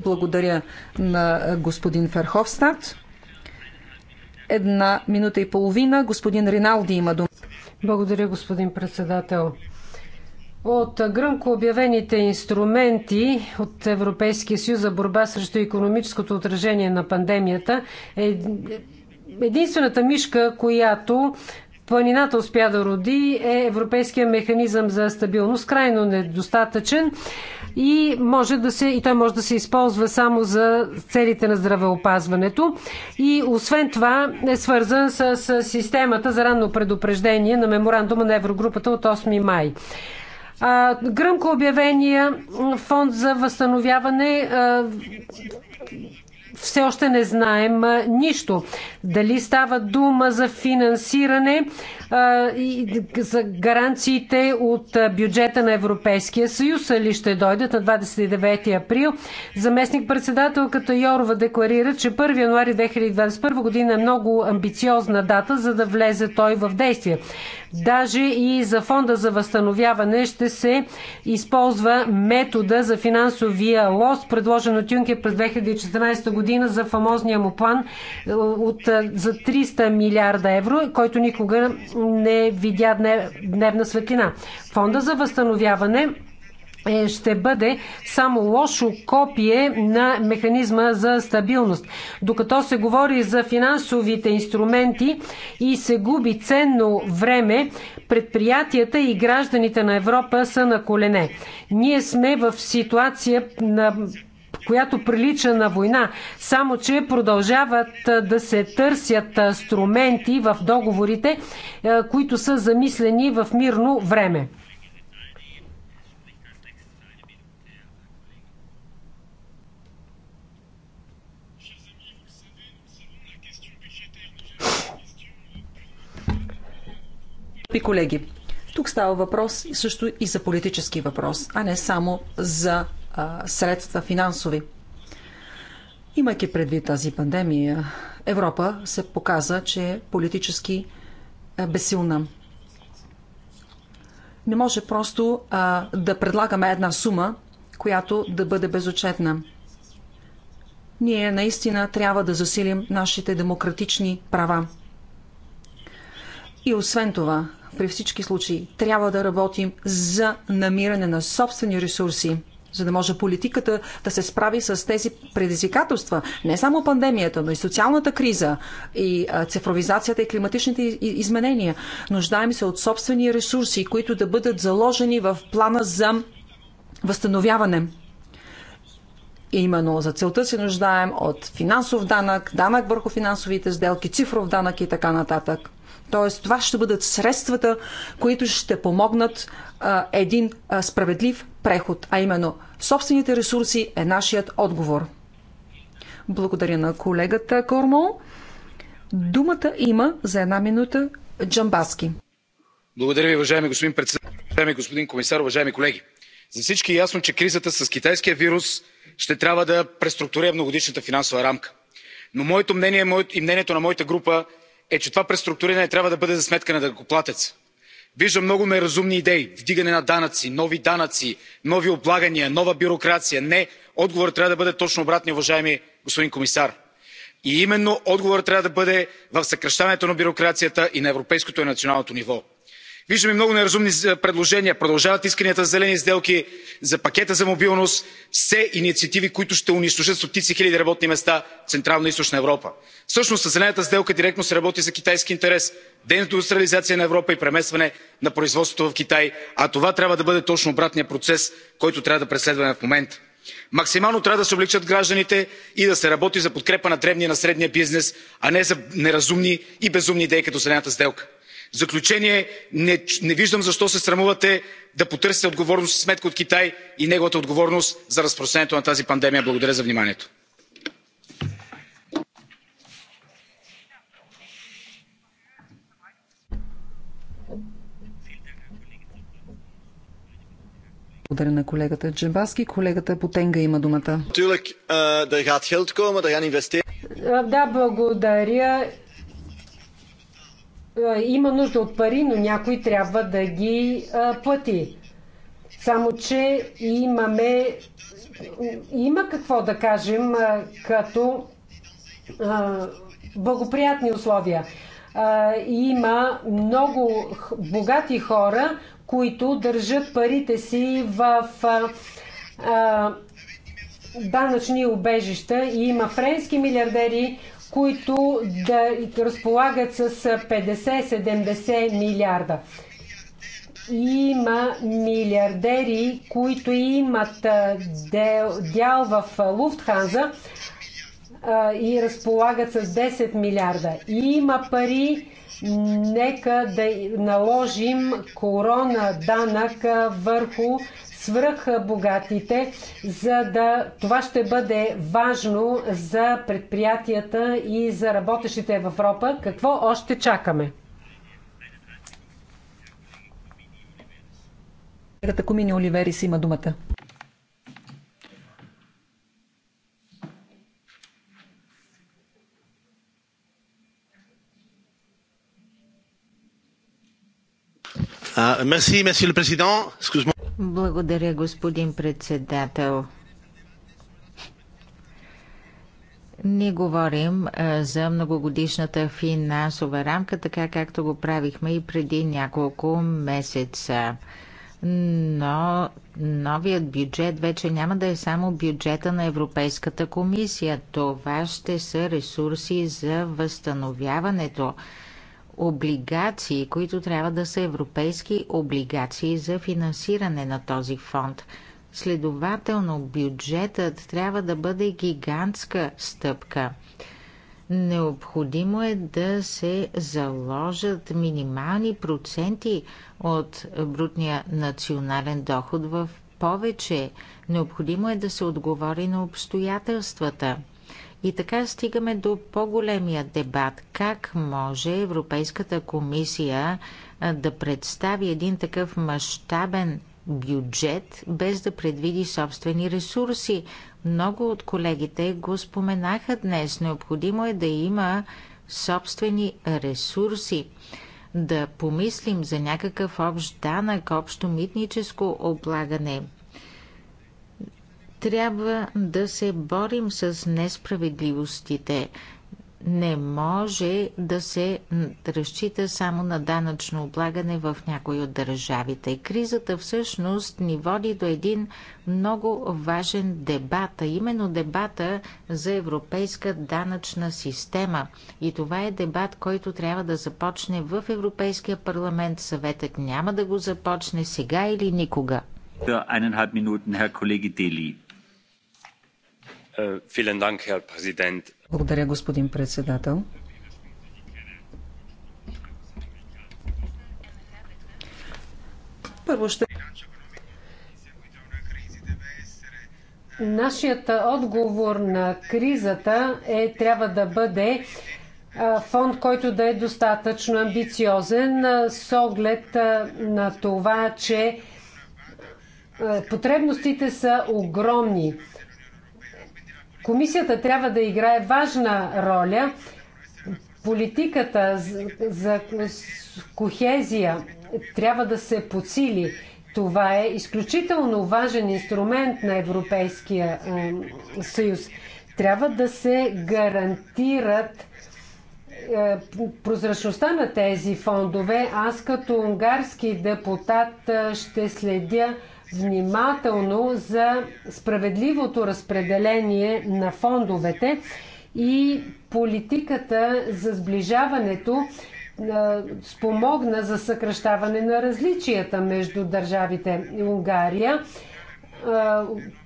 Благодаря на господин Ферховстат. Една минута и половина. Господин Риналди има дума. Благодаря, господин председател. От гръмко обявените инструменти от Европейския съюз за борба срещу економическото отражение на пандемията е единствената мишка, която планината успя да роди е Европейския механизъм за стабилност, крайно недостатъчен и, може да се, и той може да се използва само за целите на здравеопазването. И освен това е свързан с, с системата за ранно предупреждение на меморандума на Еврогрупата от 8 май. А, гръмко обявения фонд за възстановяване а, все още не знаем нищо. Дали става дума за финансиране и за гаранциите от бюджета на Европейския съюз, или ще дойдат на 29 април. Заместник председателката Йорова декларира, че 1 януари 2021 година е много амбициозна дата, за да влезе той в действие. Даже и за фонда за възстановяване ще се използва метода за финансовия лост, предложен от Юнкер през 2014 година за фамозния му план е, от, е, за 300 милиарда евро, който никога не видя дневна светлина. Фонда за възстановяване е, ще бъде само лошо копие на механизма за стабилност. Докато се говори за финансовите инструменти и се губи ценно време, предприятията и гражданите на Европа са на колене. Ние сме в ситуация на която прилича на война, само че продължават да се търсят инструменти в договорите, които са замислени в мирно време. скъпи колеги, тук става въпрос също и за политически въпрос, а не само за а, средства финансови. Имайки предвид тази пандемия, Европа се показа, че е политически безсилна. Не може просто а, да предлагаме една сума, която да бъде безочетна. Ние наистина трябва да засилим нашите демократични права. И освен това, при всички случаи трябва да работим за намиране на собствени ресурси, за да може политиката да се справи с тези предизвикателства. Не само пандемията, но и социалната криза, и цифровизацията и климатичните изменения. Нуждаем се от собствени ресурси, които да бъдат заложени в плана за възстановяване. Именно за целта се нуждаем от финансов данък, данък върху финансовите сделки, цифров данък и така нататък. Тоест, това ще бъдат средствата, които ще помогнат а, един а, справедлив преход, а именно собствените ресурси е нашият отговор. Благодаря на колегата Кормо. Думата има за една минута Джамбаски. Благодаря ви, уважаеми господин председател, уважаеми господин комисар, уважаеми колеги. За всички е ясно, че кризата с китайския вирус ще трябва да преструктурира многодишната финансова рамка. Но моето мнение и мнението на моята група е че това преструктуриране трябва да бъде за сметка на данъкоплатеца. виждам много неразумни идеи вдигане на данъци нови данъци нови облагания нова бюрокрация. не отговорът трябва да бъде точно обратният уважаеми господин комисар. и именно отговорът трябва да бъде в съкращаването на бюрокрацията и на европейското и националното ниво виждаме много неразумни е, предложения продължават исканията за зелени сделки за пакета за мобилност все инициативи които ще унищожат стотици хиляди работни места в централна и източна европа. всъщност със зелената сделка директно се работи за китайски интерес деиндустриализация на европа и преместване на производството в китай а това трябва да бъде точно обратният процес който трябва да преследваме в момента. максимално трябва да се облекчат гражданите и да се работи за подкрепа на дребния и на средния бизнес а не за неразумни и безумни идеи като зелената сделка в заключение не виждам защо се срамувате да потърсите отговорност и сметка от китай и неговата отговорност за разпространението на тази пандемия. благодаря за вниманието. Благодаря на колегата Джебаски. Колегата Потенга има думата. Eh, er er е, да, благодаря е, има нужда от пари, но някой трябва да ги е, плати. Само, че имаме, има какво да кажем е, като благоприятни условия. Има много богати хора, които държат парите си в данъчни убежища и има френски милиардери, които да разполагат с 50-70 милиарда. Има милиардери, които имат дял в Луфтханза и разполагат с 10 милиарда. има пари, нека да наложим корона данък върху Свръх богатите, за да това ще бъде важно за предприятията и за работещите в Европа. Какво още чакаме? Колегата Комини Оливерис има думата. Ah, merci, Monsieur le Président. Excuse-moi. Благодаря, господин председател. не говорим за многогодишната финансова рамка, така както го правихме и преди няколко месеца. Но новият бюджет вече няма да е само бюджета на Европейската комисия. Това ще са ресурси за възстановяването облигации, които трябва да са европейски облигации за финансиране на този фонд. Следователно, бюджетът трябва да бъде гигантска стъпка. Необходимо е да се заложат минимални проценти от брутния национален доход в повече. Необходимо е да се отговори на обстоятелствата – и така стигаме до по-големия дебат. Как може Европейската комисия да представи един такъв мащабен бюджет, без да предвиди собствени ресурси? Много от колегите го споменаха днес. Необходимо е да има собствени ресурси да помислим за някакъв общ данък, общо митническо облагане. Трябва да се борим с несправедливостите. Не може да се разчита само на данъчно облагане в някои от държавите. Кризата всъщност ни води до един много важен дебат, а именно дебата за европейска данъчна система. И това е дебат, който трябва да започне в Европейския парламент. Съветът няма да го започне сега или никога. За 1,5 минути, колеги Дели. Е, Благодаря, господин председател. Първо ще Нашият отговор на кризата е, трябва да бъде е, фонд, който да е достатъчно амбициозен е, с оглед на това, че потребностите са огромни. Комисията трябва да играе важна роля. Политиката за кохезия трябва да се подсили. Това е изключително важен инструмент на Европейския съюз. Трябва да се гарантират е, прозрачността на тези фондове. Аз като унгарски депутат е, ще следя внимателно за справедливото разпределение на фондовете и политиката за сближаването спомогна за съкръщаване на различията между държавите. и Унгария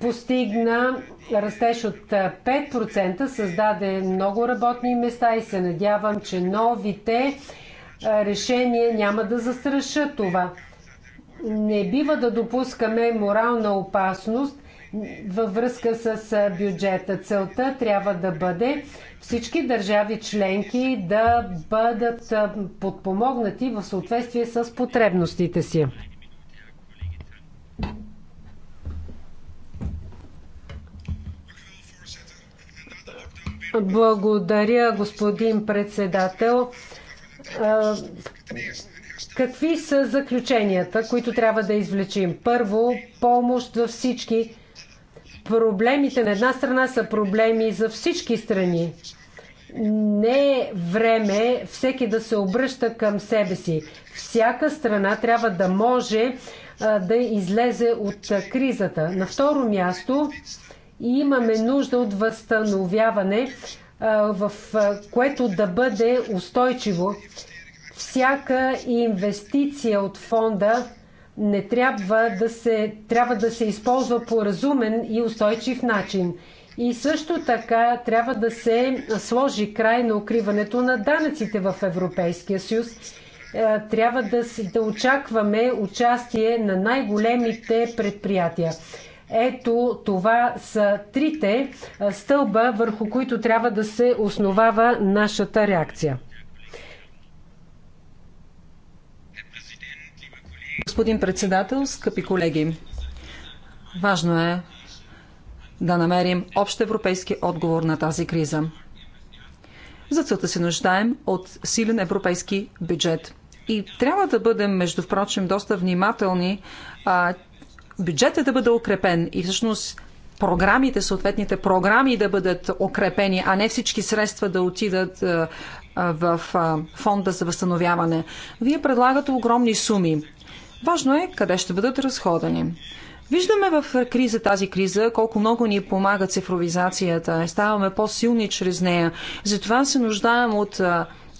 постигна растеж от 5%, създаде много работни места и се надявам, че новите решения няма да застрашат това не бива да допускаме морална опасност във връзка с бюджета. Целта трябва да бъде всички държави членки да бъдат подпомогнати в съответствие с потребностите си. Благодаря, господин председател. Какви са заключенията, които трябва да извлечим? Първо, помощ за всички. Проблемите на една страна са проблеми за всички страни. Не е време всеки да се обръща към себе си. Всяка страна трябва да може а, да излезе от а, кризата. На второ място имаме нужда от възстановяване, а, в което да бъде устойчиво всяка инвестиция от фонда не трябва да се, трябва да се използва по разумен и устойчив начин. И също така трябва да се сложи край на укриването на данъците в Европейския съюз. Е, трябва да, да очакваме участие на най-големите предприятия. Ето това са трите е, стълба, върху които трябва да се основава нашата реакция. Господин председател, скъпи колеги, важно е да намерим общ европейски отговор на тази криза. За целта се нуждаем от силен европейски бюджет. И трябва да бъдем, между впрочем, доста внимателни а, бюджетът да бъде укрепен и всъщност програмите, съответните програми да бъдат укрепени, а не всички средства да отидат а, в а, фонда за възстановяване. Вие предлагате огромни суми. Важно е къде ще бъдат разходени. Виждаме в криза, тази криза, колко много ни помага цифровизацията. Ставаме по-силни чрез нея. Затова се нуждаем от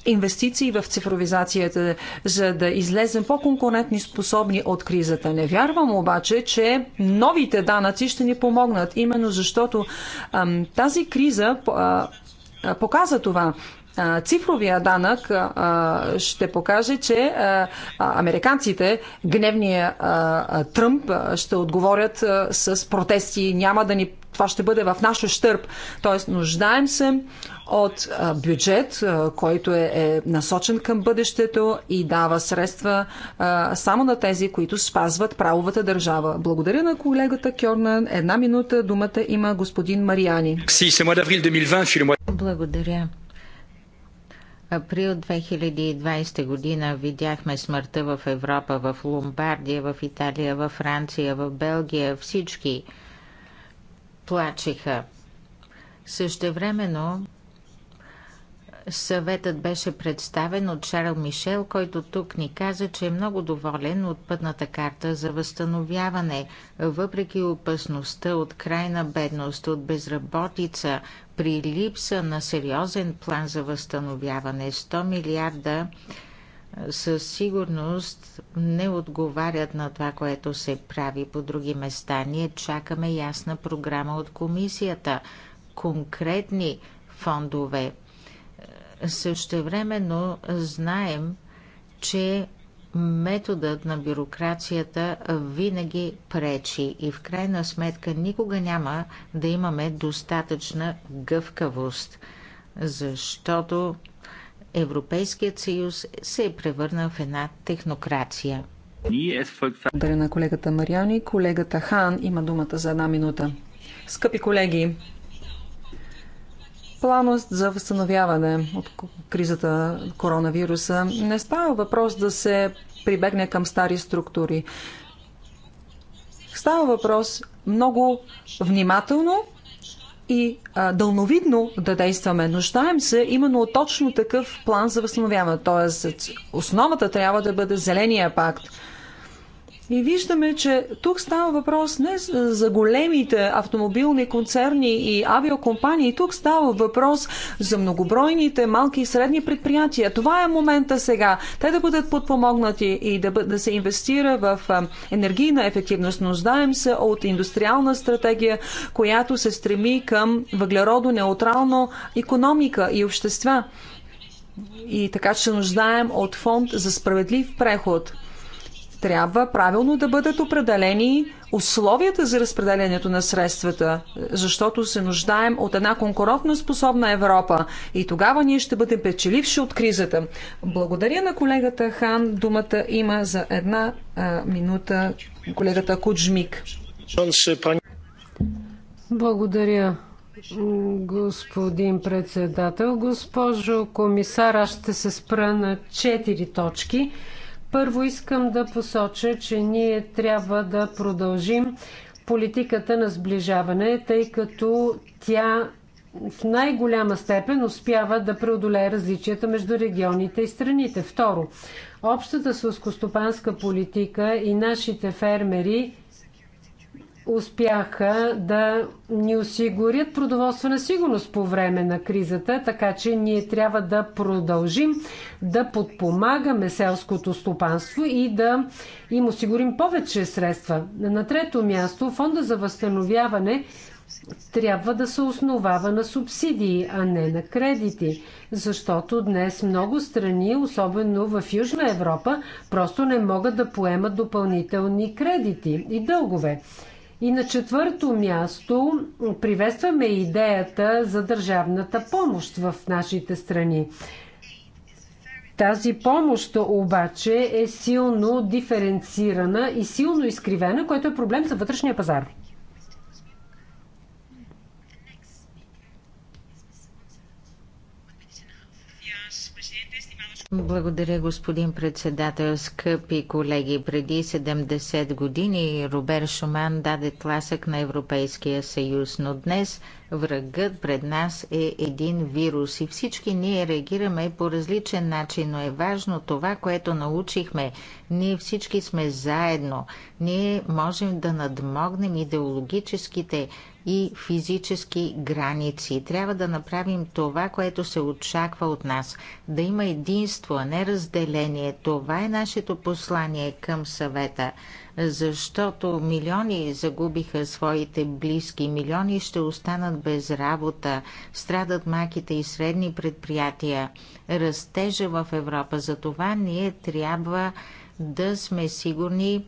инвестиции в цифровизацията, за да излезем по-конкурентни способни от кризата. Не вярвам обаче, че новите данъци ще ни помогнат, именно защото ам, тази криза а, показа това цифровия данък ще покаже, че американците, гневния Тръмп, ще отговорят с протести. Няма да ни това ще бъде в наш щърп. Тоест, нуждаем се от бюджет, който е, е, насочен към бъдещето и дава средства само на тези, които спазват правовата държава. Благодаря на колегата Кьорнан. Една минута думата има господин Мариани. Благодаря април 2020 година видяхме смъртта в Европа, в Ломбардия, в Италия, в Франция, в Белгия. Всички плачеха. Същевременно съветът беше представен от Шарл Мишел, който тук ни каза, че е много доволен от пътната карта за възстановяване, въпреки опасността от крайна бедност, от безработица, при липса на сериозен план за възстановяване 100 милиарда със сигурност не отговарят на това, което се прави по други места. Ние чакаме ясна програма от комисията, конкретни фондове. Същевременно знаем, че методът на бюрокрацията винаги пречи и в крайна сметка никога няма да имаме достатъчна гъвкавост, защото Европейският съюз се е превърнал в една технокрация. Благодаря на колегата Мариани. Колегата Хан има думата за една минута. Скъпи колеги, планост за възстановяване от кризата коронавируса. Не става въпрос да се прибегне към стари структури. Става въпрос много внимателно и а, дълновидно да действаме. Нуждаем се именно от точно такъв план за възстановяване. Тоест, основата трябва да бъде зеления пакт. И виждаме, че тук става въпрос не за големите автомобилни концерни и авиокомпании, тук става въпрос за многобройните малки и средни предприятия. Това е момента сега. Те да бъдат подпомогнати и да, да се инвестира в енергийна ефективност. Нуждаем се от индустриална стратегия, която се стреми към въглеродонеутрално економика и общества. И така че нуждаем от фонд за справедлив преход трябва правилно да бъдат определени условията за разпределението на средствата, защото се нуждаем от една конкурентно способна Европа и тогава ние ще бъдем печеливши от кризата. Благодаря на колегата Хан. Думата има за една а, минута колегата Куджмик. Благодаря, господин председател. Госпожо комисар, аз ще се спра на четири точки – първо искам да посоча, че ние трябва да продължим политиката на сближаване, тъй като тя в най-голяма степен успява да преодолее различията между регионите и страните. Второ, общата сълскостопанска политика и нашите фермери успяха да ни осигурят продоволствена сигурност по време на кризата, така че ние трябва да продължим да подпомагаме селското стопанство и да им осигурим повече средства. На трето място, Фонда за възстановяване трябва да се основава на субсидии, а не на кредити, защото днес много страни, особено в Южна Европа, просто не могат да поемат допълнителни кредити и дългове. И на четвърто място приветстваме идеята за държавната помощ в нашите страни. Тази помощ обаче е силно диференцирана и силно изкривена, което е проблем за вътрешния пазар. Благодаря, господин председател. Скъпи колеги, преди 70 години Робер Шуман даде тласък на Европейския съюз, но днес врагът пред нас е един вирус и всички ние реагираме по различен начин, но е важно това, което научихме. Ние всички сме заедно. Ние можем да надмогнем идеологическите и физически граници. Трябва да направим това, което се очаква от нас. Да има единство, а не разделение. Това е нашето послание към съвета. Защото милиони загубиха своите близки, милиони ще останат без работа, страдат маките и средни предприятия. Растежа в Европа. За това ние трябва да сме сигурни,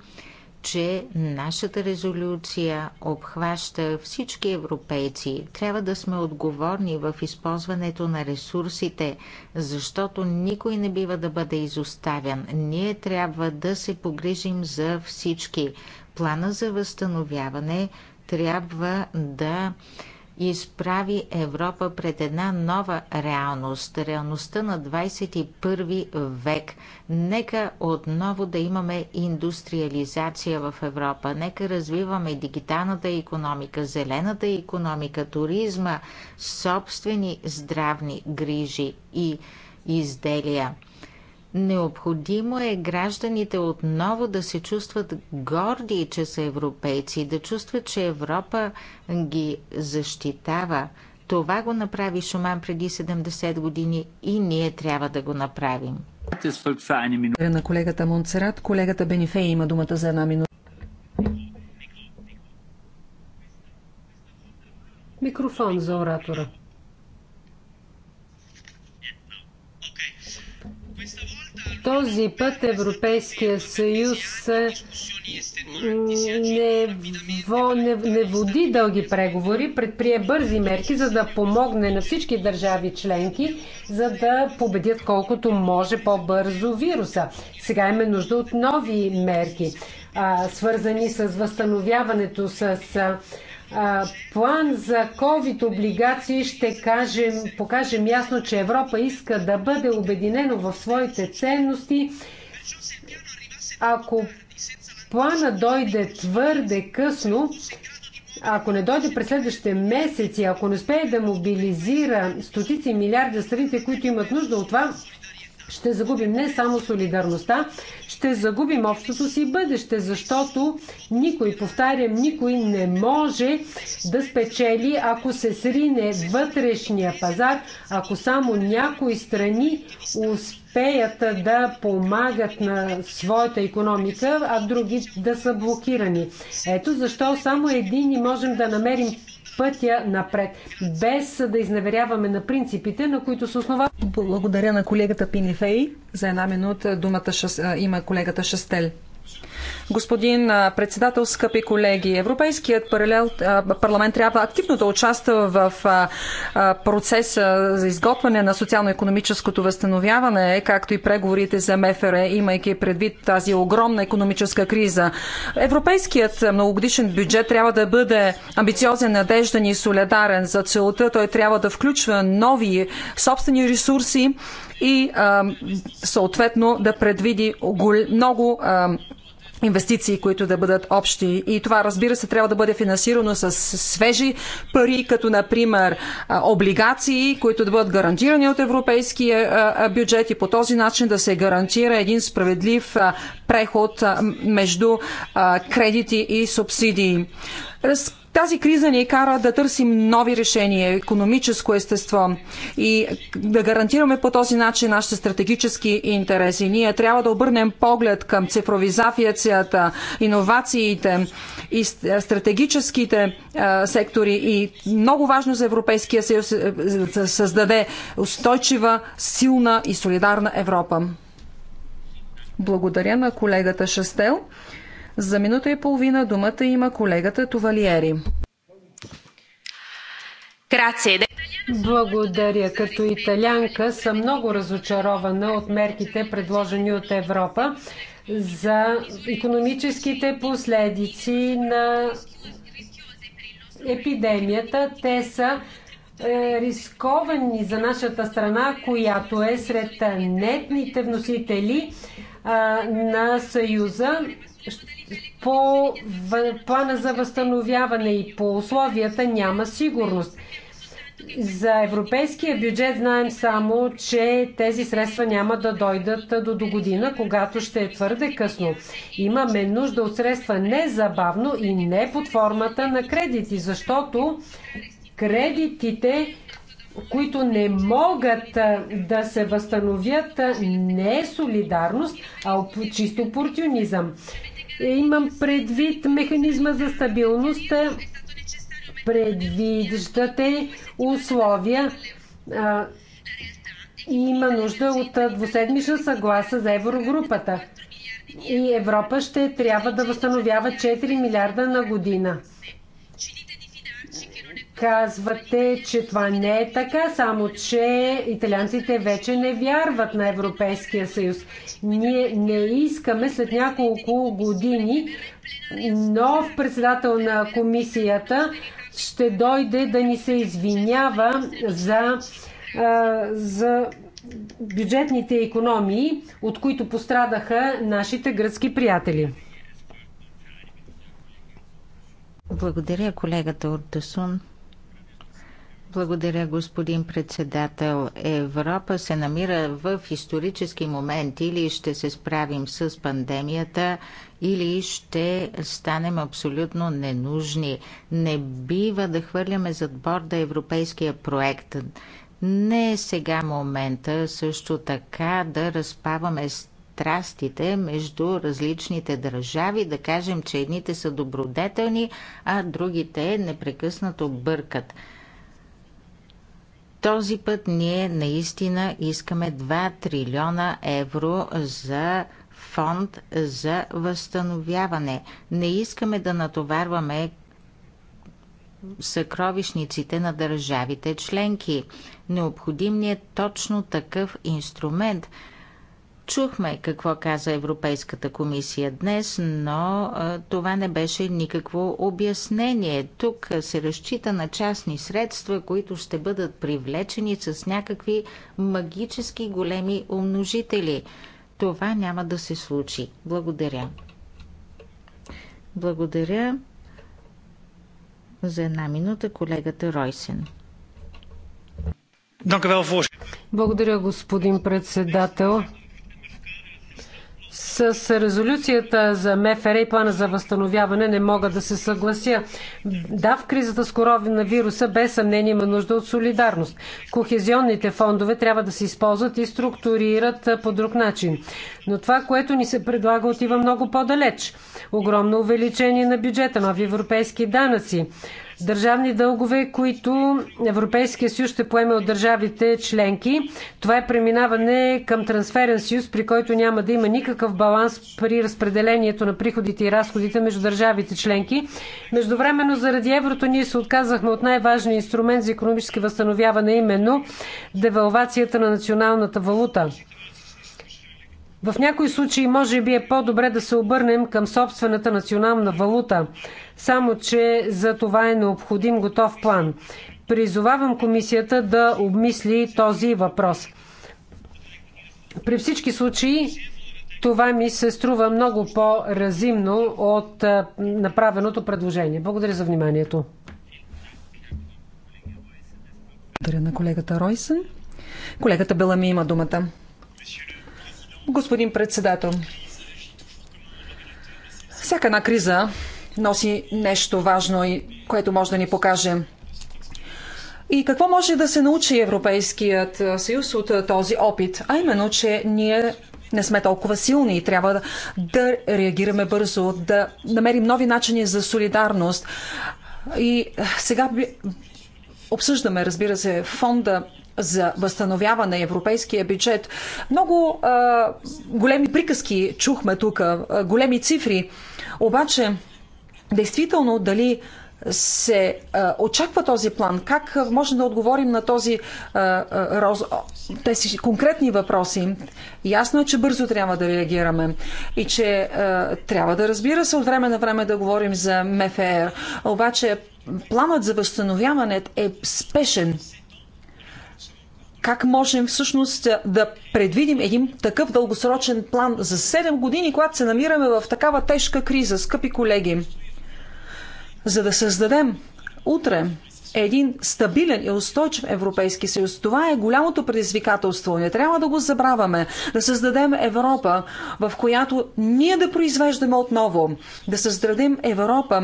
че нашата резолюция обхваща всички европейци. Трябва да сме отговорни в използването на ресурсите, защото никой не бива да бъде изоставен. Ние трябва да се погрижим за всички. Плана за възстановяване трябва да изправи Европа пред една нова реалност, реалността на 21 век. Нека отново да имаме индустриализация в Европа, нека развиваме дигиталната економика, зелената економика, туризма, собствени здравни грижи и изделия. Необходимо е гражданите отново да се чувстват горди, че са европейци, да чувстват, че Европа ги защитава. Това го направи Шуман преди 70 години и ние трябва да го направим. На колегата Монцерат, колегата Бенифей има думата за една минута. Микрофон за оратора. този път Европейския съюз не, во, не, не води дълги преговори, предприе бързи мерки, за да помогне на всички държави членки, за да победят колкото може по-бързо вируса. Сега имаме нужда от нови мерки, а, свързани с възстановяването, с. А, план за COVID облигации ще кажем, покажем ясно, че Европа иска да бъде обединено в своите ценности. Ако плана дойде твърде късно, ако не дойде през следващите месеци, ако не успее да мобилизира стотици милиарда страните, които имат нужда от това, ще загубим не само солидарността, ще загубим общото си бъдеще, защото никой, повтарям, никой не може да спечели, ако се срине вътрешния пазар, ако само някои страни успеят да помагат на своята економика, а други да са блокирани. Ето защо само един можем да намерим пътя напред, без да изневеряваме на принципите, на които се основа. Благодаря на колегата Пинифей. За една минута думата шас... има колегата Шастел. Господин председател, скъпи колеги, Европейският паралел, парламент трябва активно да участва в процеса за изготвяне на социално-економическото възстановяване, както и преговорите за МФР, имайки предвид тази огромна економическа криза. Европейският многогодишен бюджет трябва да бъде амбициозен, надежден и солидарен. За целта той трябва да включва нови собствени ресурси и съответно да предвиди много инвестиции, които да бъдат общи. И това, разбира се, трябва да бъде финансирано с свежи пари, като, например, облигации, които да бъдат гарантирани от европейския бюджет и по този начин да се гарантира един справедлив преход между кредити и субсидии тази криза ни кара да търсим нови решения, економическо естество и да гарантираме по този начин нашите стратегически интереси. Ние трябва да обърнем поглед към цифровизацията, иновациите и стратегическите а, сектори и много важно за Европейския съюз да създаде устойчива, силна и солидарна Европа. Благодаря на колегата Шастел. За минута и половина думата има колегата Товалиери. Благодаря. Като италянка съм много разочарована от мерките, предложени от Европа за економическите последици на епидемията. Те са е, рисковани за нашата страна, която е сред нетните вносители на Съюза по плана за възстановяване и по условията няма сигурност. За европейския бюджет знаем само, че тези средства няма да дойдат до до година, когато ще е твърде късно. Имаме нужда от средства незабавно и не под формата на кредити, защото кредитите които не могат да се възстановят, не е солидарност, а чисто опортюнизъм. Имам предвид механизма за стабилност. Предвиждате условия. Има нужда от двуседмична съгласа за еврогрупата. И Европа ще трябва да възстановява 4 милиарда на година. Казвате, че това не е така, само че италианците вече не вярват на Европейския съюз. Ние не искаме след няколко години нов председател на комисията ще дойде да ни се извинява за, за бюджетните економии, от които пострадаха нашите гръцки приятели. Благодаря, колегата Ордасун. Благодаря, господин председател. Европа се намира в исторически момент. Или ще се справим с пандемията, или ще станем абсолютно ненужни. Не бива да хвърляме зад борда европейския проект. Не е сега момента също така да разпаваме страстите между различните държави, да кажем, че едните са добродетелни, а другите непрекъснато бъркат. Този път ние наистина искаме 2 трилиона евро за фонд за възстановяване. Не искаме да натоварваме съкровищниците на държавите членки. Необходим ни е точно такъв инструмент – Чухме какво каза Европейската комисия днес, но това не беше никакво обяснение. Тук се разчита на частни средства, които ще бъдат привлечени с някакви магически големи умножители. Това няма да се случи. Благодаря. Благодаря за една минута колегата Ройсен. Благодаря, господин председател. С резолюцията за МФР и плана за възстановяване не мога да се съглася. Да, в кризата с коронавируса без съмнение има нужда от солидарност. Кохезионните фондове трябва да се използват и структурират по друг начин. Но това, което ни се предлага, отива много по-далеч. Огромно увеличение на бюджета, нови европейски данъци, държавни дългове, които Европейския съюз ще поеме от държавите членки. Това е преминаване към трансферен съюз, при който няма да има никакъв баланс при разпределението на приходите и разходите между държавите членки. Междувременно заради еврото ние се отказахме от най-важния инструмент за економически възстановяване, именно девалвацията на националната валута. В някои случаи може би е по-добре да се обърнем към собствената национална валута. Само, че за това е необходим готов план. Призовавам комисията да обмисли този въпрос. При всички случаи това ми се струва много по-разимно от направеното предложение. Благодаря за вниманието. Благодаря на колегата Ройсън. Колегата Белами има думата. Господин председател, всяка една криза носи нещо важно и което може да ни покаже. И какво може да се научи Европейският съюз от този опит? А именно, че ние не сме толкова силни и трябва да, да реагираме бързо, да намерим нови начини за солидарност. И сега обсъждаме, разбира се, фонда за възстановяване европейския бюджет. Много а, големи приказки чухме тук, големи цифри. Обаче действително дали се а, очаква този план? Как може да отговорим на този, а, роз, тези конкретни въпроси? Ясно е, че бързо трябва да реагираме и че а, трябва да разбира се от време на време да говорим за МФР. Обаче планът за възстановяване е спешен. Как можем всъщност да предвидим един такъв дългосрочен план за 7 години, когато се намираме в такава тежка криза, скъпи колеги? за да създадем утре един стабилен и устойчив Европейски съюз. Това е голямото предизвикателство. Не трябва да го забравяме. Да създадем Европа, в която ние да произвеждаме отново. Да създадем Европа,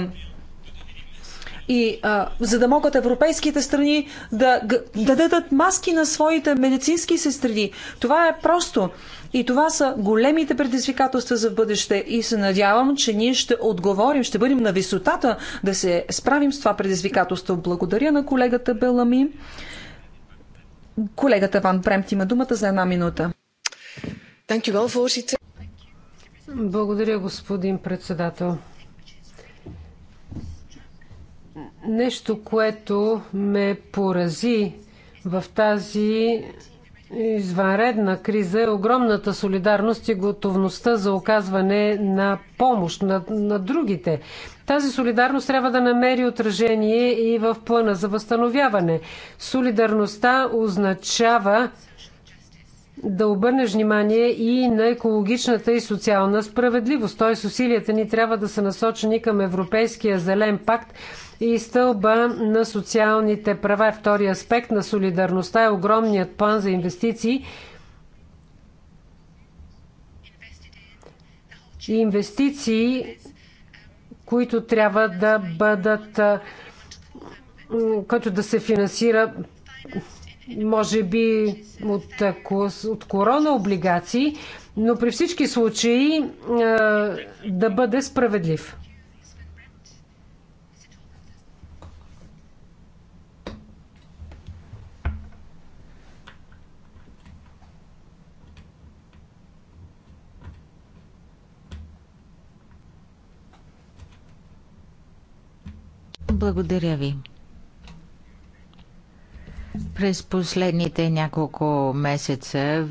и а, за да могат европейските страни да, да дадат маски на своите медицински сестри. Това е просто и това са големите предизвикателства за бъдеще и се надявам, че ние ще отговорим, ще бъдем на висотата да се справим с това предизвикателство. Благодаря на колегата Белами. Колегата Ван Премт има думата за една минута. Благодаря, господин председател. Нещо, което ме порази в тази извънредна криза е огромната солидарност и готовността за оказване на помощ на, на другите. Тази солидарност трябва да намери отражение и в плана за възстановяване. Солидарността означава да обърнеш внимание и на екологичната и социална справедливост. Тоест усилията ни трябва да са насочени към Европейския зелен пакт и стълба на социалните права. Втори аспект на солидарността е огромният план за инвестиции, инвестиции, които трябва да бъдат, който да се финансира, може би, от, от корона облигации, но при всички случаи да бъде справедлив. Благодаря ви. През последните няколко месеца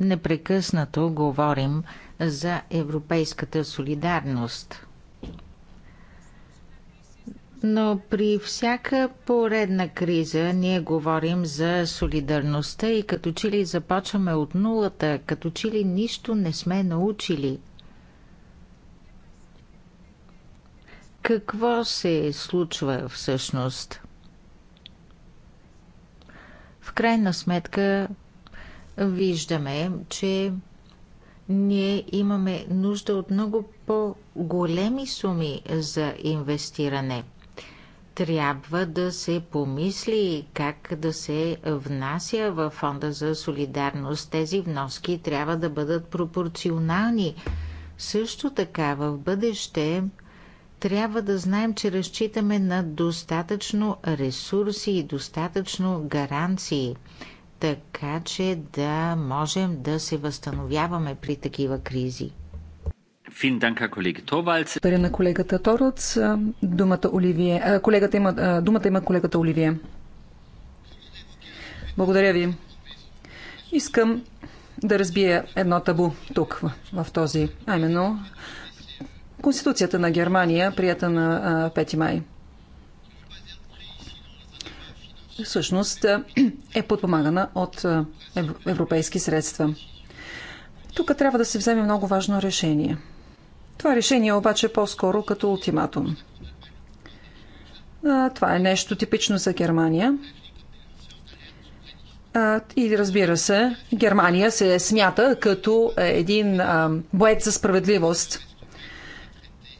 непрекъснато говорим за европейската солидарност. Но при всяка поредна криза ние говорим за солидарността и като че ли започваме от нулата, като че ли нищо не сме научили. Какво се случва всъщност? В крайна сметка виждаме, че ние имаме нужда от много по-големи суми за инвестиране. Трябва да се помисли как да се внася в Фонда за солидарност. Тези вноски трябва да бъдат пропорционални. Също така в бъдеще трябва да знаем, че разчитаме на достатъчно ресурси и достатъчно гаранции, така че да можем да се възстановяваме при такива кризи. Благодаря на колегата Торец. Думата Оливие. Колегата има, думата има колегата Оливие. Благодаря ви. Искам да разбия едно табу тук, в, в този, а именно Конституцията на Германия, прията на 5 май. Всъщност е подпомагана от европейски средства. Тук трябва да се вземе много важно решение. Това решение е обаче е по-скоро като ултиматум. Това е нещо типично за Германия. И разбира се, Германия се смята като един боец за справедливост.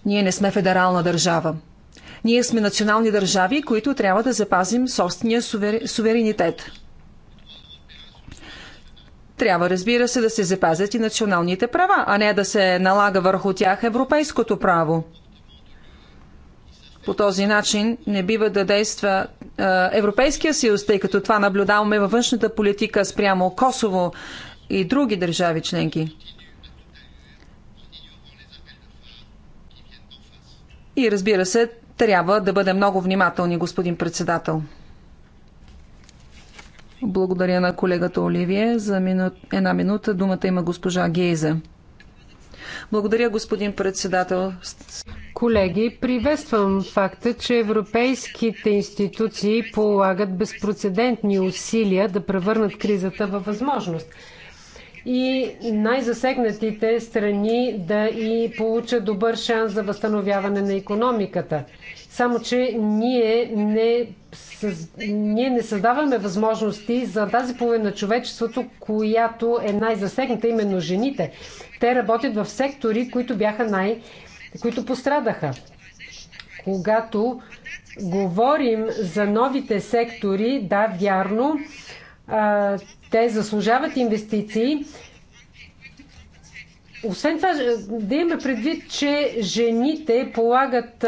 Ние не сме федерална държава. Ние сме национални държави, които трябва да запазим собствения суверенитет. Трябва, разбира се, да се запазят и националните права, а не да се налага върху тях европейското право. По този начин не бива да действа е, Европейския съюз, тъй като това наблюдаваме във външната политика спрямо Косово и други държави членки. И разбира се, трябва да бъде много внимателни, господин председател. Благодаря на колегата Оливие. За една минута думата има госпожа Гейза. Благодаря, господин председател. Колеги, приветствам факта, че европейските институции полагат безпроцедентни усилия да превърнат кризата във възможност и най-засегнатите страни да и получат добър шанс за възстановяване на економиката. Само, че ние не, съз... ние не създаваме възможности за тази половина на човечеството, която е най-засегната, именно жените. Те работят в сектори, които бяха най... които пострадаха. Когато говорим за новите сектори, да, вярно, те заслужават инвестиции. Освен това, да имаме предвид, че жените полагат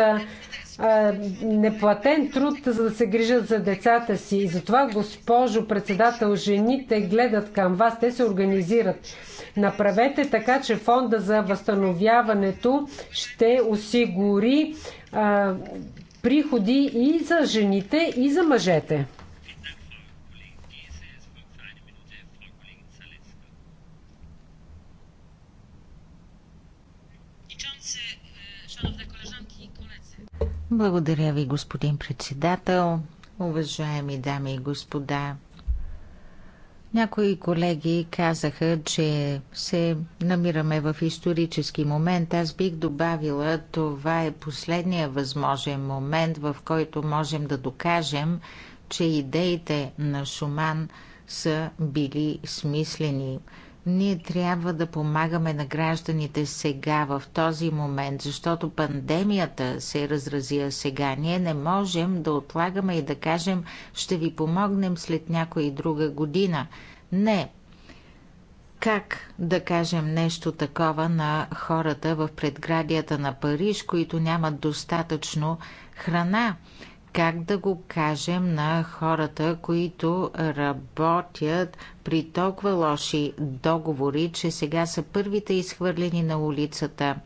неплатен труд, за да се грижат за децата си. И затова, госпожо председател, жените гледат към вас, те се организират. Направете така, че фонда за възстановяването ще осигури а, приходи и за жените, и за мъжете. Благодаря ви, господин председател, уважаеми дами и господа. Някои колеги казаха, че се намираме в исторически момент. Аз бих добавила, това е последния възможен момент, в който можем да докажем, че идеите на Шуман са били смислени. Ние трябва да помагаме на гражданите сега, в този момент, защото пандемията се е разразия сега. Ние не можем да отлагаме и да кажем, ще ви помогнем след някоя и друга година. Не. Как да кажем нещо такова на хората в предградията на Париж, които нямат достатъчно храна? как да го кажем на хората, които работят при толкова лоши договори, че сега са първите изхвърлени на улицата.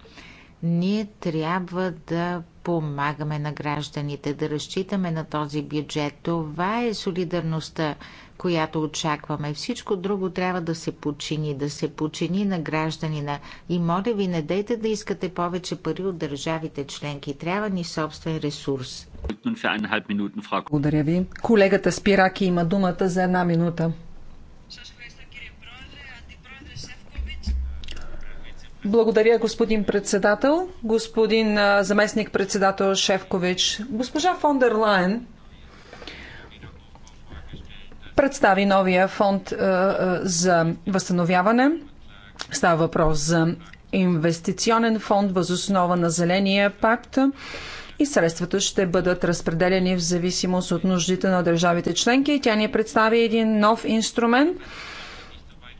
Ние трябва да помагаме на гражданите, да разчитаме на този бюджет. Това е солидарността, която очакваме. Всичко друго трябва да се почини, да се почини на гражданина. И моля ви, не дейте да искате повече пари от държавите членки. Трябва ни собствен ресурс. Благодаря ви. Колегата Спираки има думата за една минута. Благодаря, господин председател, господин заместник-председател Шефкович. Госпожа фон дер Лайен представи новия фонд за възстановяване. Става въпрос за инвестиционен фонд възоснова на Зеления пакт и средствата ще бъдат разпределени в зависимост от нуждите на държавите членки. Тя ни представи един нов инструмент.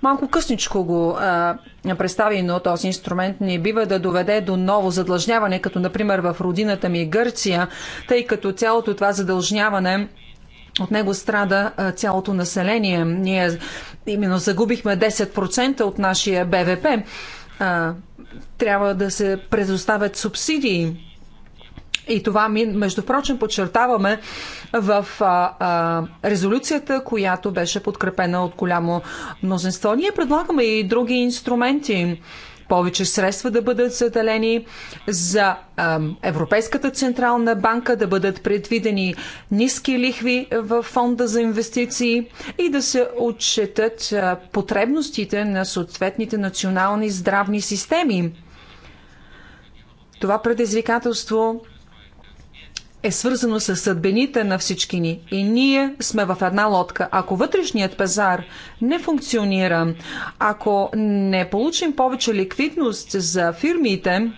Малко късничко го а, представи, но този инструмент не бива да доведе до ново задлъжняване, като например в родината ми Гърция, тъй като цялото това задължняване от него страда а, цялото население. Ние именно загубихме 10% от нашия БВП. А, трябва да се предоставят субсидии и това, между прочим, подчертаваме в а, а, резолюцията, която беше подкрепена от голямо мнозинство. Ние предлагаме и други инструменти. Повече средства да бъдат заделени за а, Европейската централна банка, да бъдат предвидени ниски лихви в фонда за инвестиции и да се отчетат а, потребностите на съответните национални здравни системи. Това предизвикателство е свързано с съдбените на всички ни. И ние сме в една лодка. Ако вътрешният пазар не функционира, ако не получим повече ликвидност за фирмите,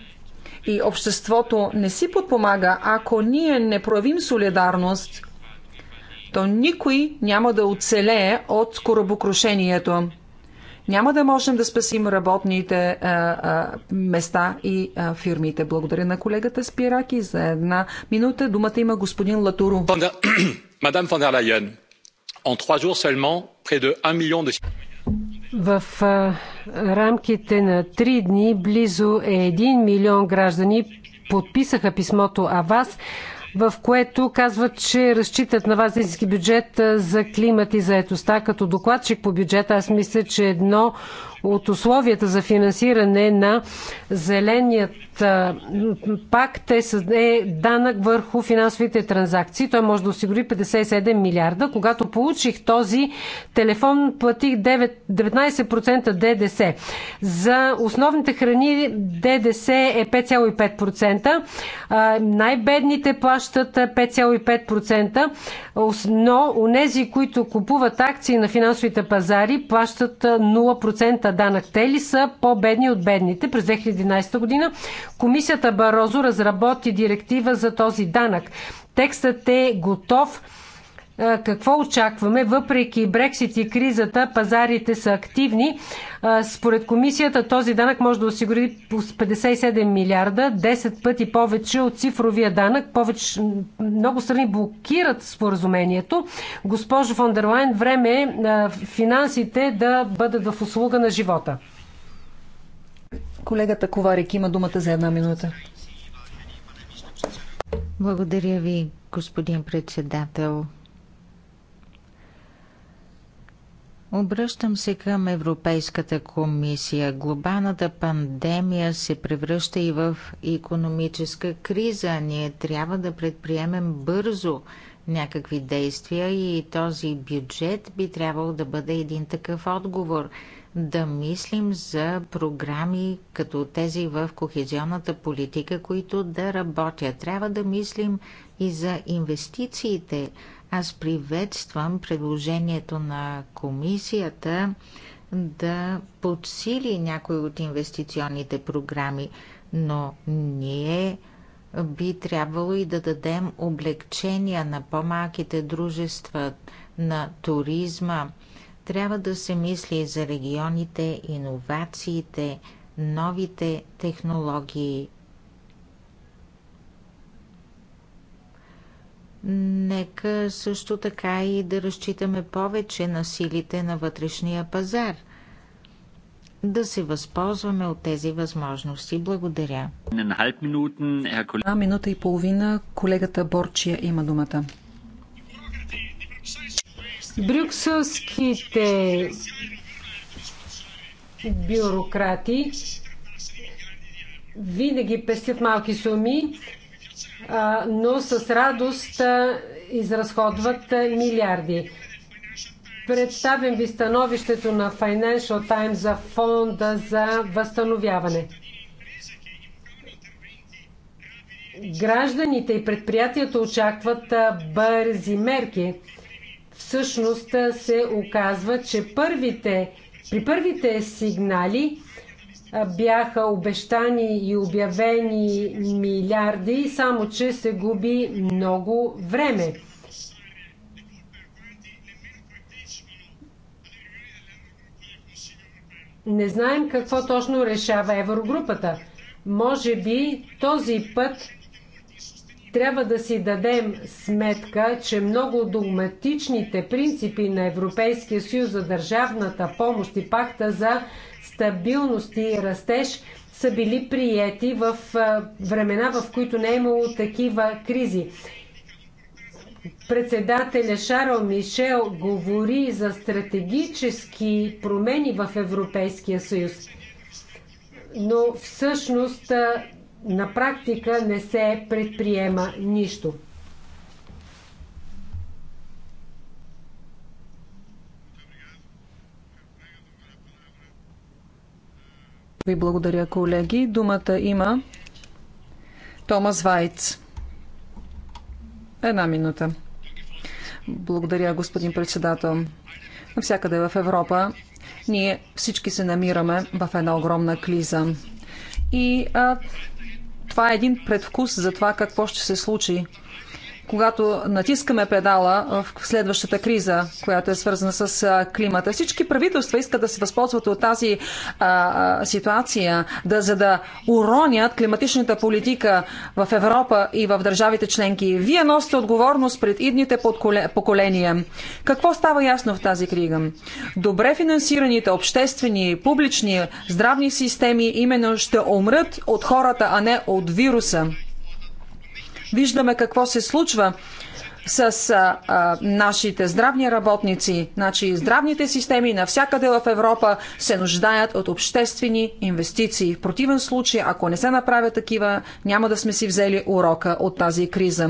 и обществото не си подпомага, ако ние не проявим солидарност, то никой няма да оцелее от корабокрушението няма да можем да спасим работните а, а, места и а, фирмите. Благодаря на колегата Спираки за една минута. Думата има господин Латуро. [CLEARS THROAT] Мадам фон дер Лайен, в три дни само près de 1 милион de в рамките на три дни близо 1 милион граждани подписаха писмото Аваз в което казват, че разчитат на вас истински бюджет за климат и заетостта. Като докладчик по бюджета аз мисля, че едно от условията за финансиране на зеленият пакт е, е данък върху финансовите транзакции. Той може да осигури 57 милиарда. Когато получих този телефон, платих 9, 19% ДДС. За основните храни ДДС е 5,5%. Най-бедните плащат 5,5%, но у нези, които купуват акции на финансовите пазари, плащат 0% плаща данък, те ли са по-бедни от бедните? През 2011 година комисията Барозо разработи директива за този данък. Текстът е готов е, какво очакваме? Въпреки Брексит и кризата, пазарите са активни. Е, според комисията този данък може да осигури 57 милиарда, 10 пъти повече от цифровия данък. Повече, много страни блокират споразумението. Госпожо фон време е, е финансите да бъдат в услуга на живота. Колегата Коварик има думата за една минута. Благодаря ви, господин председател. Обръщам се към Европейската комисия. Глобалната пандемия се превръща и в економическа криза. Ние трябва да предприемем бързо някакви действия и този бюджет би трябвало да бъде един такъв отговор. Да мислим за програми като тези в кохезионната политика, които да работят. Трябва да мислим и за инвестициите – аз приветствам предложението на комисията да подсили някои от инвестиционните програми, но ние би трябвало и да дадем облегчения на по-малките дружества, на туризма. Трябва да се мисли за регионите, иновациите, новите технологии. Нека също така и да разчитаме повече на силите на вътрешния пазар. Да се възползваме от тези възможности. Благодаря. Една минута и половина колегата Борчия има думата. Брюкселските бюрократи винаги пестят малки суми но с радост изразходват милиарди. Представям ви становището на Financial Times за фонда за възстановяване. Гражданите и предприятията очакват бързи мерки. Всъщност се оказва, че първите, при първите сигнали бяха обещани и обявени милиарди, само че се губи много време. Не знаем какво точно решава Еврогрупата. Може би този път трябва да си дадем сметка, че много догматичните принципи на Европейския съюз за държавната помощ и пакта за стабилност и растеж са били приети в времена, в които не е имало такива кризи. Председателя Шарл Мишел говори за стратегически промени в Европейския съюз, но всъщност на практика не се предприема нищо. Ви благодаря, колеги. Думата има Томас Вайц. Една минута. Благодаря, господин председател. Навсякъде в Европа ние всички се намираме в една огромна криза. И а, това е един предвкус за това какво ще се случи когато натискаме педала в следващата криза, която е свързана с климата. Всички правителства искат да се възползват от тази а, ситуация, да, за да уронят климатичната политика в Европа и в държавите членки. Вие носите отговорност пред идните поколения. Какво става ясно в тази крига? Добре финансираните обществени, публични, здравни системи именно ще умрат от хората, а не от вируса. Виждаме какво се случва с а, а, нашите здравни работници. Значи здравните системи навсякъде в Европа се нуждаят от обществени инвестиции. В противен случай, ако не се направят такива, няма да сме си взели урока от тази криза.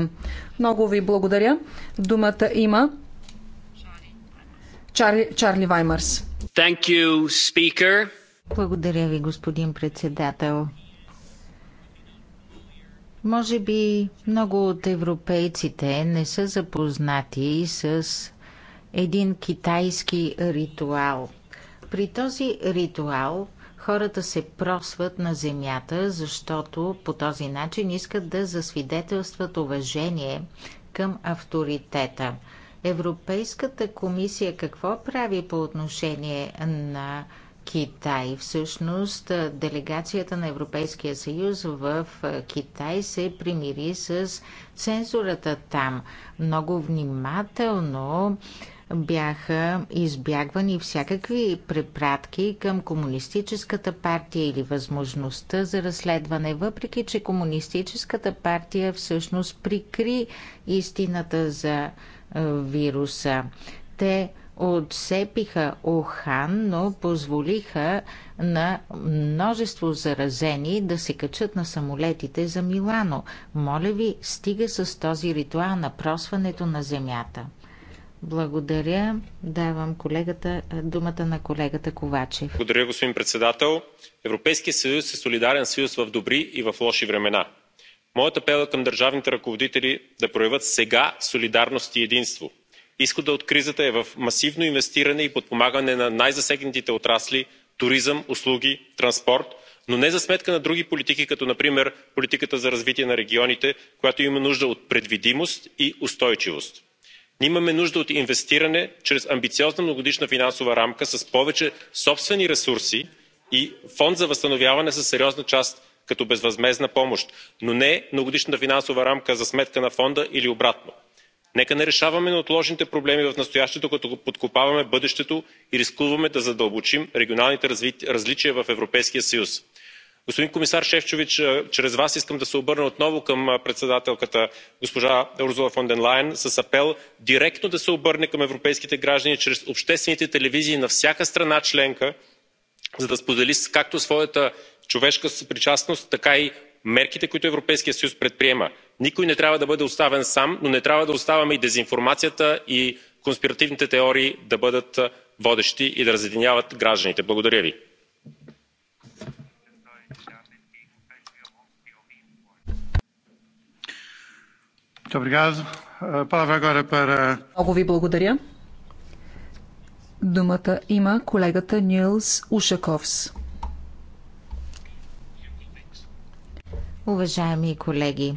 Много ви благодаря. Думата има Чарли, Чарли Ваймърс. You, благодаря ви, господин председател. Може би много от европейците не са запознати с един китайски ритуал. При този ритуал хората се просват на земята, защото по този начин искат да засвидетелстват уважение към авторитета. Европейската комисия какво прави по отношение на Китай. Всъщност делегацията на Европейския съюз в Китай се примири с цензурата там. Много внимателно бяха избягвани всякакви препратки към Комунистическата партия или възможността за разследване, въпреки че Комунистическата партия всъщност прикри истината за вируса. Те Отсепиха Охан, но позволиха на множество заразени да се качат на самолетите за Милано. Моля ви, стига с този ритуал на просването на земята. Благодаря. Давам колегата, думата на колегата Ковачев. Благодаря, господин председател. Европейския съюз е солидарен съюз в добри и в лоши времена. Моята апел е към държавните ръководители да проявят сега солидарност и единство изходът от кризата е в масивно инвестиране и подпомагане на най засегнатите отрасли туризъм услуги транспорт но не за сметка на други политики като например политиката за развитие на регионите която има нужда от предвидимост и устойчивост. ние имаме нужда от инвестиране чрез амбициозна многогодишна финансова рамка с повече собствени ресурси и фонд за възстановяване със сериозна част като безвъзмездна помощ но не многогодишната финансова рамка за сметка на фонда или обратно нека не решаваме неотложните проблеми в настоящето като подкопаваме бъдещето и рискуваме да задълбочим регионалните различия в европейския съюз. господин комисар шефчович чрез вас искам да се обърна отново към председателката госпожа урсула фон дер лайен с апел директно да се обърне към европейските граждани чрез обществените телевизии на всяка страна членка за да сподели както своята човешка съпричастност така и мерките които европейският съюз предприема. никой не трябва да бъде оставен сам но не трябва да оставяме и дезинформацията и конспиративните теории да бъдат водещи и да разединяват гражданите. благодаря ви. Много ви благодаря. Думата има колегата Нилс Ушаковс. Уважаеми колеги,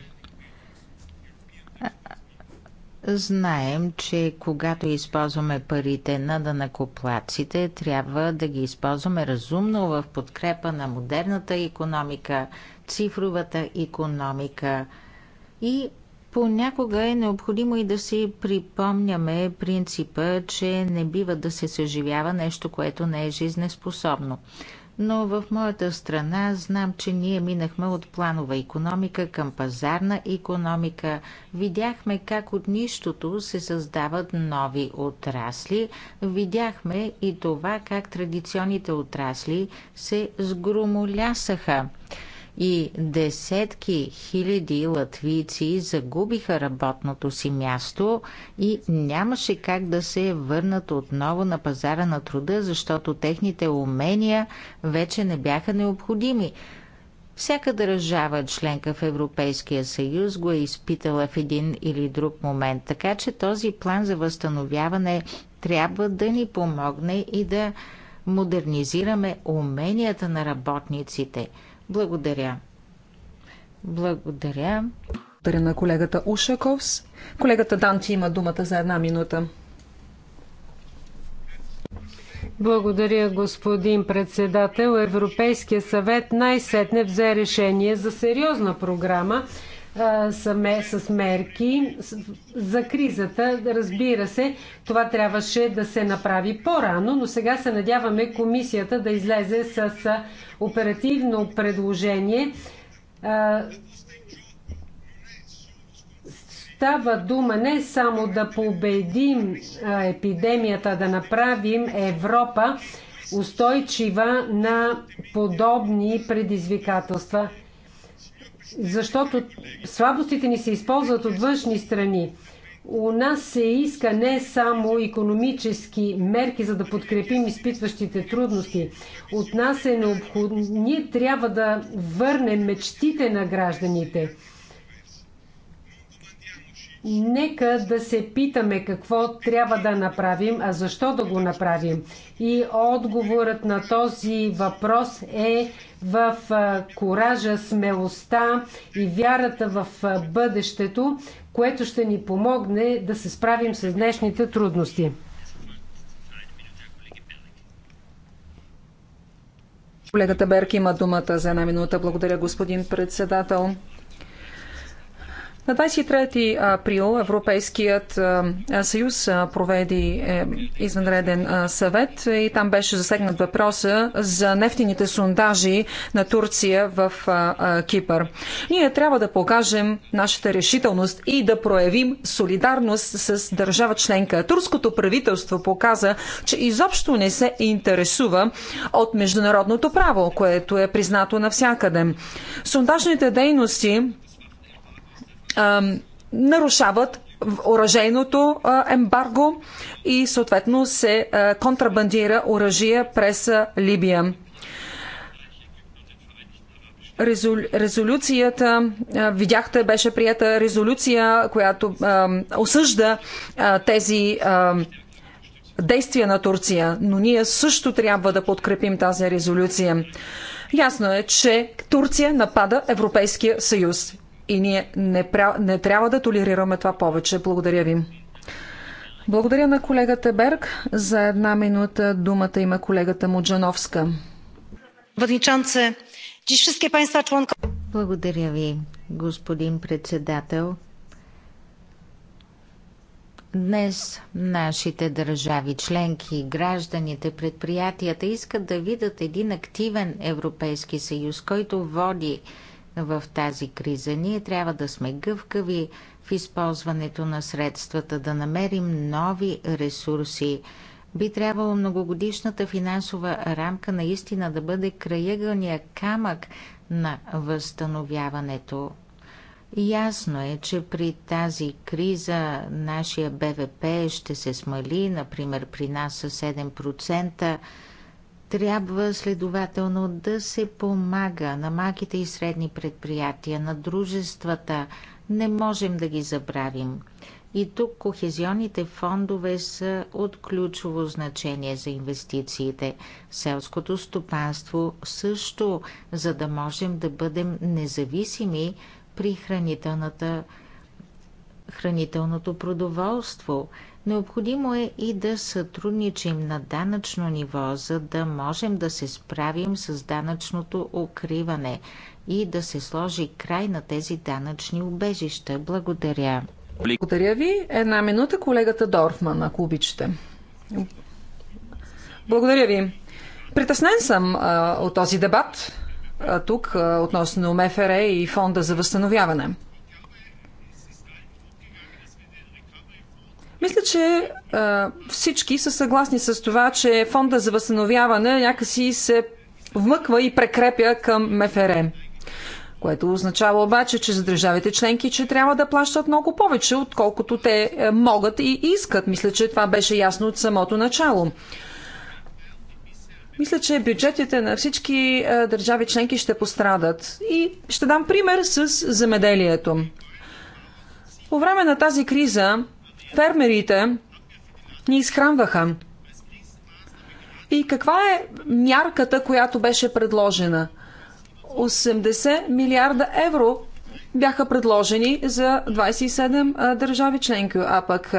знаем, че когато използваме парите на данакоплаците, трябва да ги използваме разумно в подкрепа на модерната економика, цифровата економика и Понякога е необходимо и да си припомняме принципа, че не бива да се съживява нещо, което не е жизнеспособно но в моята страна знам, че ние минахме от планова економика към пазарна економика. Видяхме как от нищото се създават нови отрасли. Видяхме и това как традиционните отрасли се сгромолясаха и десетки хиляди латвийци загубиха работното си място и нямаше как да се върнат отново на пазара на труда, защото техните умения вече не бяха необходими. Всяка държава, членка в Европейския съюз, го е изпитала в един или друг момент, така че този план за възстановяване трябва да ни помогне и да модернизираме уменията на работниците – благодаря. Благодаря. Благодаря на колегата Ушаковс. Колегата Данти има думата за една минута. Благодаря, господин председател. Европейския съвет най-сетне взе решение за сериозна програма с мерки за кризата. Разбира се, това трябваше да се направи по-рано, но сега се надяваме комисията да излезе с оперативно предложение. Става дума не само да победим епидемията, да направим Европа устойчива на подобни предизвикателства защото слабостите ни се използват от външни страни. У нас се иска не само економически мерки, за да подкрепим изпитващите трудности. От нас е необходимо. Ние трябва да върнем мечтите на гражданите. Нека да се питаме какво трябва да направим, а защо да го направим. И отговорът на този въпрос е в коража, смелостта и вярата в бъдещето, което ще ни помогне да се справим с днешните трудности. Колегата Берки има думата за една минута. Благодаря, господин председател. На 23 април Европейският съюз проведи е, извънреден съвет и там беше засегнат въпроса за нефтините сондажи на Турция в Кипър. Ние трябва да покажем нашата решителност и да проявим солидарност с държава членка. Турското правителство показа, че изобщо не се интересува от международното право, което е признато навсякъде. Сондажните дейности нарушават оръжейното ембарго и съответно се контрабандира оръжие през Либия. резолюцията, видяхте, беше прията резолюция, която осъжда тези действия на Турция, но ние също трябва да подкрепим тази резолюция. Ясно е, че Турция напада Европейския съюз. И ние не, пря... не трябва да толерираме това повече. Благодаря ви. Благодаря на колегата Берг. За една минута думата има колегата Муджановска. Благодаря ви, господин председател. Днес нашите държави, членки, гражданите, предприятията искат да видят един активен Европейски съюз, който води в тази криза. Ние трябва да сме гъвкави в използването на средствата, да намерим нови ресурси. Би трябвало многогодишната финансова рамка наистина да бъде краягълния камък на възстановяването. Ясно е, че при тази криза нашия БВП ще се смали, например при нас с 7%, трябва следователно да се помага на малките и средни предприятия, на дружествата. Не можем да ги забравим. И тук кохезионните фондове са от ключово значение за инвестициите. Селското стопанство също, за да можем да бъдем независими при хранителната, хранителното продоволство – Необходимо е и да сътрудничим на данъчно ниво, за да можем да се справим с данъчното укриване и да се сложи край на тези данъчни убежища. Благодаря. Благодаря ви. Една минута колегата Дорфман, ако обичате. Благодаря ви. Притеснен съм а, от този дебат а, тук а, относно МФР и Фонда за възстановяване. Мисля, че а, всички са съгласни с това, че фонда за възстановяване някакси се вмъква и прекрепя към МФРМ. Което означава обаче, че за държавите членки, че трябва да плащат много повече, отколкото те е, могат и искат. Мисля, че това беше ясно от самото начало. Мисля, че бюджетите на всички е, държави членки ще пострадат. И ще дам пример с земеделието. По време на тази криза фермерите ни изхранваха. И каква е мярката, която беше предложена? 80 милиарда евро бяха предложени за 27 държави членки, а пък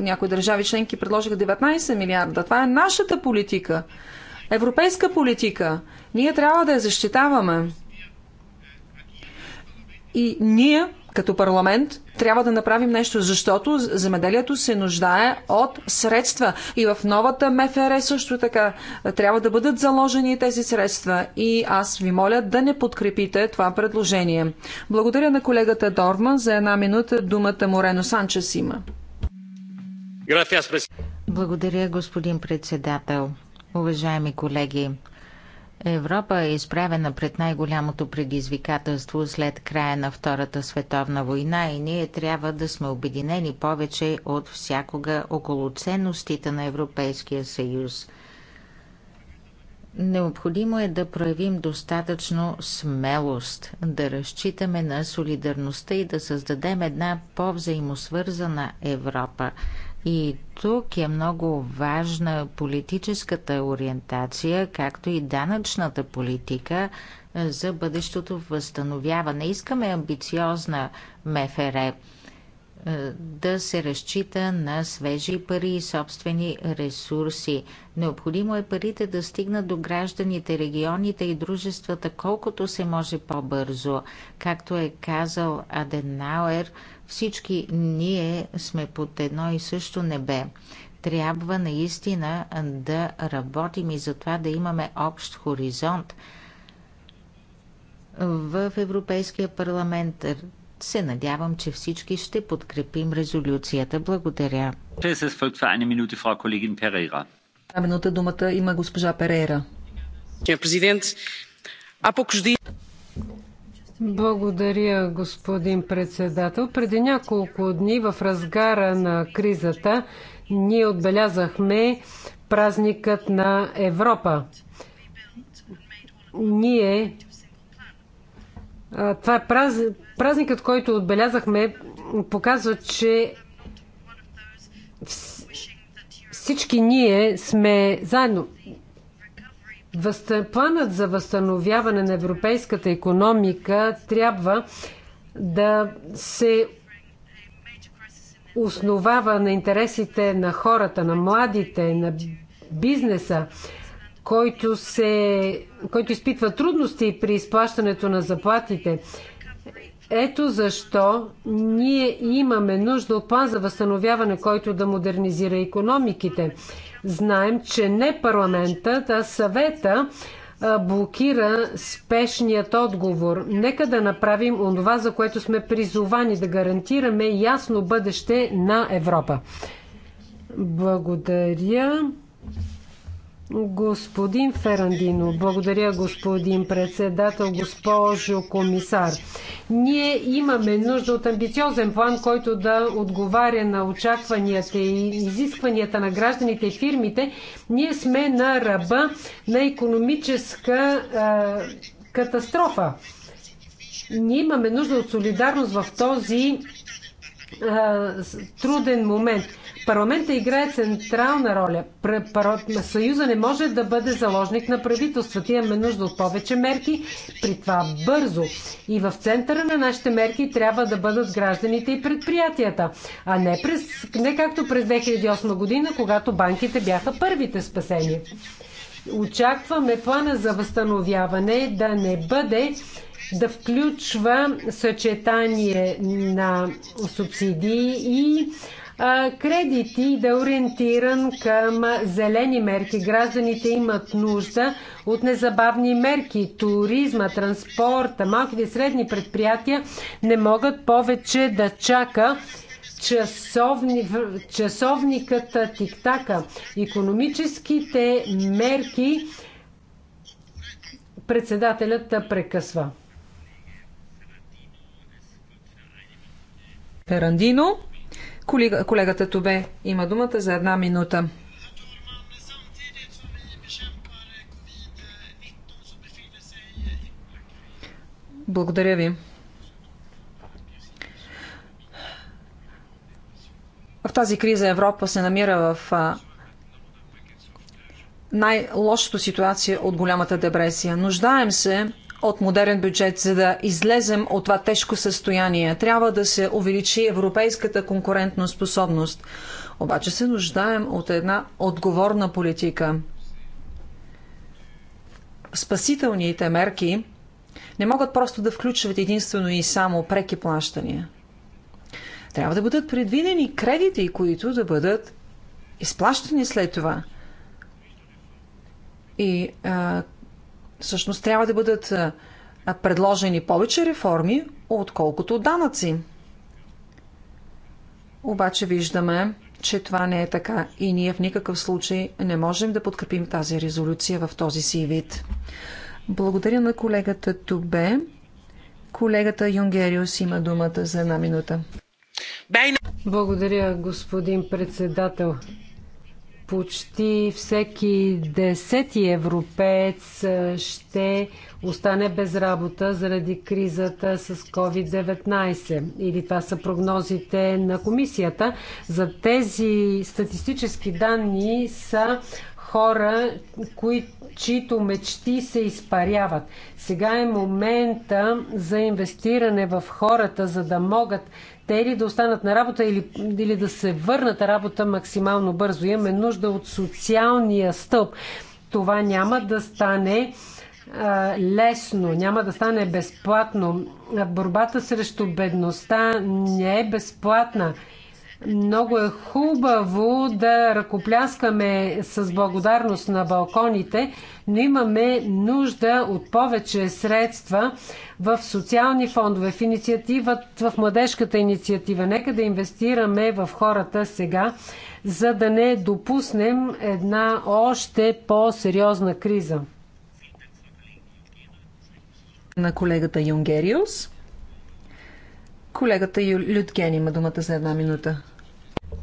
някои държави членки предложиха 19 милиарда. Това е нашата политика, европейска политика. Ние трябва да я защитаваме. И ние като парламент трябва да направим нещо, защото земеделието се нуждае от средства. И в новата МФР също така трябва да бъдат заложени тези средства. И аз ви моля да не подкрепите това предложение. Благодаря на колегата Дорман. За една минута думата Морено Санчес има. Благодаря, господин председател. Уважаеми колеги, Европа е изправена пред най-голямото предизвикателство след края на Втората световна война и ние трябва да сме обединени повече от всякога около ценностите на Европейския съюз. Необходимо е да проявим достатъчно смелост, да разчитаме на солидарността и да създадем една по-взаимосвързана Европа. И тук е много важна политическата ориентация, както и данъчната политика е, за бъдещото възстановяване. Искаме амбициозна МФР е, да се разчита на свежи пари и собствени ресурси. Необходимо е парите да стигнат до гражданите, регионите и дружествата колкото се може по-бързо. Както е казал Аденауер, всички ние сме под едно и също небе. Трябва наистина да работим и за това да имаме общ хоризонт. В Европейския парламент се надявам, че всички ще подкрепим резолюцията. Благодаря. Една минута думата има госпожа Перейра. Благодаря, господин председател. Преди няколко дни в разгара на кризата ние отбелязахме празникът на Европа. Ние. Това е праз... празникът, който отбелязахме, показва, че всички ние сме заедно. Планът за възстановяване на европейската економика трябва да се основава на интересите на хората, на младите, на бизнеса, който, се, който изпитва трудности при изплащането на заплатите. Ето защо ние имаме нужда от план за възстановяване, който да модернизира економиките. Знаем, че не парламентът, а съвета блокира спешният отговор. Нека да направим онова, за което сме призовани да гарантираме ясно бъдеще на Европа. Благодаря. Господин Ферандино, благодаря господин председател, госпожо комисар. Ние имаме нужда от амбициозен план, който да отговаря на очакванията и изискванията на гражданите и фирмите. Ние сме на ръба на економическа а, катастрофа. Ние имаме нужда от солидарност в този а, труден момент. Парламента играе централна роля. Съюза не може да бъде заложник на правителствата. Имаме нужда от повече мерки, при това бързо. И в центъра на нашите мерки трябва да бъдат гражданите и предприятията, а не, през, не както през 2008 година, когато банките бяха първите спасени. Очакваме плана за възстановяване да не бъде да включва съчетание на субсидии и кредити да е ориентиран към зелени мерки. Гражданите имат нужда от незабавни мерки. Туризма, транспорта, малките и средни предприятия не могат повече да чака часовни, часовниката тиктака. Економическите мерки председателят прекъсва. Ферандино, Колега, колегата Тобе има думата за една минута. Благодаря ви. В тази криза Европа се намира в най-лошата ситуация от голямата депресия. Нуждаем се от модерен бюджет, за да излезем от това тежко състояние. Трябва да се увеличи европейската конкурентна способност. Обаче се нуждаем от една отговорна политика. Спасителните мерки не могат просто да включват единствено и само преки плащания. Трябва да бъдат предвидени кредити, които да бъдат изплащани след това. И а, всъщност трябва да бъдат предложени повече реформи, отколкото данъци. Обаче виждаме, че това не е така и ние в никакъв случай не можем да подкрепим тази резолюция в този си вид. Благодаря на колегата Тубе. Колегата Юнгериус има думата за една минута. Благодаря, господин председател почти всеки десети европеец ще остане без работа заради кризата с COVID-19. Или това са прогнозите на комисията. За тези статистически данни са хора, кои, чието мечти се изпаряват. Сега е момента за инвестиране в хората, за да могат те или да останат на работа, или, или да се върнат на работа максимално бързо. Имаме нужда от социалния стълб. Това няма да стане лесно, няма да стане безплатно. Борбата срещу бедността не е безплатна. Много е хубаво да ръкопляскаме с благодарност на балконите, но имаме нужда от повече средства в социални фондове, в, инициативата, в младежката инициатива. Нека да инвестираме в хората сега, за да не допуснем една още по-сериозна криза. На колегата Юнгериус. Колегата Людген има думата за една минута.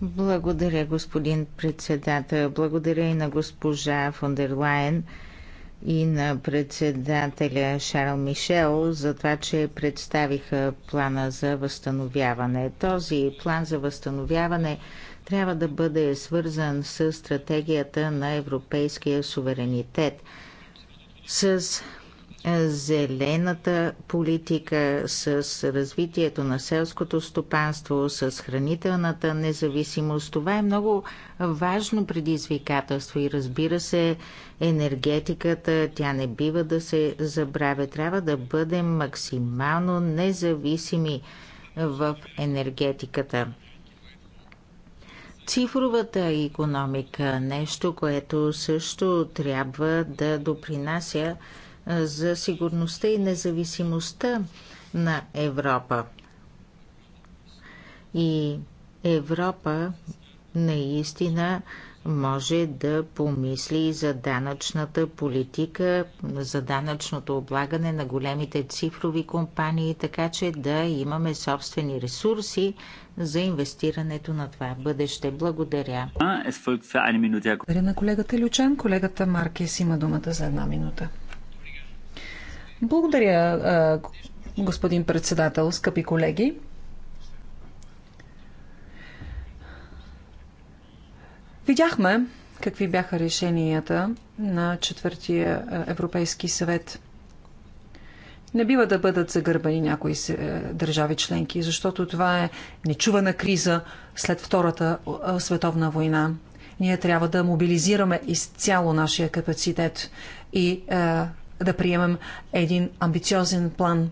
Благодаря, господин председател. Благодаря и на госпожа Фондерлайн и на председателя Шарл Мишел за това, че представиха плана за възстановяване. Този план за възстановяване трябва да бъде свързан с стратегията на европейския суверенитет, с зелената политика, с развитието на селското стопанство, с хранителната независимост. Това е много важно предизвикателство и разбира се, енергетиката, тя не бива да се забравя. Трябва да бъдем максимално независими в енергетиката. Цифровата економика, е нещо, което също трябва да допринася за сигурността и независимостта на Европа. И Европа наистина може да помисли и за данъчната политика, за данъчното облагане на големите цифрови компании, така че да имаме собствени ресурси за инвестирането на това бъдеще. Благодаря. Благодаря на колегата Лючан. Колегата Маркес има думата за една минута. Благодаря, господин председател, скъпи колеги. Видяхме какви бяха решенията на четвъртия Европейски съвет. Не бива да бъдат загърбани някои държави членки, защото това е нечувана криза след Втората световна война. Ние трябва да мобилизираме изцяло нашия капацитет и е, да приемем един амбициозен план.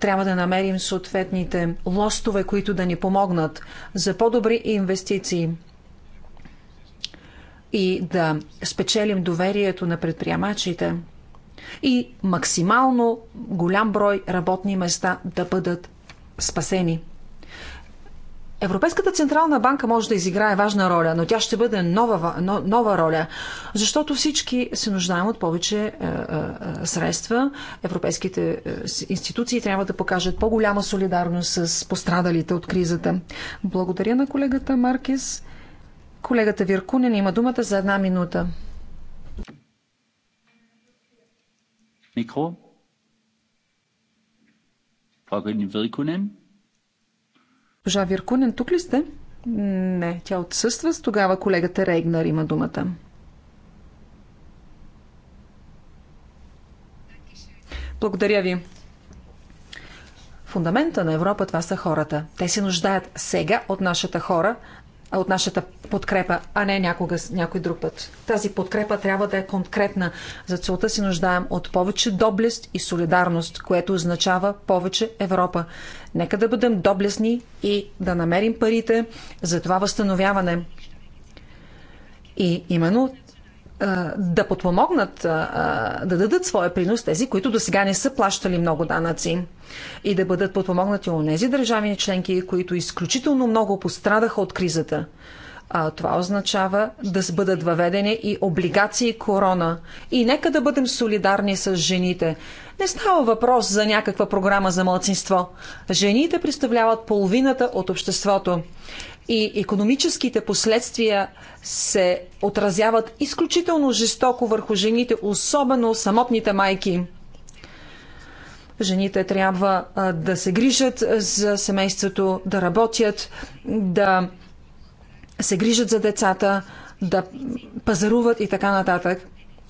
Трябва да намерим съответните лостове, които да ни помогнат за по-добри инвестиции и да спечелим доверието на предприемачите и максимално голям брой работни места да бъдат спасени. Европейската централна банка може да изиграе важна роля, но тя ще бъде нова, нова роля, защото всички се нуждаем от повече е, е, е, средства. Европейските институции трябва да покажат по-голяма солидарност с пострадалите от кризата. Благодаря на колегата Маркис. Колегата Виркунен има думата за една минута. Микро. Frau Виркунен. Госпожа Виркунен, тук ли сте? Не, тя отсъства. С тогава колегата Рейгнар има думата. Благодаря ви. Фундамента на Европа това са хората. Те се нуждаят сега от нашата хора – от нашата подкрепа, а не някога, някой друг път. Тази подкрепа трябва да е конкретна. За целта си нуждаем от повече доблест и солидарност, което означава повече Европа. Нека да бъдем доблестни и да намерим парите за това възстановяване. И именно да подпомогнат, да дадат своя принос тези, които до сега не са плащали много данъци и да бъдат подпомогнати от тези държавни членки, които изключително много пострадаха от кризата. А, това означава да бъдат въведени и облигации корона. И нека да бъдем солидарни с жените. Не става въпрос за някаква програма за младсинство. Жените представляват половината от обществото и економическите последствия се отразяват изключително жестоко върху жените, особено самотните майки. Жените трябва да се грижат за семейството, да работят, да се грижат за децата, да пазаруват и така нататък.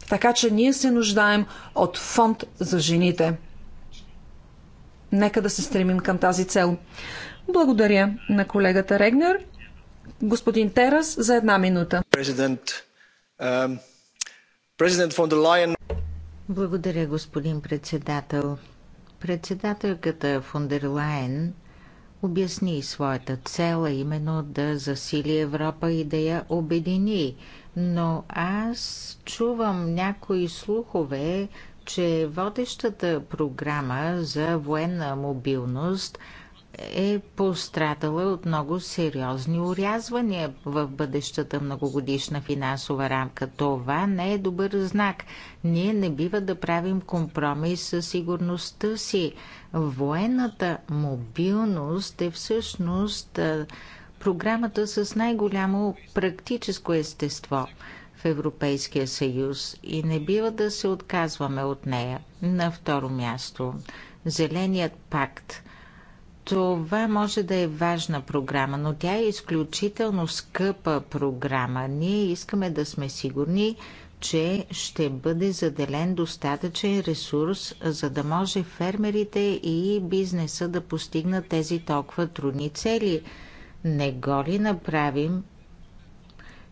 Така че ние се нуждаем от фонд за жените. Нека да се стремим към тази цел. Благодаря на колегата Регнер. Господин Терас за една минута. Президент, uh, Лайен... Благодаря, господин председател. Председателката Фондер Лайен обясни своята цел, именно да засили Европа и да я обедини. Но аз чувам някои слухове, че водещата програма за военна мобилност – е пострадала от много сериозни урязвания в бъдещата многогодишна финансова рамка. Това не е добър знак. Ние не бива да правим компромис със сигурността си. Военната мобилност е всъщност програмата с най-голямо практическо естество в Европейския съюз и не бива да се отказваме от нея. На второ място, Зеленият пакт това може да е важна програма, но тя е изключително скъпа програма. Ние искаме да сме сигурни, че ще бъде заделен достатъчен ресурс, за да може фермерите и бизнеса да постигнат тези толкова трудни цели. Не го ли направим,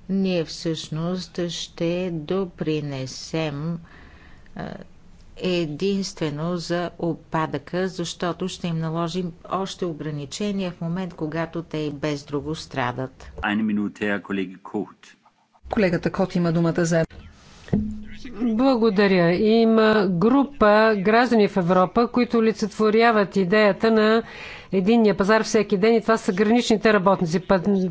ние всъщност ще допринесем единствено за опадъка, защото ще им наложим още ограничения в момент, когато те и без друго страдат. Колегата Кот има думата за... Благодаря. Има група граждани в Европа, които олицетворяват идеята на единния пазар всеки ден и това са граничните работници.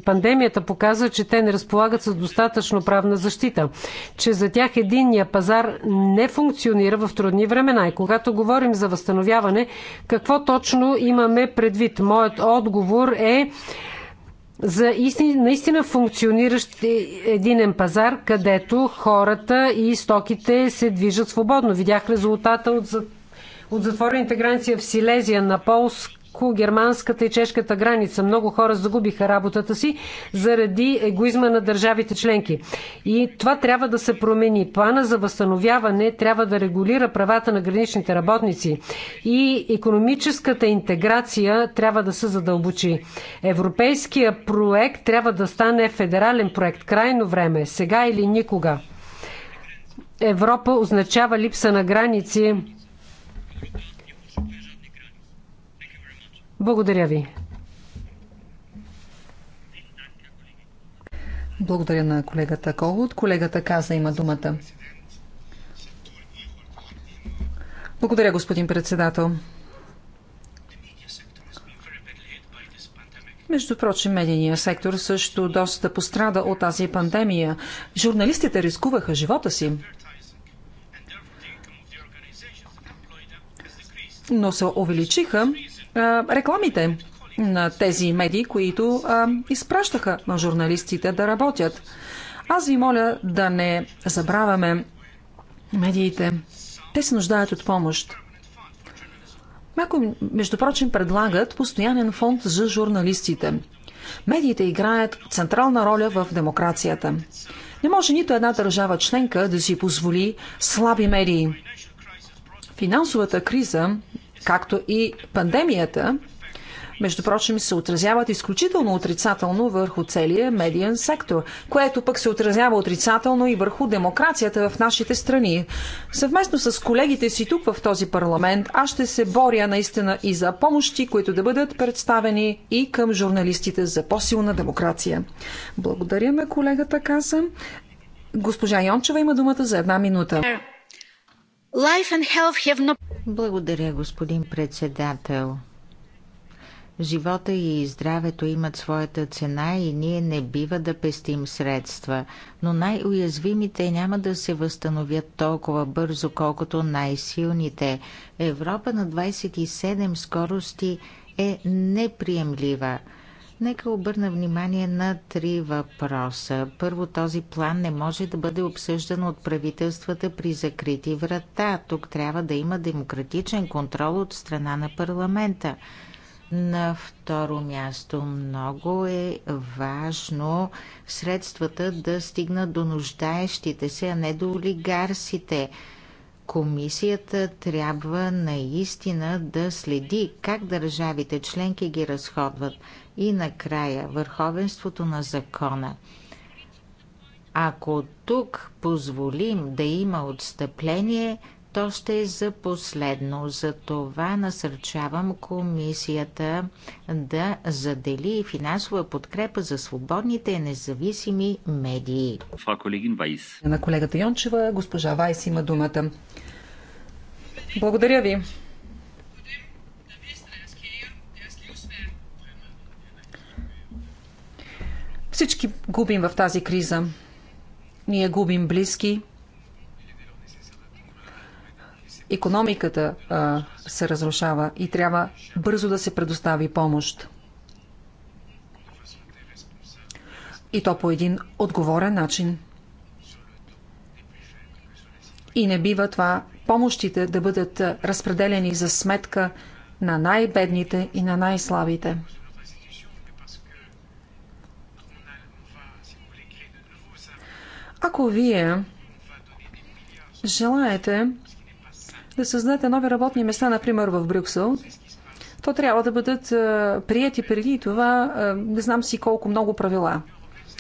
Пандемията показва, че те не разполагат с достатъчно правна защита, че за тях единния пазар не функционира в трудни времена. И когато говорим за възстановяване, какво точно имаме предвид? Моят отговор е за истин, наистина функциониращ единен пазар, където хората и стоките се движат свободно. Видях резултата от, от затворените граници в Силезия на полск германската и чешката граница. Много хора загубиха работата си заради егоизма на държавите членки. И това трябва да се промени. Плана за възстановяване трябва да регулира правата на граничните работници и економическата интеграция трябва да се задълбочи. Европейския проект трябва да стане федерален проект. Крайно време, сега или никога. Европа означава липса на граници благодаря ви. Благодаря на колегата Колот. Колегата Каза има думата. Благодаря, господин председател. Между прочим, медийният сектор също доста пострада от тази пандемия. Журналистите рискуваха живота си. Но се увеличиха рекламите на тези медии, които а, изпращаха на журналистите да работят. Аз ви моля да не забравяме медиите. Те се нуждаят от помощ. Някои, между прочим, предлагат постоянен фонд за журналистите. Медиите играят централна роля в демокрацията. Не може нито една държава членка да си позволи слаби медии. Финансовата криза както и пандемията, между прочим, се отразяват изключително отрицателно върху целия медиен сектор, което пък се отразява отрицателно и върху демокрацията в нашите страни. Съвместно с колегите си тук в този парламент, аз ще се боря наистина и за помощи, които да бъдат представени и към журналистите за по-силна демокрация. Благодаря на колегата Каса. Госпожа Йончева има думата за една минута. Life and health have no... Благодаря, господин председател. Живота и здравето имат своята цена и ние не бива да пестим средства, но най-уязвимите няма да се възстановят толкова бързо, колкото най-силните. Европа на 27 скорости е неприемлива. Нека обърна внимание на три въпроса. Първо, този план не може да бъде обсъждан от правителствата при закрити врата. Тук трябва да има демократичен контрол от страна на парламента. На второ място много е важно средствата да стигнат до нуждаещите се, а не до олигарсите. Комисията трябва наистина да следи как държавите членки ги разходват. И накрая, върховенството на закона. Ако тук позволим да има отстъпление, то ще е за последно. За това насърчавам комисията да задели финансова подкрепа за свободните и независими медии. На колегата Йончева, госпожа Вайс има думата. Благодаря ви. Всички губим в тази криза. Ние губим близки. Економиката а, се разрушава и трябва бързо да се предостави помощ. И то по един отговорен начин. И не бива това помощите да бъдат разпределени за сметка на най-бедните и на най-слабите. Ако вие желаете да създадете нови работни места, например в Брюксел, то трябва да бъдат прияти преди това не знам си колко много правила.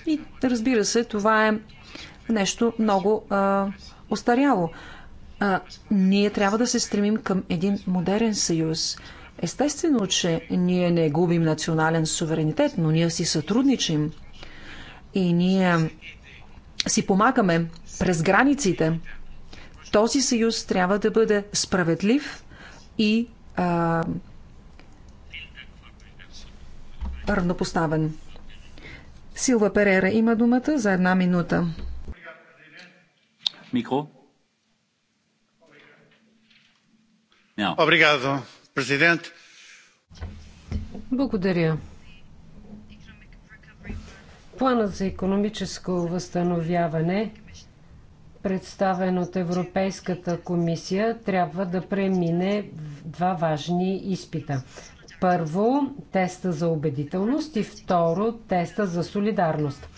И разбира се, това е нещо много а, остаряло. А, ние трябва да се стремим към един модерен съюз. Естествено, че ние не губим национален суверенитет, но ние си сътрудничим. И ние си помагаме през границите, този съюз трябва да бъде справедлив и а, равнопоставен. Силва Перера има думата за една минута. Микро. Обригадо, президент. Благодаря, Планът за економическо възстановяване, представен от Европейската комисия, трябва да премине два важни изпита. Първо, теста за убедителност и второ, теста за солидарност.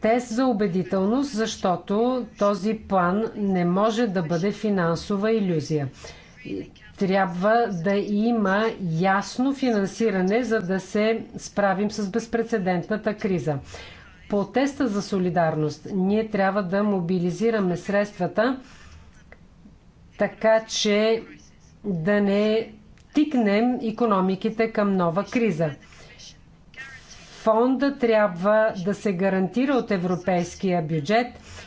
Тест за убедителност, защото този план не може да бъде финансова иллюзия трябва да има ясно финансиране, за да се справим с безпредседентната криза. По теста за солидарност ние трябва да мобилизираме средствата, така че да не тикнем економиките към нова криза. Фонда трябва да се гарантира от европейския бюджет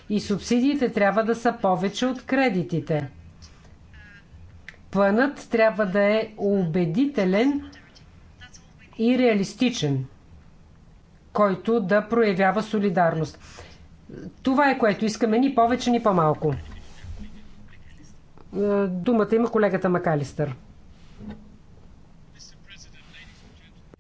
и субсидиите трябва да са повече от кредитите. Планът трябва да е убедителен и реалистичен, който да проявява солидарност. Това е което искаме ни повече, ни по-малко. Е, думата има колегата Макалистър.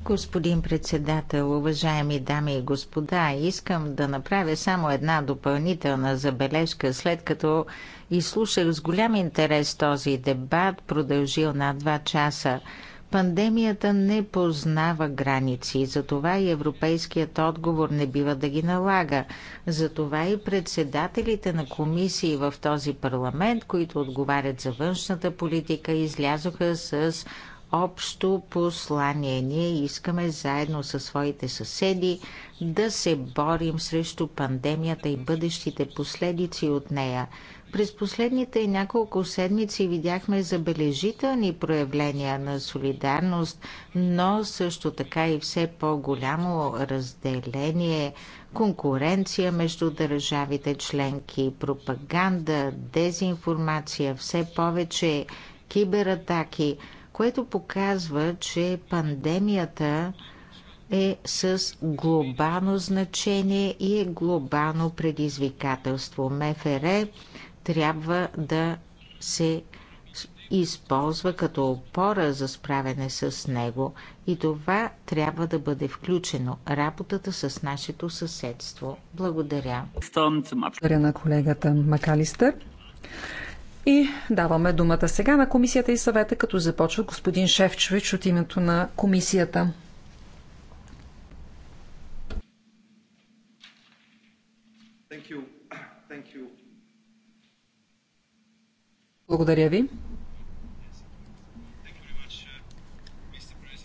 Господин председател, уважаеми дами и господа, искам да направя само една допълнителна забележка, след като изслушах с голям интерес този дебат, продължил над два часа. Пандемията не познава граници, затова и европейският отговор не бива да ги налага. Затова и председателите на комисии в този парламент, които отговарят за външната политика, излязоха с общо послание. Ние искаме заедно със своите съседи да се борим срещу пандемията и бъдещите последици от нея. През последните няколко седмици видяхме забележителни проявления на солидарност, но също така и все по-голямо разделение, конкуренция между държавите членки, пропаганда, дезинформация, все повече кибератаки – което показва, че пандемията е с глобално значение и е глобално предизвикателство. МФР трябва да се използва като опора за справяне с него и това трябва да бъде включено работата с нашето съседство. Благодаря. Благодаря на колегата Макалистър. И даваме думата сега на комисията и съвета, като започва господин Шефчович от името на комисията. Thank you. Thank you. Благодаря ви.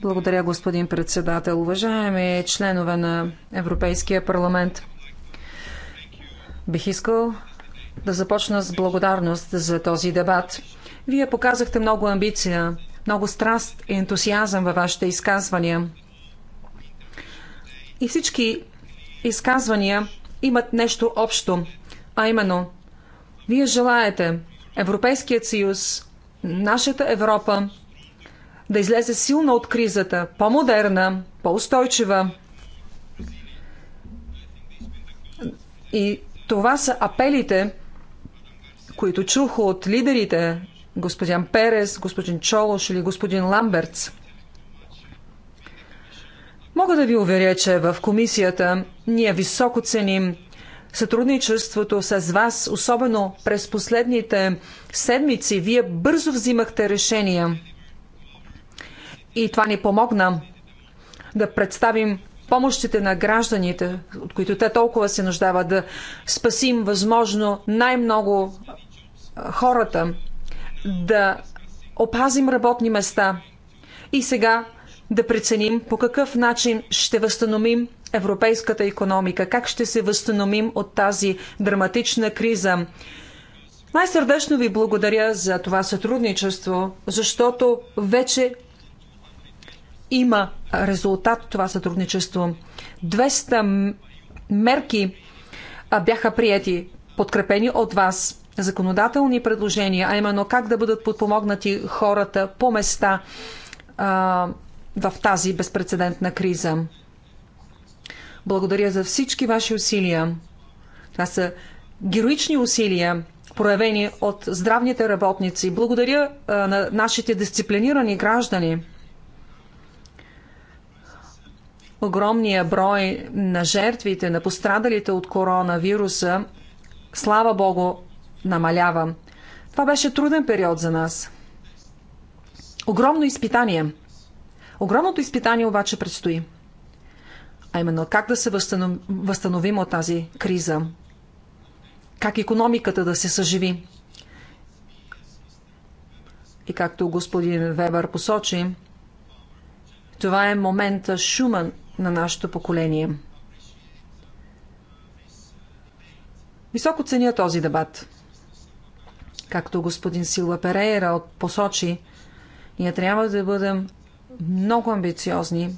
Благодаря, господин председател. Уважаеми членове на Европейския парламент, бих искал да започна с благодарност за този дебат. Вие показахте много амбиция, много страст и ентусиазъм във вашите изказвания. И всички изказвания имат нещо общо, а именно, вие желаете Европейският съюз, нашата Европа да излезе силно от кризата, по-модерна, по-устойчива. И това са апелите, които чух от лидерите, господин Перес, господин Чолош или господин Ламбертс. Мога да ви уверя, че в комисията ние високо ценим сътрудничеството с вас, особено през последните седмици. Вие бързо взимахте решения и това ни помогна да представим помощите на гражданите, от които те толкова се нуждават, да спасим възможно най-много хората, да опазим работни места и сега да преценим по какъв начин ще възстановим европейската економика, как ще се възстановим от тази драматична криза. Най-сърдечно ви благодаря за това сътрудничество, защото вече има резултат това сътрудничество. 200 мерки бяха прияти, подкрепени от вас законодателни предложения, а именно как да бъдат подпомогнати хората по места а, в тази безпредседентна криза. Благодаря за всички ваши усилия. Това са героични усилия, проявени от здравните работници. Благодаря а, на нашите дисциплинирани граждани. Огромния брой на жертвите, на пострадалите от коронавируса, слава Богу, намалява. Това беше труден период за нас. Огромно изпитание. Огромното изпитание обаче предстои. А именно как да се възстановим от тази криза. Как економиката да се съживи. И както господин Вебър посочи, това е момента Шуман на нашето поколение. Високо ценя този дебат. Както господин Силва Перейра посочи, ние трябва да бъдем много амбициозни,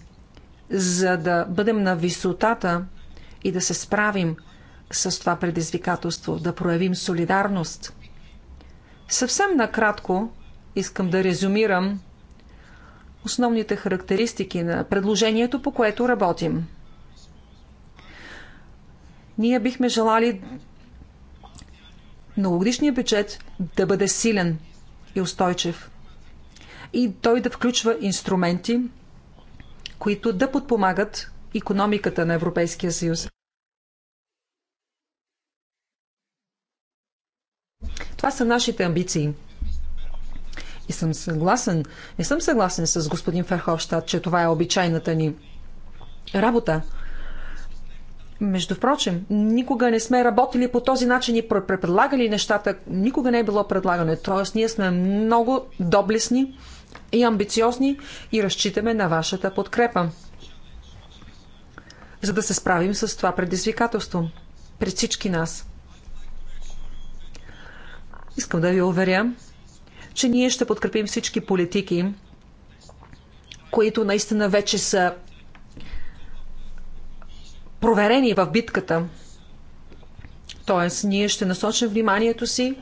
за да бъдем на висотата и да се справим с това предизвикателство, да проявим солидарност. Съвсем накратко искам да резюмирам основните характеристики на предложението, по което работим. Ние бихме желали многогодишният бюджет да бъде силен и устойчив. И той да включва инструменти, които да подпомагат економиката на Европейския съюз. Това са нашите амбиции. И съм съгласен, не съм съгласен с господин Ферховщад, че това е обичайната ни работа. Между прочим, никога не сме работили по този начин и предлагали нещата. Никога не е било предлагане. Тоест, ние сме много доблесни и амбициозни и разчитаме на вашата подкрепа, за да се справим с това предизвикателство пред всички нас. Искам да ви уверя, че ние ще подкрепим всички политики, които наистина вече са проверени в битката. Тоест, ние ще насочим вниманието си,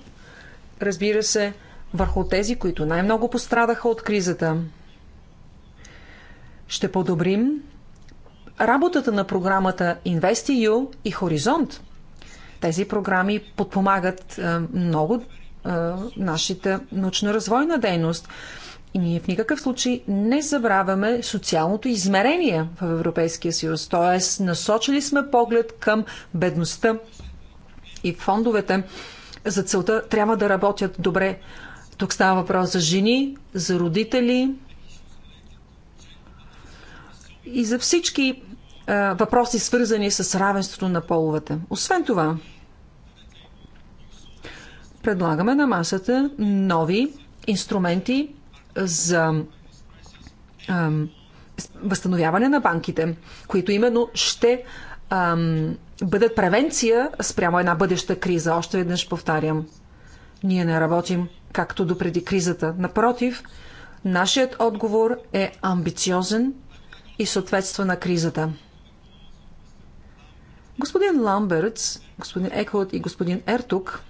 разбира се, върху тези, които най-много пострадаха от кризата. Ще подобрим работата на програмата InvestEU и Хоризонт. Тези програми подпомагат е, много е, нашата научно-развойна дейност. И ние в никакъв случай не забравяме социалното измерение в Европейския съюз. Тоест, насочили сме поглед към бедността и фондовете за целта трябва да работят добре. Тук става въпрос за жени, за родители и за всички а, е, въпроси, свързани с равенството на половете. Освен това, предлагаме на масата нови инструменти за възстановяване на банките, които именно ще бъдат превенция спрямо една бъдеща криза. Още веднъж повтарям. Ние не работим както допреди кризата. Напротив, нашият отговор е амбициозен и съответства на кризата. Господин Ламбертс, господин Екхот и господин Ертук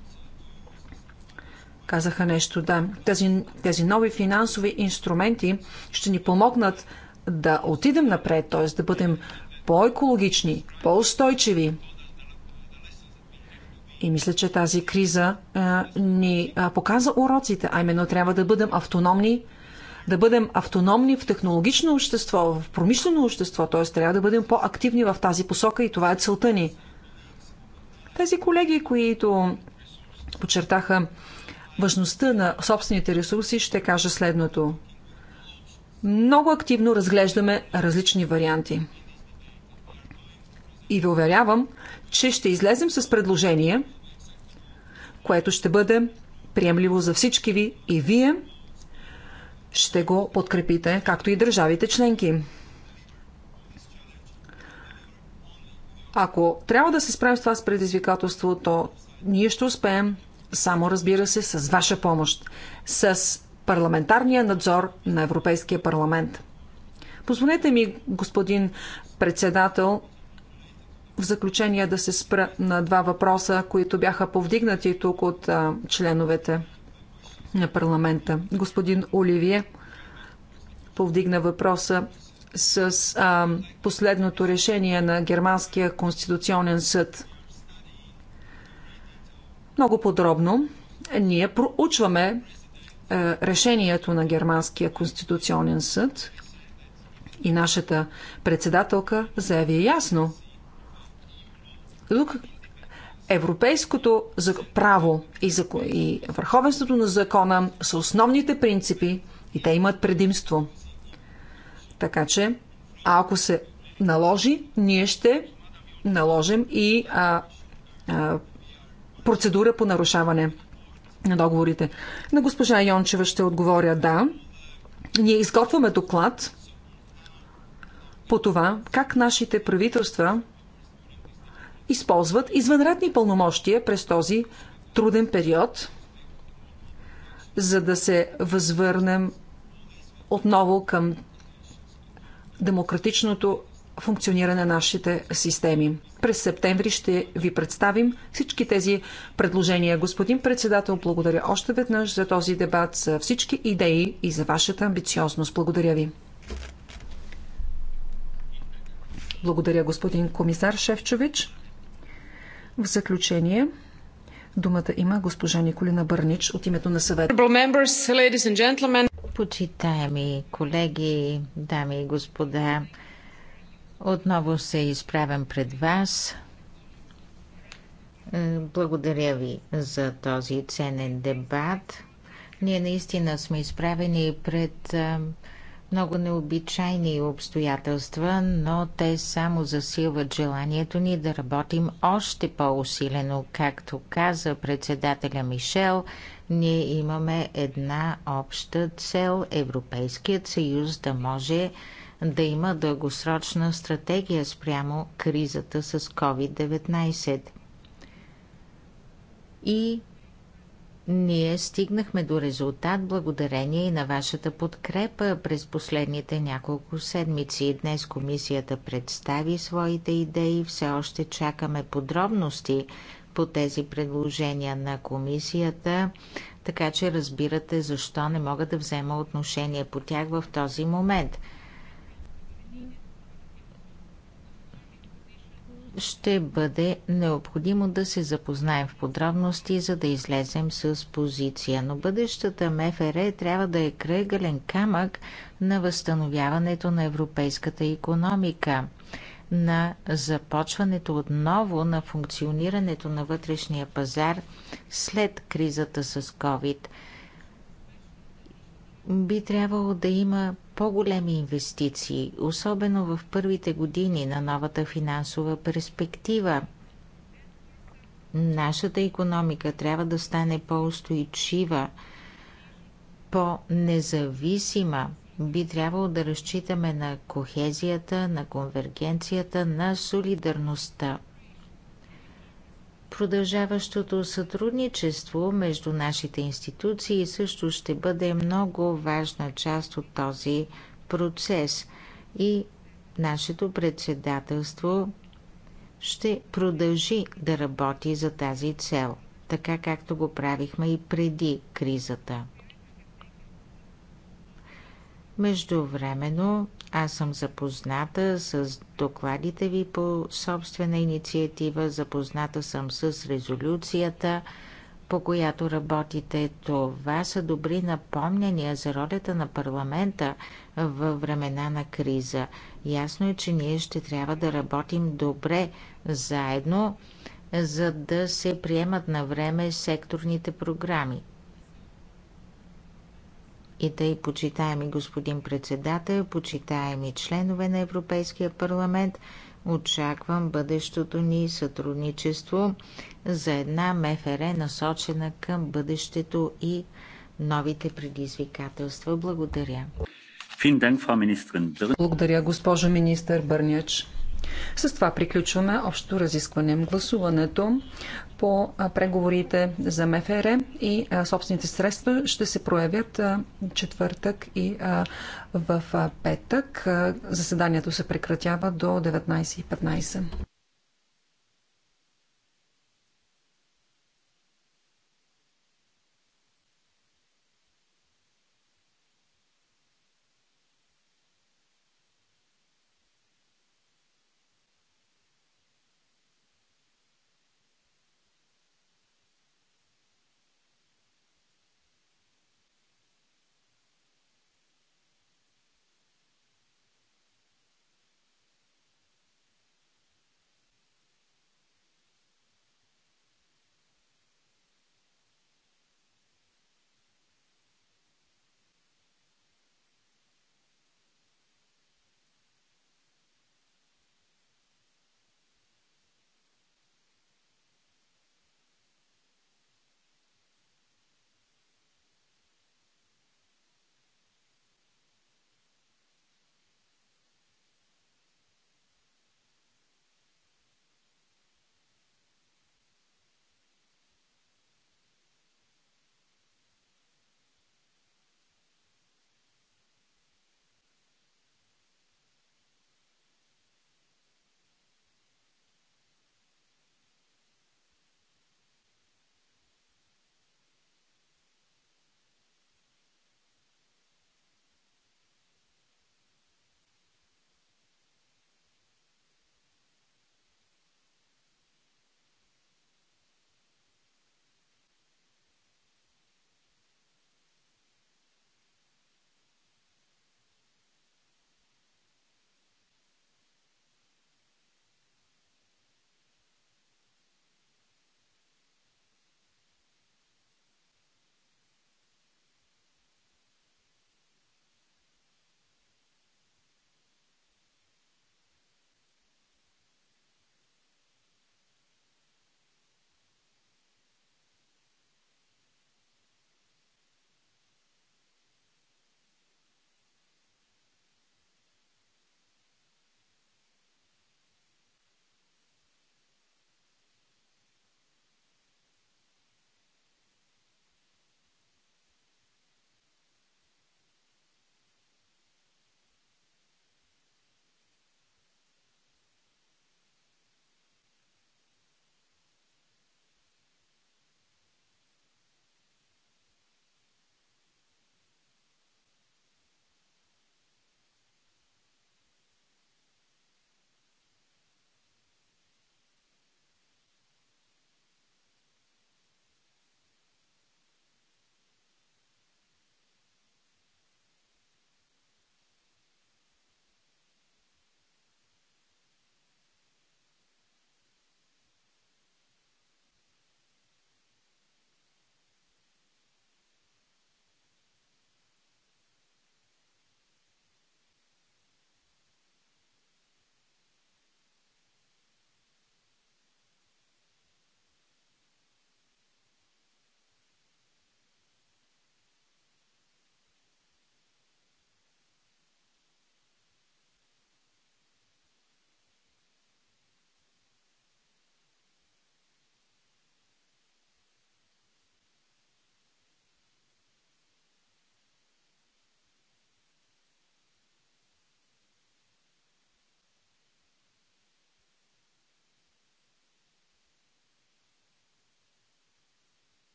казаха нещо. Да, тези, тези нови финансови инструменти ще ни помогнат да отидем напред, т.е. да бъдем по-екологични, по-устойчиви. И мисля, че тази криза а, ни а, показа уроците, а именно трябва да бъдем автономни, да бъдем автономни в технологично общество, в промишлено общество, т.е. трябва да бъдем по-активни в тази посока и това е целта ни. Тези колеги, които подчертаха важността на собствените ресурси, ще кажа следното. Много активно разглеждаме различни варианти. И ви уверявам, че ще излезем с предложение, което ще бъде приемливо за всички ви и вие ще го подкрепите, както и държавите членки. Ако трябва да се справим с това с предизвикателство, то ние ще успеем само, разбира се, с ваша помощ. С парламентарния надзор на Европейския парламент. Позволете ми, господин председател, в заключение да се спра на два въпроса, които бяха повдигнати тук от а, членовете на парламента. Господин Оливие повдигна въпроса с а, последното решение на Германския конституционен съд – много подробно ние проучваме е, решението на Германския конституционен съд и нашата председателка заяви ясно. Тук европейското право и, закон, и върховенството на закона са основните принципи и те имат предимство. Така че, ако се наложи, ние ще наложим и а, а, процедура по нарушаване на договорите. На госпожа Йончева ще отговоря да. Ние изготвяме доклад по това как нашите правителства използват извънредни пълномощия през този труден период, за да се възвърнем отново към демократичното функционира на нашите системи. През септември ще ви представим всички тези предложения. Господин председател, благодаря още веднъж за този дебат, за всички идеи и за вашата амбициозност. Благодаря ви. Благодаря, господин комисар Шевчович. В заключение, думата има госпожа Николина Бърнич от името на съвет. Почитаеми колеги, дами и господа, отново се изправям пред вас. Е, благодаря ви за този ценен дебат. Ние наистина сме изправени пред е, много необичайни обстоятелства, но те само засилват желанието ни да работим още по-усилено. Както каза председателя Мишел, ние имаме една обща цел Европейският съюз да може да има дългосрочна стратегия спрямо кризата с COVID-19. И ние стигнахме до резултат благодарение и на вашата подкрепа през последните няколко седмици. Днес комисията представи своите идеи. Все още чакаме подробности по тези предложения на комисията, така че разбирате защо не мога да взема отношение по тях в този момент – ще бъде необходимо да се запознаем в подробности, за да излезем с позиция. Но бъдещата МФР трябва да е кръгален камък на възстановяването на европейската економика, на започването отново на функционирането на вътрешния пазар след кризата с COVID. Би трябвало да има по-големи инвестиции, особено в първите години на новата финансова перспектива. Нашата економика трябва да стане по-устойчива, по-независима. Би трябвало да разчитаме на кохезията, на конвергенцията, на солидарността. Продължаващото сътрудничество между нашите институции също ще бъде много важна част от този процес и нашето председателство ще продължи да работи за тази цел, така както го правихме и преди кризата. Междувременно аз съм запозната с докладите ви по собствена инициатива, запозната съм с резолюцията, по която работите. Това са добри напомняния за ролята на парламента във времена на криза. Ясно е, че ние ще трябва да работим добре заедно, за да се приемат на време секторните програми и тъй, почитаеми господин председател, почитаеми членове на Европейския парламент, очаквам бъдещото ни сътрудничество за една МФР насочена към бъдещето и новите предизвикателства. Благодаря. Благодаря, госпожо министър Бърняч. С това приключваме общо разискване. Гласуването по преговорите за МФР и собствените средства ще се проявят четвъртък и в петък. Заседанието се прекратява до 19.15.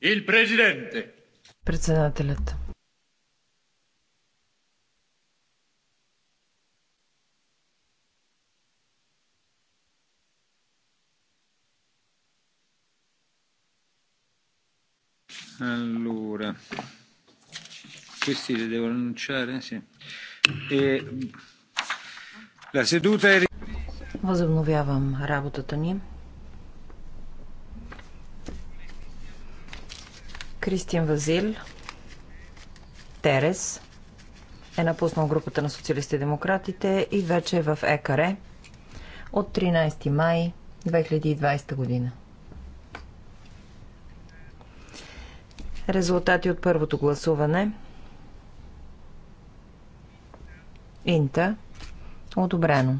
Il президенте. Председателят. Allora, questi li devo annunciare? Sì. E, la seduta è... Възобновявам работата ни. Кристиан Вазил Терес е напуснал групата на социалистите и демократите и вече е в ЕКАРЕ от 13 май 2020 година. Резултати от първото гласуване. Инта. Одобрено.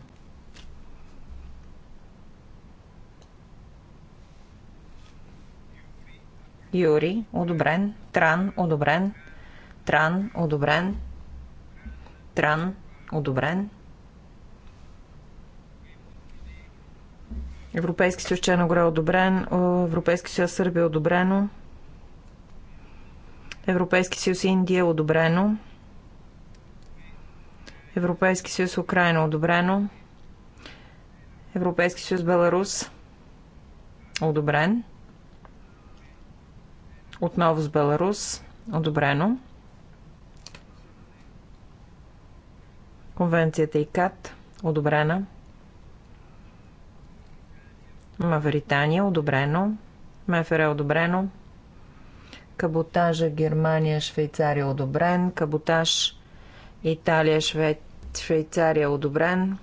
Юри, одобрен. Тран, одобрен. Тран, одобрен. Тран, одобрен. Европейски съюз Черногора одобрен. Европейски съюз Сърбия одобрено. Европейски съюз Индия одобрено. Европейски съюз Украина одобрено. Европейски съюз Беларус одобрен. Отново с Беларус. Одобрено. Конвенцията ИКАТ. Одобрена. Мавритания. Одобрено. МФР. Е одобрено. Каботажа Германия, Швейцария е одобрен. Каботаж Италия, Швейцария Швейцария одобрен.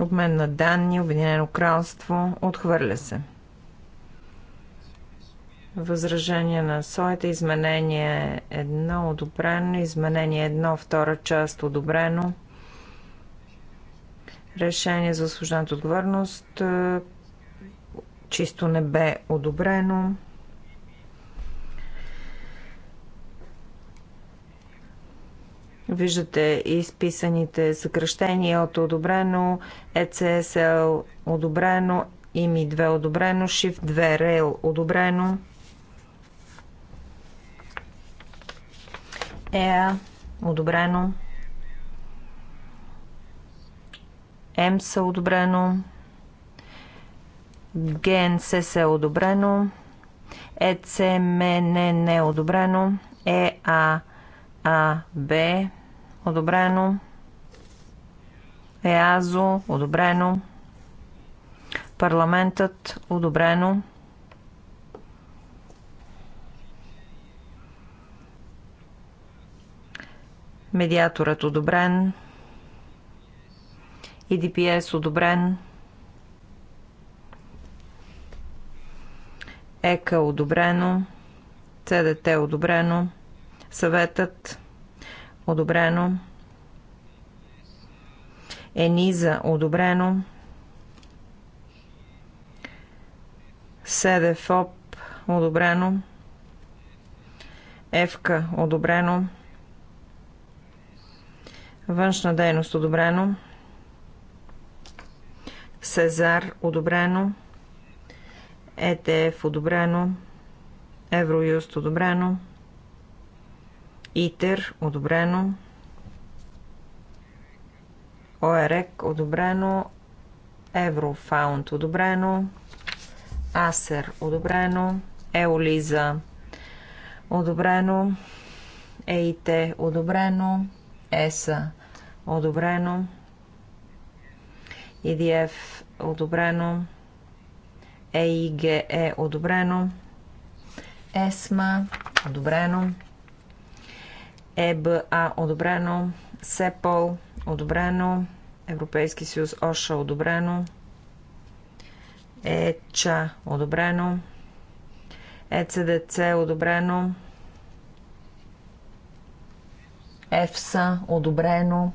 Обмен на данни, Обединено кралство, отхвърля се. Възражение на СОЕТА, изменение едно одобрено, изменение едно, втора част одобрено. Решение за освобождената отговорност чисто не бе одобрено. Виждате изписаните съкръщения от одобрено, ECSL одобрено, imi 2 одобрено, Shift 2 Rail одобрено. EA е одобрено. ЕМСА одобрено. ГНСС одобрено. ECMNN е одобрено. ЕААБ одобрено одобрено. ЕАЗО, одобрено. Парламентът, одобрено. Медиаторът, одобрен. ИДПС, одобрен. ЕКА, одобрено. ЦДТ, одобрено. Съветът, одобрено. Ениза, одобрено. Седефоп, одобрено. Евка, одобрено. Външна дейност, одобрено. Сезар, одобрено. ЕТФ, одобрено. Евроюст, одобрено. ИТЕР одобрено. ОЕРЕК одобрено. Еврофаунд одобрено. АСЕР одобрено. Еолиза одобрено. ЕИТ одобрено. ЕСА одобрено. ИДФ одобрено. ЕИГЕ одобрено. ЕСМА одобрено. ЕБА одобрено, СЕПОЛ одобрено, Европейски съюз ОША одобрено, ЕЧА одобрено, ЕЦДЦ одобрено, ЕФСА одобрено,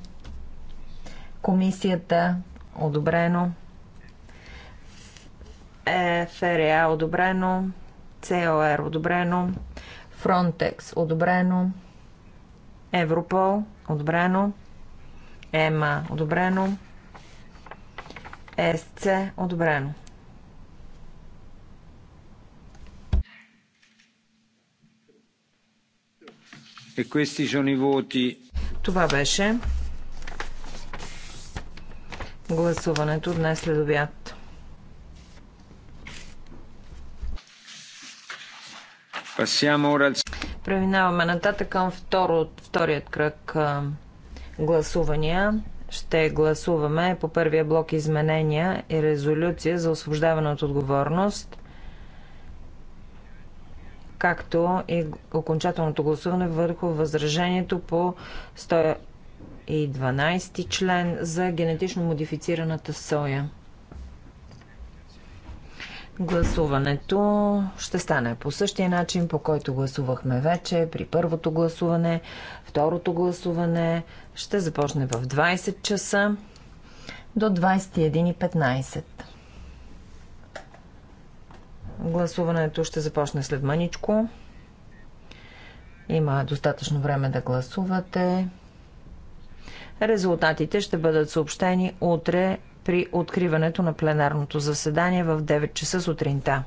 Комисията одобрено, е ФРА одобрено, ЦОР одобрено, Фронтекс одобрено, Европол, одобрено. ЕМА, одобрено. СЦ, одобрено. E questi sono i voti. Това беше гласуването днес след обяд. Passiamo ora al... Преминаваме нататък към второ, вторият кръг гласувания. Ще гласуваме по първия блок изменения и резолюция за освобождаване от отговорност, както и окончателното гласуване върху възражението по 112 член за генетично модифицираната соя. Гласуването ще стане по същия начин, по който гласувахме вече при първото гласуване. Второто гласуване ще започне в 20 часа до 21.15. Гласуването ще започне след мъничко. Има достатъчно време да гласувате. Резултатите ще бъдат съобщени утре при откриването на пленарното заседание в 9 часа сутринта.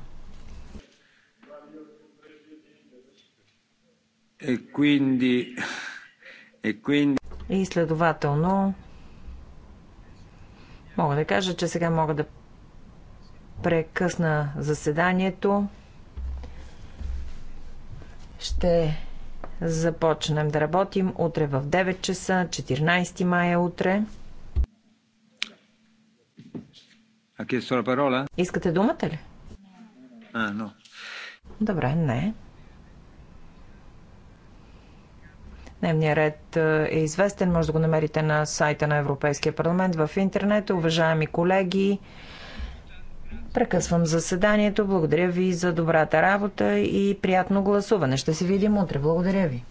Е, е, И следователно мога да кажа, че сега мога да прекъсна заседанието. Ще започнем да работим утре в 9 часа, 14 мая е утре. Искате думата ли? А, но. Добре, не. Дневният ред е, е известен, може да го намерите на сайта на Европейския парламент в интернет. Уважаеми колеги, прекъсвам заседанието. Благодаря ви за добрата работа и приятно гласуване. Ще се видим утре. Благодаря ви.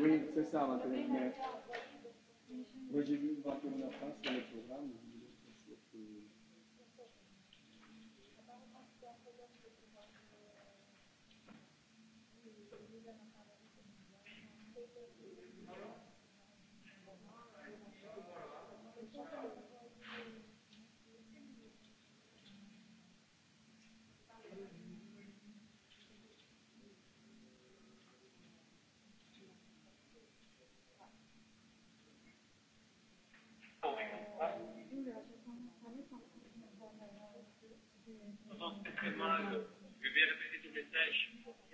Oui, c'est ça maintenant. Mais... Moi j'ai vu 21 après sur le programme. Thank you. Comment Je vais répéter le message. Pourquoi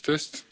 тест.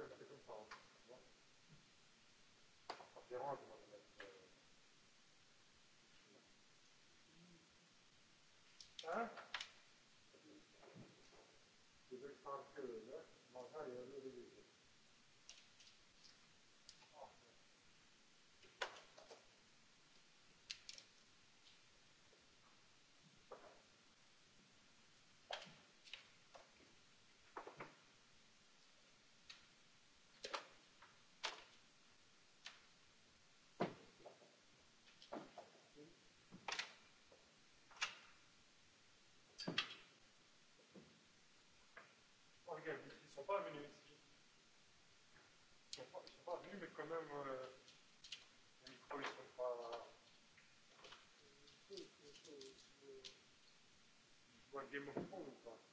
quello che tu fa però eh? di questa archeologia magari è Ils sont pas ici. Ils sont pas, venus, mais quand même, pas. à Game of Thrones ou pas